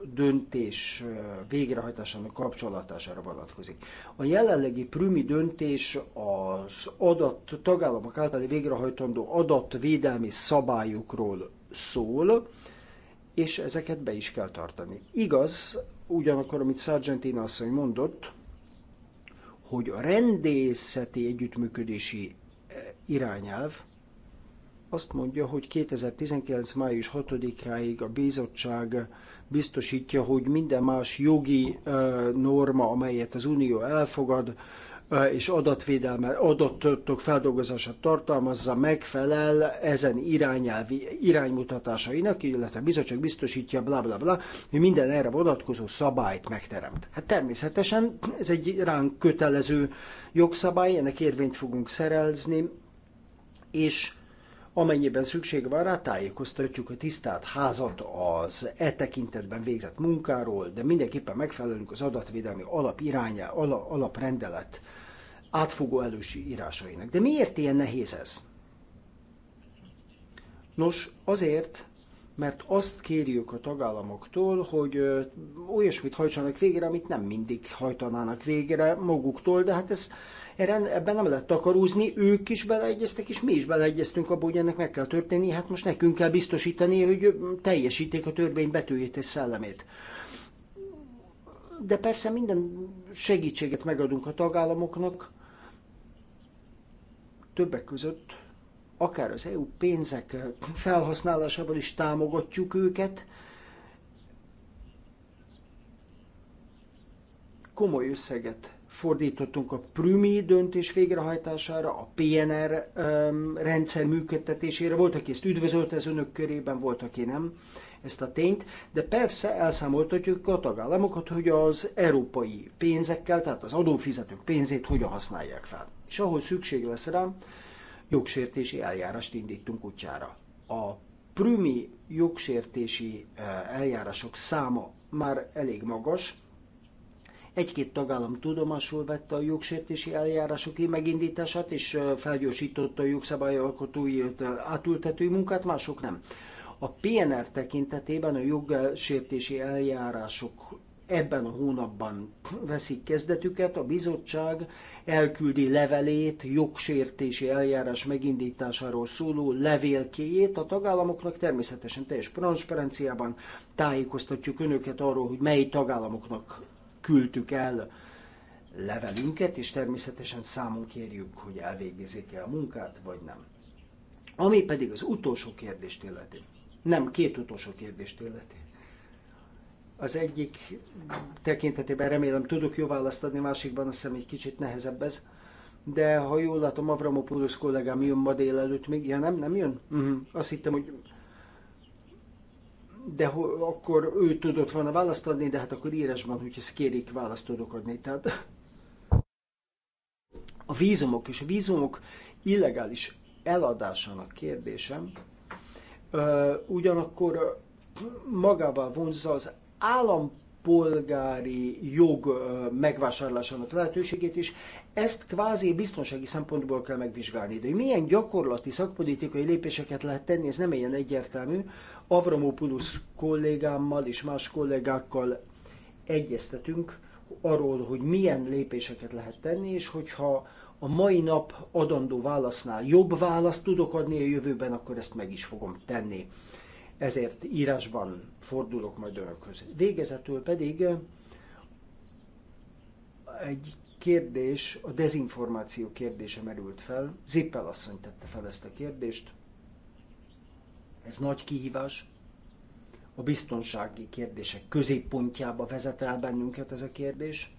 döntés végrehajtásának kapcsolatására vonatkozik. A jelenlegi prümi döntés az adat, tagállamok által végrehajtandó adatvédelmi szabályokról szól, és ezeket be is kell tartani. Igaz, ugyanakkor, amit Sargentina asszony mondott, hogy a rendészeti együttműködési e, irányelv azt mondja, hogy 2019. május 6-áig a bizottság biztosítja, hogy minden más jogi norma, amelyet az Unió elfogad, és adatvédelme, adatok feldolgozását tartalmazza, megfelel ezen irányelvi iránymutatásainak, illetve a bizottság biztosítja, bla bla bla, hogy minden erre vonatkozó szabályt megteremt. Hát természetesen ez egy ránk kötelező jogszabály, ennek érvényt fogunk szerezni, és Amennyiben szükség van rá, tájékoztatjuk a tisztát házat az e tekintetben végzett munkáról, de mindenképpen megfelelünk az adatvédelmi alapiránya, ala, alaprendelet átfogó írásainak. De miért ilyen nehéz ez? Nos, azért, mert azt kérjük a tagállamoktól, hogy olyasmit hajtsanak végre, amit nem mindig hajtanának végre maguktól, de hát ez ebben nem lehet takarózni, ők is beleegyeztek, és mi is beleegyeztünk abba, hogy ennek meg kell történni, hát most nekünk kell biztosítani, hogy teljesíték a törvény betűjét és szellemét. De persze minden segítséget megadunk a tagállamoknak, többek között akár az EU pénzek felhasználásával is támogatjuk őket, komoly összeget fordítottunk a Prümi döntés végrehajtására, a PNR um, rendszer működtetésére. Volt, aki ezt üdvözölte az önök körében, volt, aki nem ezt a tényt, de persze elszámoltatjuk a tagállamokat, hogy az európai pénzekkel, tehát az adófizetők pénzét hogyan használják fel. És ahol szükség lesz rá, jogsértési eljárást indítunk útjára. A prümi jogsértési eljárások száma már elég magas, egy-két tagállam tudomásul vette a jogsértési eljárások megindítását, és felgyorsította a jogszabályalkotói átültető munkát, mások nem. A PNR tekintetében a jogsértési eljárások ebben a hónapban veszik kezdetüket, a bizottság elküldi levelét, jogsértési eljárás megindításáról szóló levélkéjét a tagállamoknak természetesen teljes transzparenciában tájékoztatjuk önöket arról, hogy mely tagállamoknak küldtük el levelünket, és természetesen számon kérjük, hogy elvégezik-e a munkát, vagy nem. Ami pedig az utolsó kérdést illeti. Nem, két utolsó kérdést illeti. Az egyik tekintetében remélem tudok jó választ adni, másikban azt hiszem egy kicsit nehezebb ez. De ha jól látom, Avramopoulos kollégám jön ma délelőtt még. Ja nem, nem jön? Uh-huh. Azt hittem, hogy de akkor ő tudott volna választ adni, de hát akkor írásban, hogy ezt kérik, választ tudok adni. Tehát a vízumok és a vízumok illegális eladásának kérdésem ugyanakkor magával vonzza az állampolgári jog megvásárlásának lehetőségét is, ezt kvázi biztonsági szempontból kell megvizsgálni. De hogy milyen gyakorlati szakpolitikai lépéseket lehet tenni, ez nem ilyen egyértelmű. Avramopoulos kollégámmal és más kollégákkal egyeztetünk arról, hogy milyen lépéseket lehet tenni, és hogyha a mai nap adandó válasznál jobb választ tudok adni a jövőben, akkor ezt meg is fogom tenni. Ezért írásban fordulok majd önökhöz. Végezetül pedig eh, egy kérdés, a dezinformáció kérdése merült fel. Zippel asszony tette fel ezt a kérdést. Ez nagy kihívás. A biztonsági kérdések középpontjába vezet el bennünket ez a kérdés.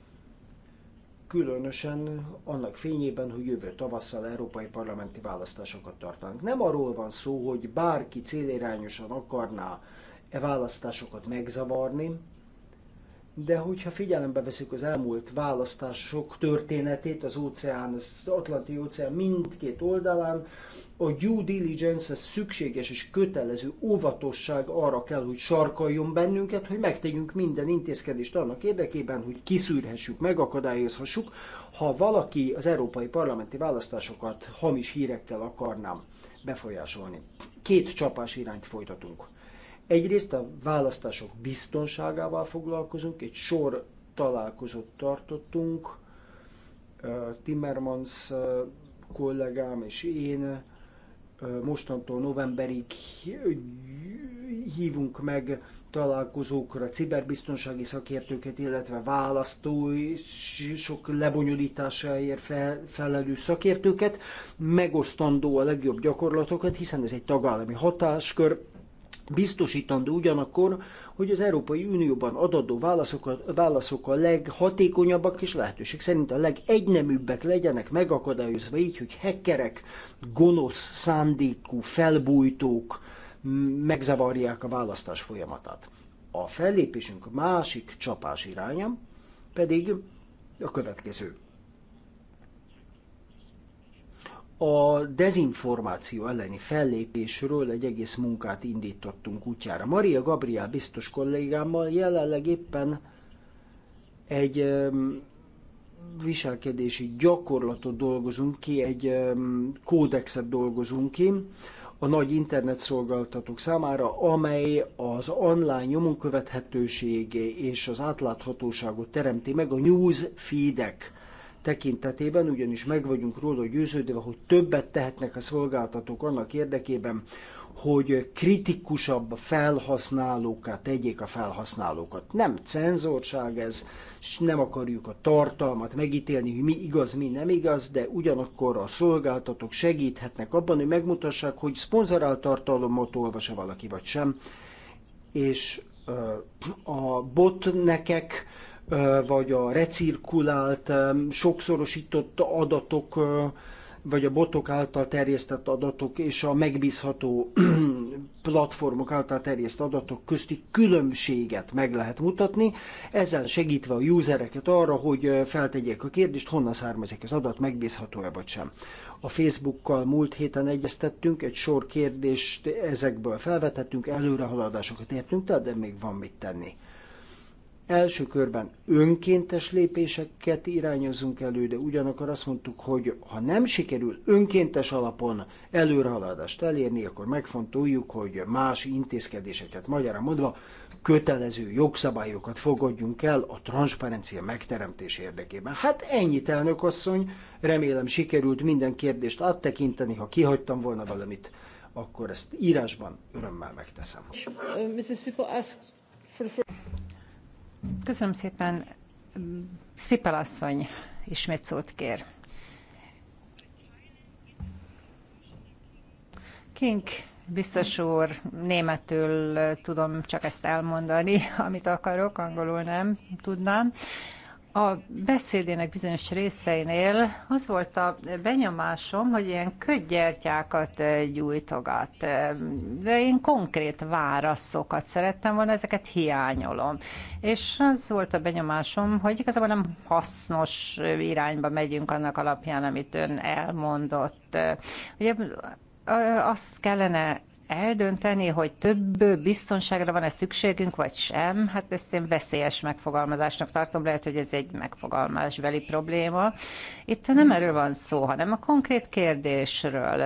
Különösen annak fényében, hogy jövő tavasszal európai parlamenti választásokat tartanak. Nem arról van szó, hogy bárki célirányosan akarná e választásokat megzavarni, de hogyha figyelembe veszük az elmúlt választások történetét az óceán, az Atlanti óceán mindkét oldalán, a due diligence szükséges és kötelező óvatosság arra kell, hogy sarkaljon bennünket, hogy megtegyünk minden intézkedést annak érdekében, hogy kiszűrhessük, megakadályozhassuk, ha valaki az európai parlamenti választásokat hamis hírekkel akarnám befolyásolni. Két csapás irányt folytatunk. Egyrészt a választások biztonságával foglalkozunk, egy sor találkozót tartottunk, Timmermans kollégám és én mostantól novemberig hívunk meg találkozókra ciberbiztonsági szakértőket, illetve választói sok lebonyolításáért felelő szakértőket, megosztandó a legjobb gyakorlatokat, hiszen ez egy tagállami hatáskör, Biztosítandó ugyanakkor, hogy az Európai Unióban adadó válaszok a, válaszok a leghatékonyabbak és lehetőség szerint a legegyneműbbek legyenek megakadályozva így, hogy hekkerek, gonosz szándékú felbújtók megzavarják a választás folyamatát. A fellépésünk másik csapás iránya pedig a következő. a dezinformáció elleni fellépésről egy egész munkát indítottunk útjára. Maria Gabriel biztos kollégámmal jelenleg éppen egy viselkedési gyakorlatot dolgozunk ki, egy kódexet dolgozunk ki a nagy internetszolgáltatók számára, amely az online nyomon követhetőség és az átláthatóságot teremti meg a news feedek tekintetében, ugyanis meg vagyunk róla győződve, hogy többet tehetnek a szolgáltatók annak érdekében, hogy kritikusabb felhasználókat tegyék a felhasználókat. Nem cenzortság ez, és nem akarjuk a tartalmat megítélni, hogy mi igaz, mi nem igaz, de ugyanakkor a szolgáltatók segíthetnek abban, hogy megmutassák, hogy szponzorált tartalomot olvas-e valaki vagy sem. És a botnekek vagy a recirkulált, sokszorosított adatok, vagy a botok által terjesztett adatok és a megbízható [CLEARS THROAT] platformok által terjesztett adatok közti különbséget meg lehet mutatni, ezzel segítve a usereket arra, hogy feltegyék a kérdést, honnan származik az adat, megbízható-e vagy sem. A Facebookkal múlt héten egyeztettünk, egy sor kérdést ezekből felvetettünk, előrehaladásokat értünk, de még van mit tenni első körben önkéntes lépéseket irányozunk elő, de ugyanakkor azt mondtuk, hogy ha nem sikerül önkéntes alapon előrehaladást elérni, akkor megfontoljuk, hogy más intézkedéseket, magyarán mondva, kötelező jogszabályokat fogadjunk el a transzparencia megteremtés érdekében. Hát ennyit, elnök asszony, remélem sikerült minden kérdést áttekinteni, ha kihagytam volna valamit, akkor ezt írásban örömmel megteszem. Uh, Mrs. Sipo for the first... Köszönöm szépen. Szipel asszony ismét szót kér. King biztos úr, németül tudom csak ezt elmondani, amit akarok, angolul nem tudnám a beszédének bizonyos részeinél az volt a benyomásom, hogy ilyen ködgyertyákat eh, gyújtogat, eh, de én konkrét válaszokat szerettem volna, ezeket hiányolom. És az volt a benyomásom, hogy igazából nem hasznos irányba megyünk annak alapján, amit ön elmondott. Eh, ugye azt kellene eldönteni, hogy több biztonságra van-e szükségünk, vagy sem, hát ezt én veszélyes megfogalmazásnak tartom, lehet, hogy ez egy megfogalmásbeli probléma. Itt nem erről van szó, hanem a konkrét kérdésről.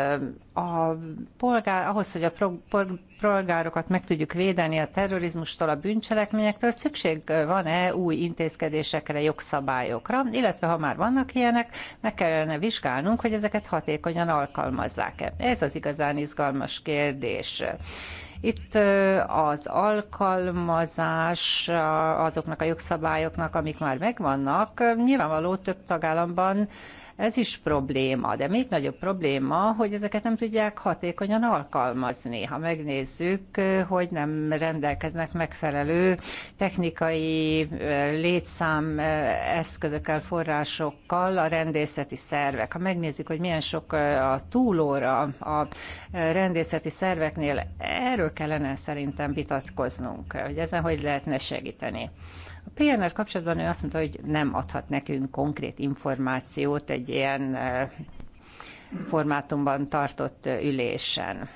A polgár, ahhoz, hogy a pro, pro, polgárokat meg tudjuk védeni a terrorizmustól, a bűncselekményektől, szükség van-e új intézkedésekre, jogszabályokra, illetve ha már vannak ilyenek, meg kellene vizsgálnunk, hogy ezeket hatékonyan alkalmazzák-e. Ez az igazán izgalmas kérdés. Itt az alkalmazás azoknak a jogszabályoknak, amik már megvannak, nyilvánvaló több tagállamban ez is probléma, de még nagyobb probléma, hogy ezeket nem tudják hatékonyan alkalmazni. Ha megnézzük, hogy nem rendelkeznek megfelelő technikai létszám eszközökkel, forrásokkal a rendészeti szervek. Ha megnézzük, hogy milyen sok a túlóra a rendészeti szerveknél, erről kellene szerintem vitatkoznunk, hogy ezen hogy lehetne segíteni. PNR kapcsolatban ő azt mondta, hogy nem adhat nekünk konkrét információt egy ilyen eh, formátumban tartott ülésen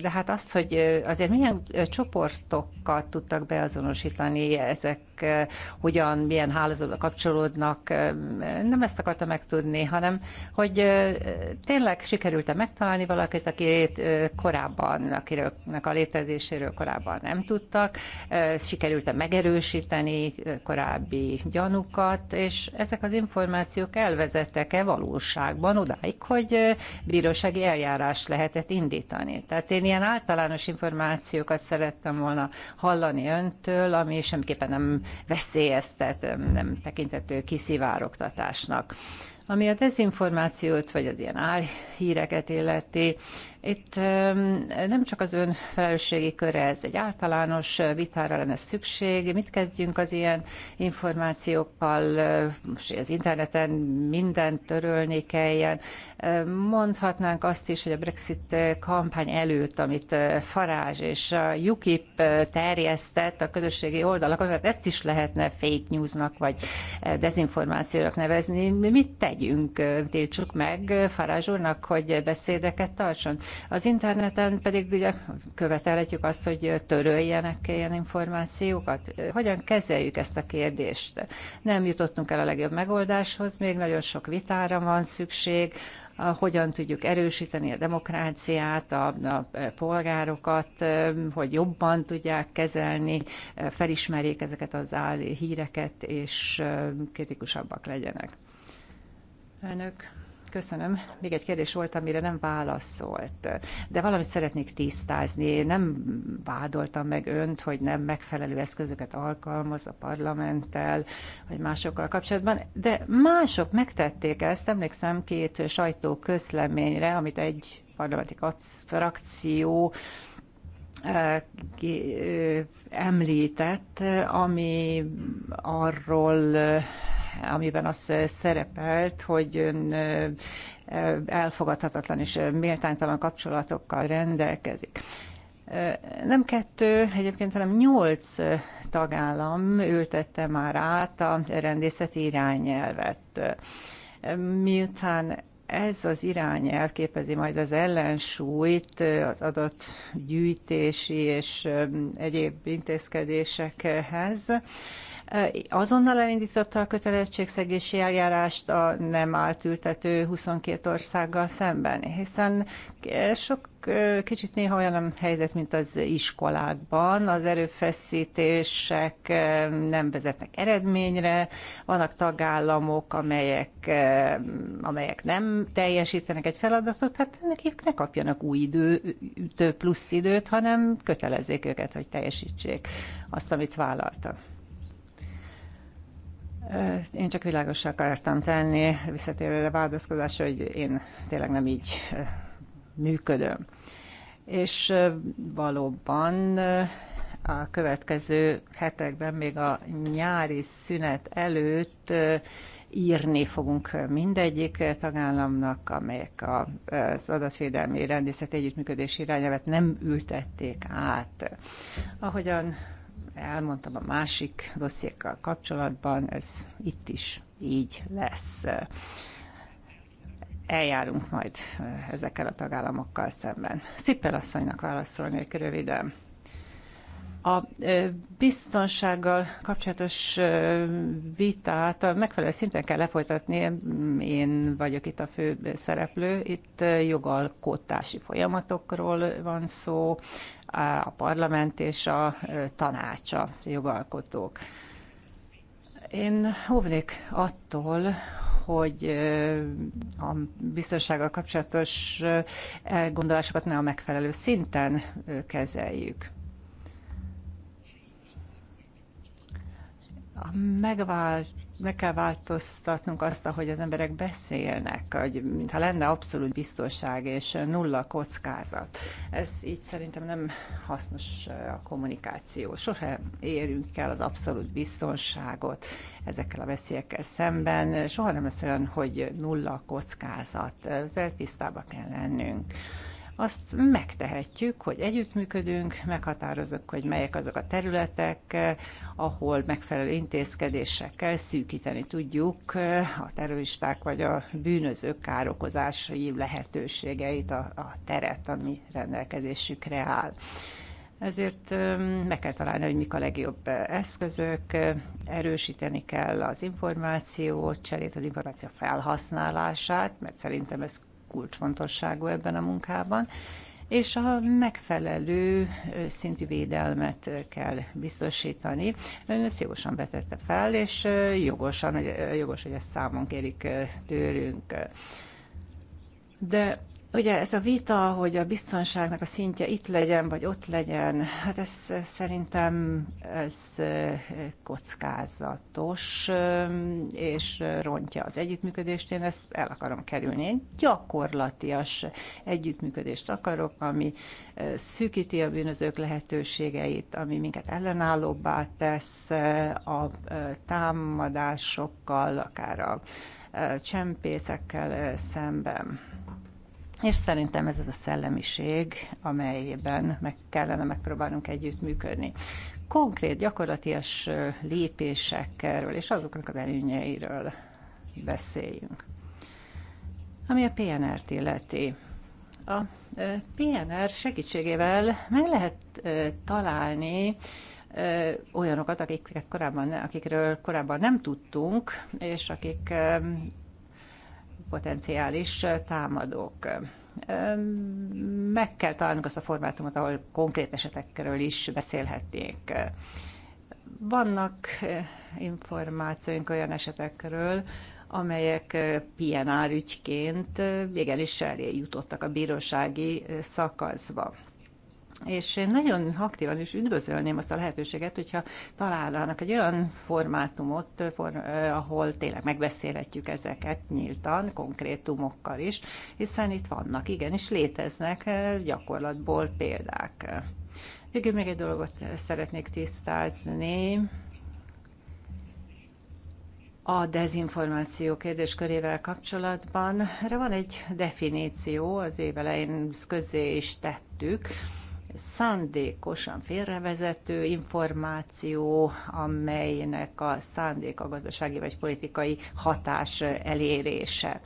de hát azt, hogy azért milyen csoportokat tudtak beazonosítani ezek, hogyan, milyen hálózatba kapcsolódnak, nem ezt akarta megtudni, hanem hogy tényleg sikerült-e megtalálni valakit, aki korábban, akinek a létezéséről korábban nem tudtak, sikerült-e megerősíteni korábbi gyanukat, és ezek az információk elvezettek-e valóságban odáig, hogy bírósági eljárás lehetett indítani. Tehát tehát én ilyen általános információkat szerettem volna hallani öntől, ami semmiképpen nem veszélyeztet, nem tekintető kiszivárogtatásnak. Ami a dezinformációt, vagy az ilyen álhíreket illeti, itt nem csak az ön felelősségi köre, ez egy általános vitára lenne szükség. Mit kezdjünk az ilyen információkkal, most az interneten mindent törölni kelljen. Mondhatnánk azt is, hogy a Brexit kampány előtt, amit Farázs és a UKIP terjesztett a közösségi oldalakon, hát ezt is lehetne fake newsnak vagy dezinformációnak nevezni. Mit tegyünk? Tiltsuk meg Farázs úrnak, hogy beszédeket tartson? Az interneten pedig ugye követelhetjük azt, hogy töröljenek ilyen információkat. Hogyan kezeljük ezt a kérdést? Nem jutottunk el a legjobb megoldáshoz, még nagyon sok vitára van szükség, hogyan tudjuk erősíteni a demokráciát, a, a polgárokat, hogy jobban tudják kezelni, felismerjék ezeket az áll híreket, és kritikusabbak legyenek. Elnök. Köszönöm. Még egy kérdés volt, amire nem válaszolt. De valamit szeretnék tisztázni. Nem vádoltam meg önt, hogy nem megfelelő eszközöket alkalmaz a parlamenttel, vagy másokkal kapcsolatban, de mások megtették ezt. Emlékszem két sajtó közleményre, amit egy parlamenti frakció eh, eh, említett, ami arról eh, amiben az szerepelt, hogy ön elfogadhatatlan és méltánytalan kapcsolatokkal rendelkezik. Nem kettő, egyébként, hanem nyolc tagállam ültette már át a rendészeti irányelvet. Miután ez az irányelv képezi majd az ellensúlyt az adott gyűjtési és egyéb intézkedésekhez, Azonnal elindította a kötelezettségszegési eljárást a nem ültető 22 országgal szemben, hiszen sok kicsit néha olyan helyzet, mint az iskolákban. Az erőfeszítések nem vezetnek eredményre, vannak tagállamok, amelyek, amelyek nem teljesítenek egy feladatot, hát nekik ne kapjanak új idő, több plusz időt, hanem kötelezzék őket, hogy teljesítsék azt, amit vállaltak. Én csak világosá akartam tenni, visszatérve a változkodásra, hogy én tényleg nem így működöm. És valóban a következő hetekben, még a nyári szünet előtt írni fogunk mindegyik tagállamnak, amelyek az adatvédelmi rendészet együttműködési irányelvet nem ültették át. Ahogyan elmondtam a másik dossziékkal kapcsolatban, ez itt is így lesz. Eljárunk majd ezekkel a tagállamokkal szemben. Szippel asszonynak válaszolnék röviden a biztonsággal kapcsolatos vitát megfelelő szinten kell lefolytatni. Én vagyok itt a fő szereplő. Itt jogalkotási folyamatokról van szó, a parlament és a tanácsa jogalkotók. Én óvnék attól, hogy a biztonsággal kapcsolatos elgondolásokat ne a megfelelő szinten kezeljük. megvált, meg kell változtatnunk azt, ahogy az emberek beszélnek, hogy mintha lenne abszolút biztonság és nulla kockázat. Ez így szerintem nem hasznos eh, a kommunikáció. Sose érünk el az abszolút biztonságot ezekkel a veszélyekkel szemben. Soha nem lesz olyan, hogy nulla kockázat. Ezzel tisztába kell lennünk azt megtehetjük, hogy együttműködünk, meghatározok, hogy melyek azok a területek, eh, ahol megfelelő intézkedésekkel szűkíteni tudjuk eh, a terroristák vagy a bűnözők károkozási lehetőségeit, a, a teret, ami rendelkezésükre áll. Ezért eh, meg kell találni, hogy mik a legjobb eszközök, erősíteni kell az információt, cserét az információ felhasználását, mert szerintem ez kulcsfontosságú ebben a munkában, és a megfelelő szintű védelmet kell biztosítani. Ön ezt jogosan vetette fel, és jogosan, jogos, hogy ezt számon kérik tőlünk. De Ugye ez a vita, hogy a biztonságnak a szintje itt legyen, vagy ott legyen, hát ez szerintem ez kockázatos, és rontja az együttműködést. Én ezt el akarom kerülni. Én gyakorlatias együttműködést akarok, ami szűkíti a bűnözők lehetőségeit, ami minket ellenállóbbá tesz a támadásokkal, akár a csempészekkel szemben és szerintem ez az a szellemiség, amelyben meg kellene megpróbálnunk együttműködni. Konkrét, gyakorlatias lépésekről és azoknak az előnyeiről beszéljünk. Ami a PNR-t illeti. A PNR segítségével meg lehet találni olyanokat, akiket korábban, akikről korábban nem tudtunk, és akik potenciális támadók. Meg kell találnunk azt a formátumot, ahol konkrét esetekről is beszélhetnék. Vannak információink olyan esetekről, amelyek PNR ügyként is eljutottak a bírósági szakaszba és én nagyon aktívan is üdvözölném azt a lehetőséget, hogyha találnának egy olyan formátumot, for, ahol tényleg megbeszélhetjük ezeket nyíltan, konkrétumokkal is, hiszen itt vannak, igenis léteznek gyakorlatból példák. Végül még egy dolgot szeretnék tisztázni. A dezinformáció kérdéskörével kapcsolatban erre van egy definíció, az évelején közé is tettük, szándékosan félrevezető információ, amelynek a szándék a gazdasági vagy politikai hatás elérése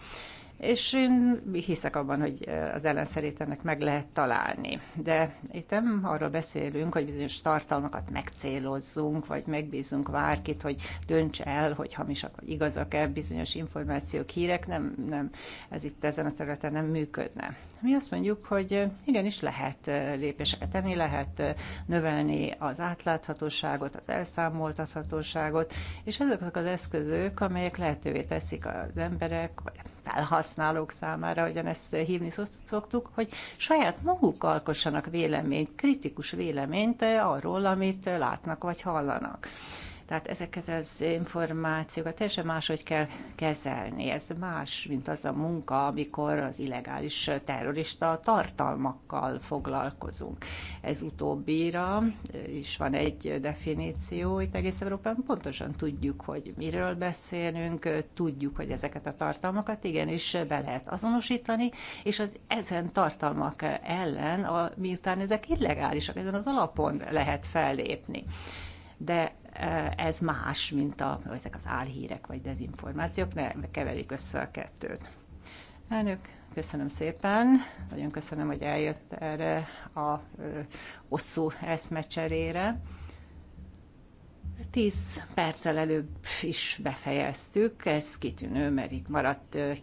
és én hiszek abban, hogy az ellenszerét ennek meg lehet találni. De itt nem arról beszélünk, hogy bizonyos tartalmakat megcélozzunk, vagy megbízunk várkit, hogy dönts el, hogy hamisak vagy igazak-e bizonyos információk, hírek, nem, nem, ez itt ezen a területen nem működne. Mi azt mondjuk, hogy igenis lehet lépéseket tenni, lehet növelni az átláthatóságot, az elszámoltathatóságot, és ezek az eszközök, amelyek lehetővé teszik az emberek, vagy felhasználók számára, ahogyan ezt hívni szoktuk, hogy saját maguk alkossanak véleményt, kritikus véleményt arról, amit látnak vagy hallanak. Tehát ezeket az információkat teljesen máshogy kell kezelni. Ez más, mint az a munka, amikor az illegális terrorista tartalmakkal foglalkozunk. Ez utóbbira is van egy definíció itt egész Európában. Pontosan tudjuk, hogy miről beszélünk, tudjuk, hogy ezeket a tartalmakat igenis be lehet azonosítani, és az ezen tartalmak ellen, a, miután ezek illegálisak, ezen az alapon lehet fellépni. De Eh, ez más, mint a, ezek az álhírek vagy dezinformációk, ne keverik össze a kettőt. Elnök, köszönöm szépen, nagyon köszönöm, hogy eljött erre a eh, hosszú eszmecserére. Tíz perccel előbb is befejeztük, ez kitűnő, mert itt maradt eh,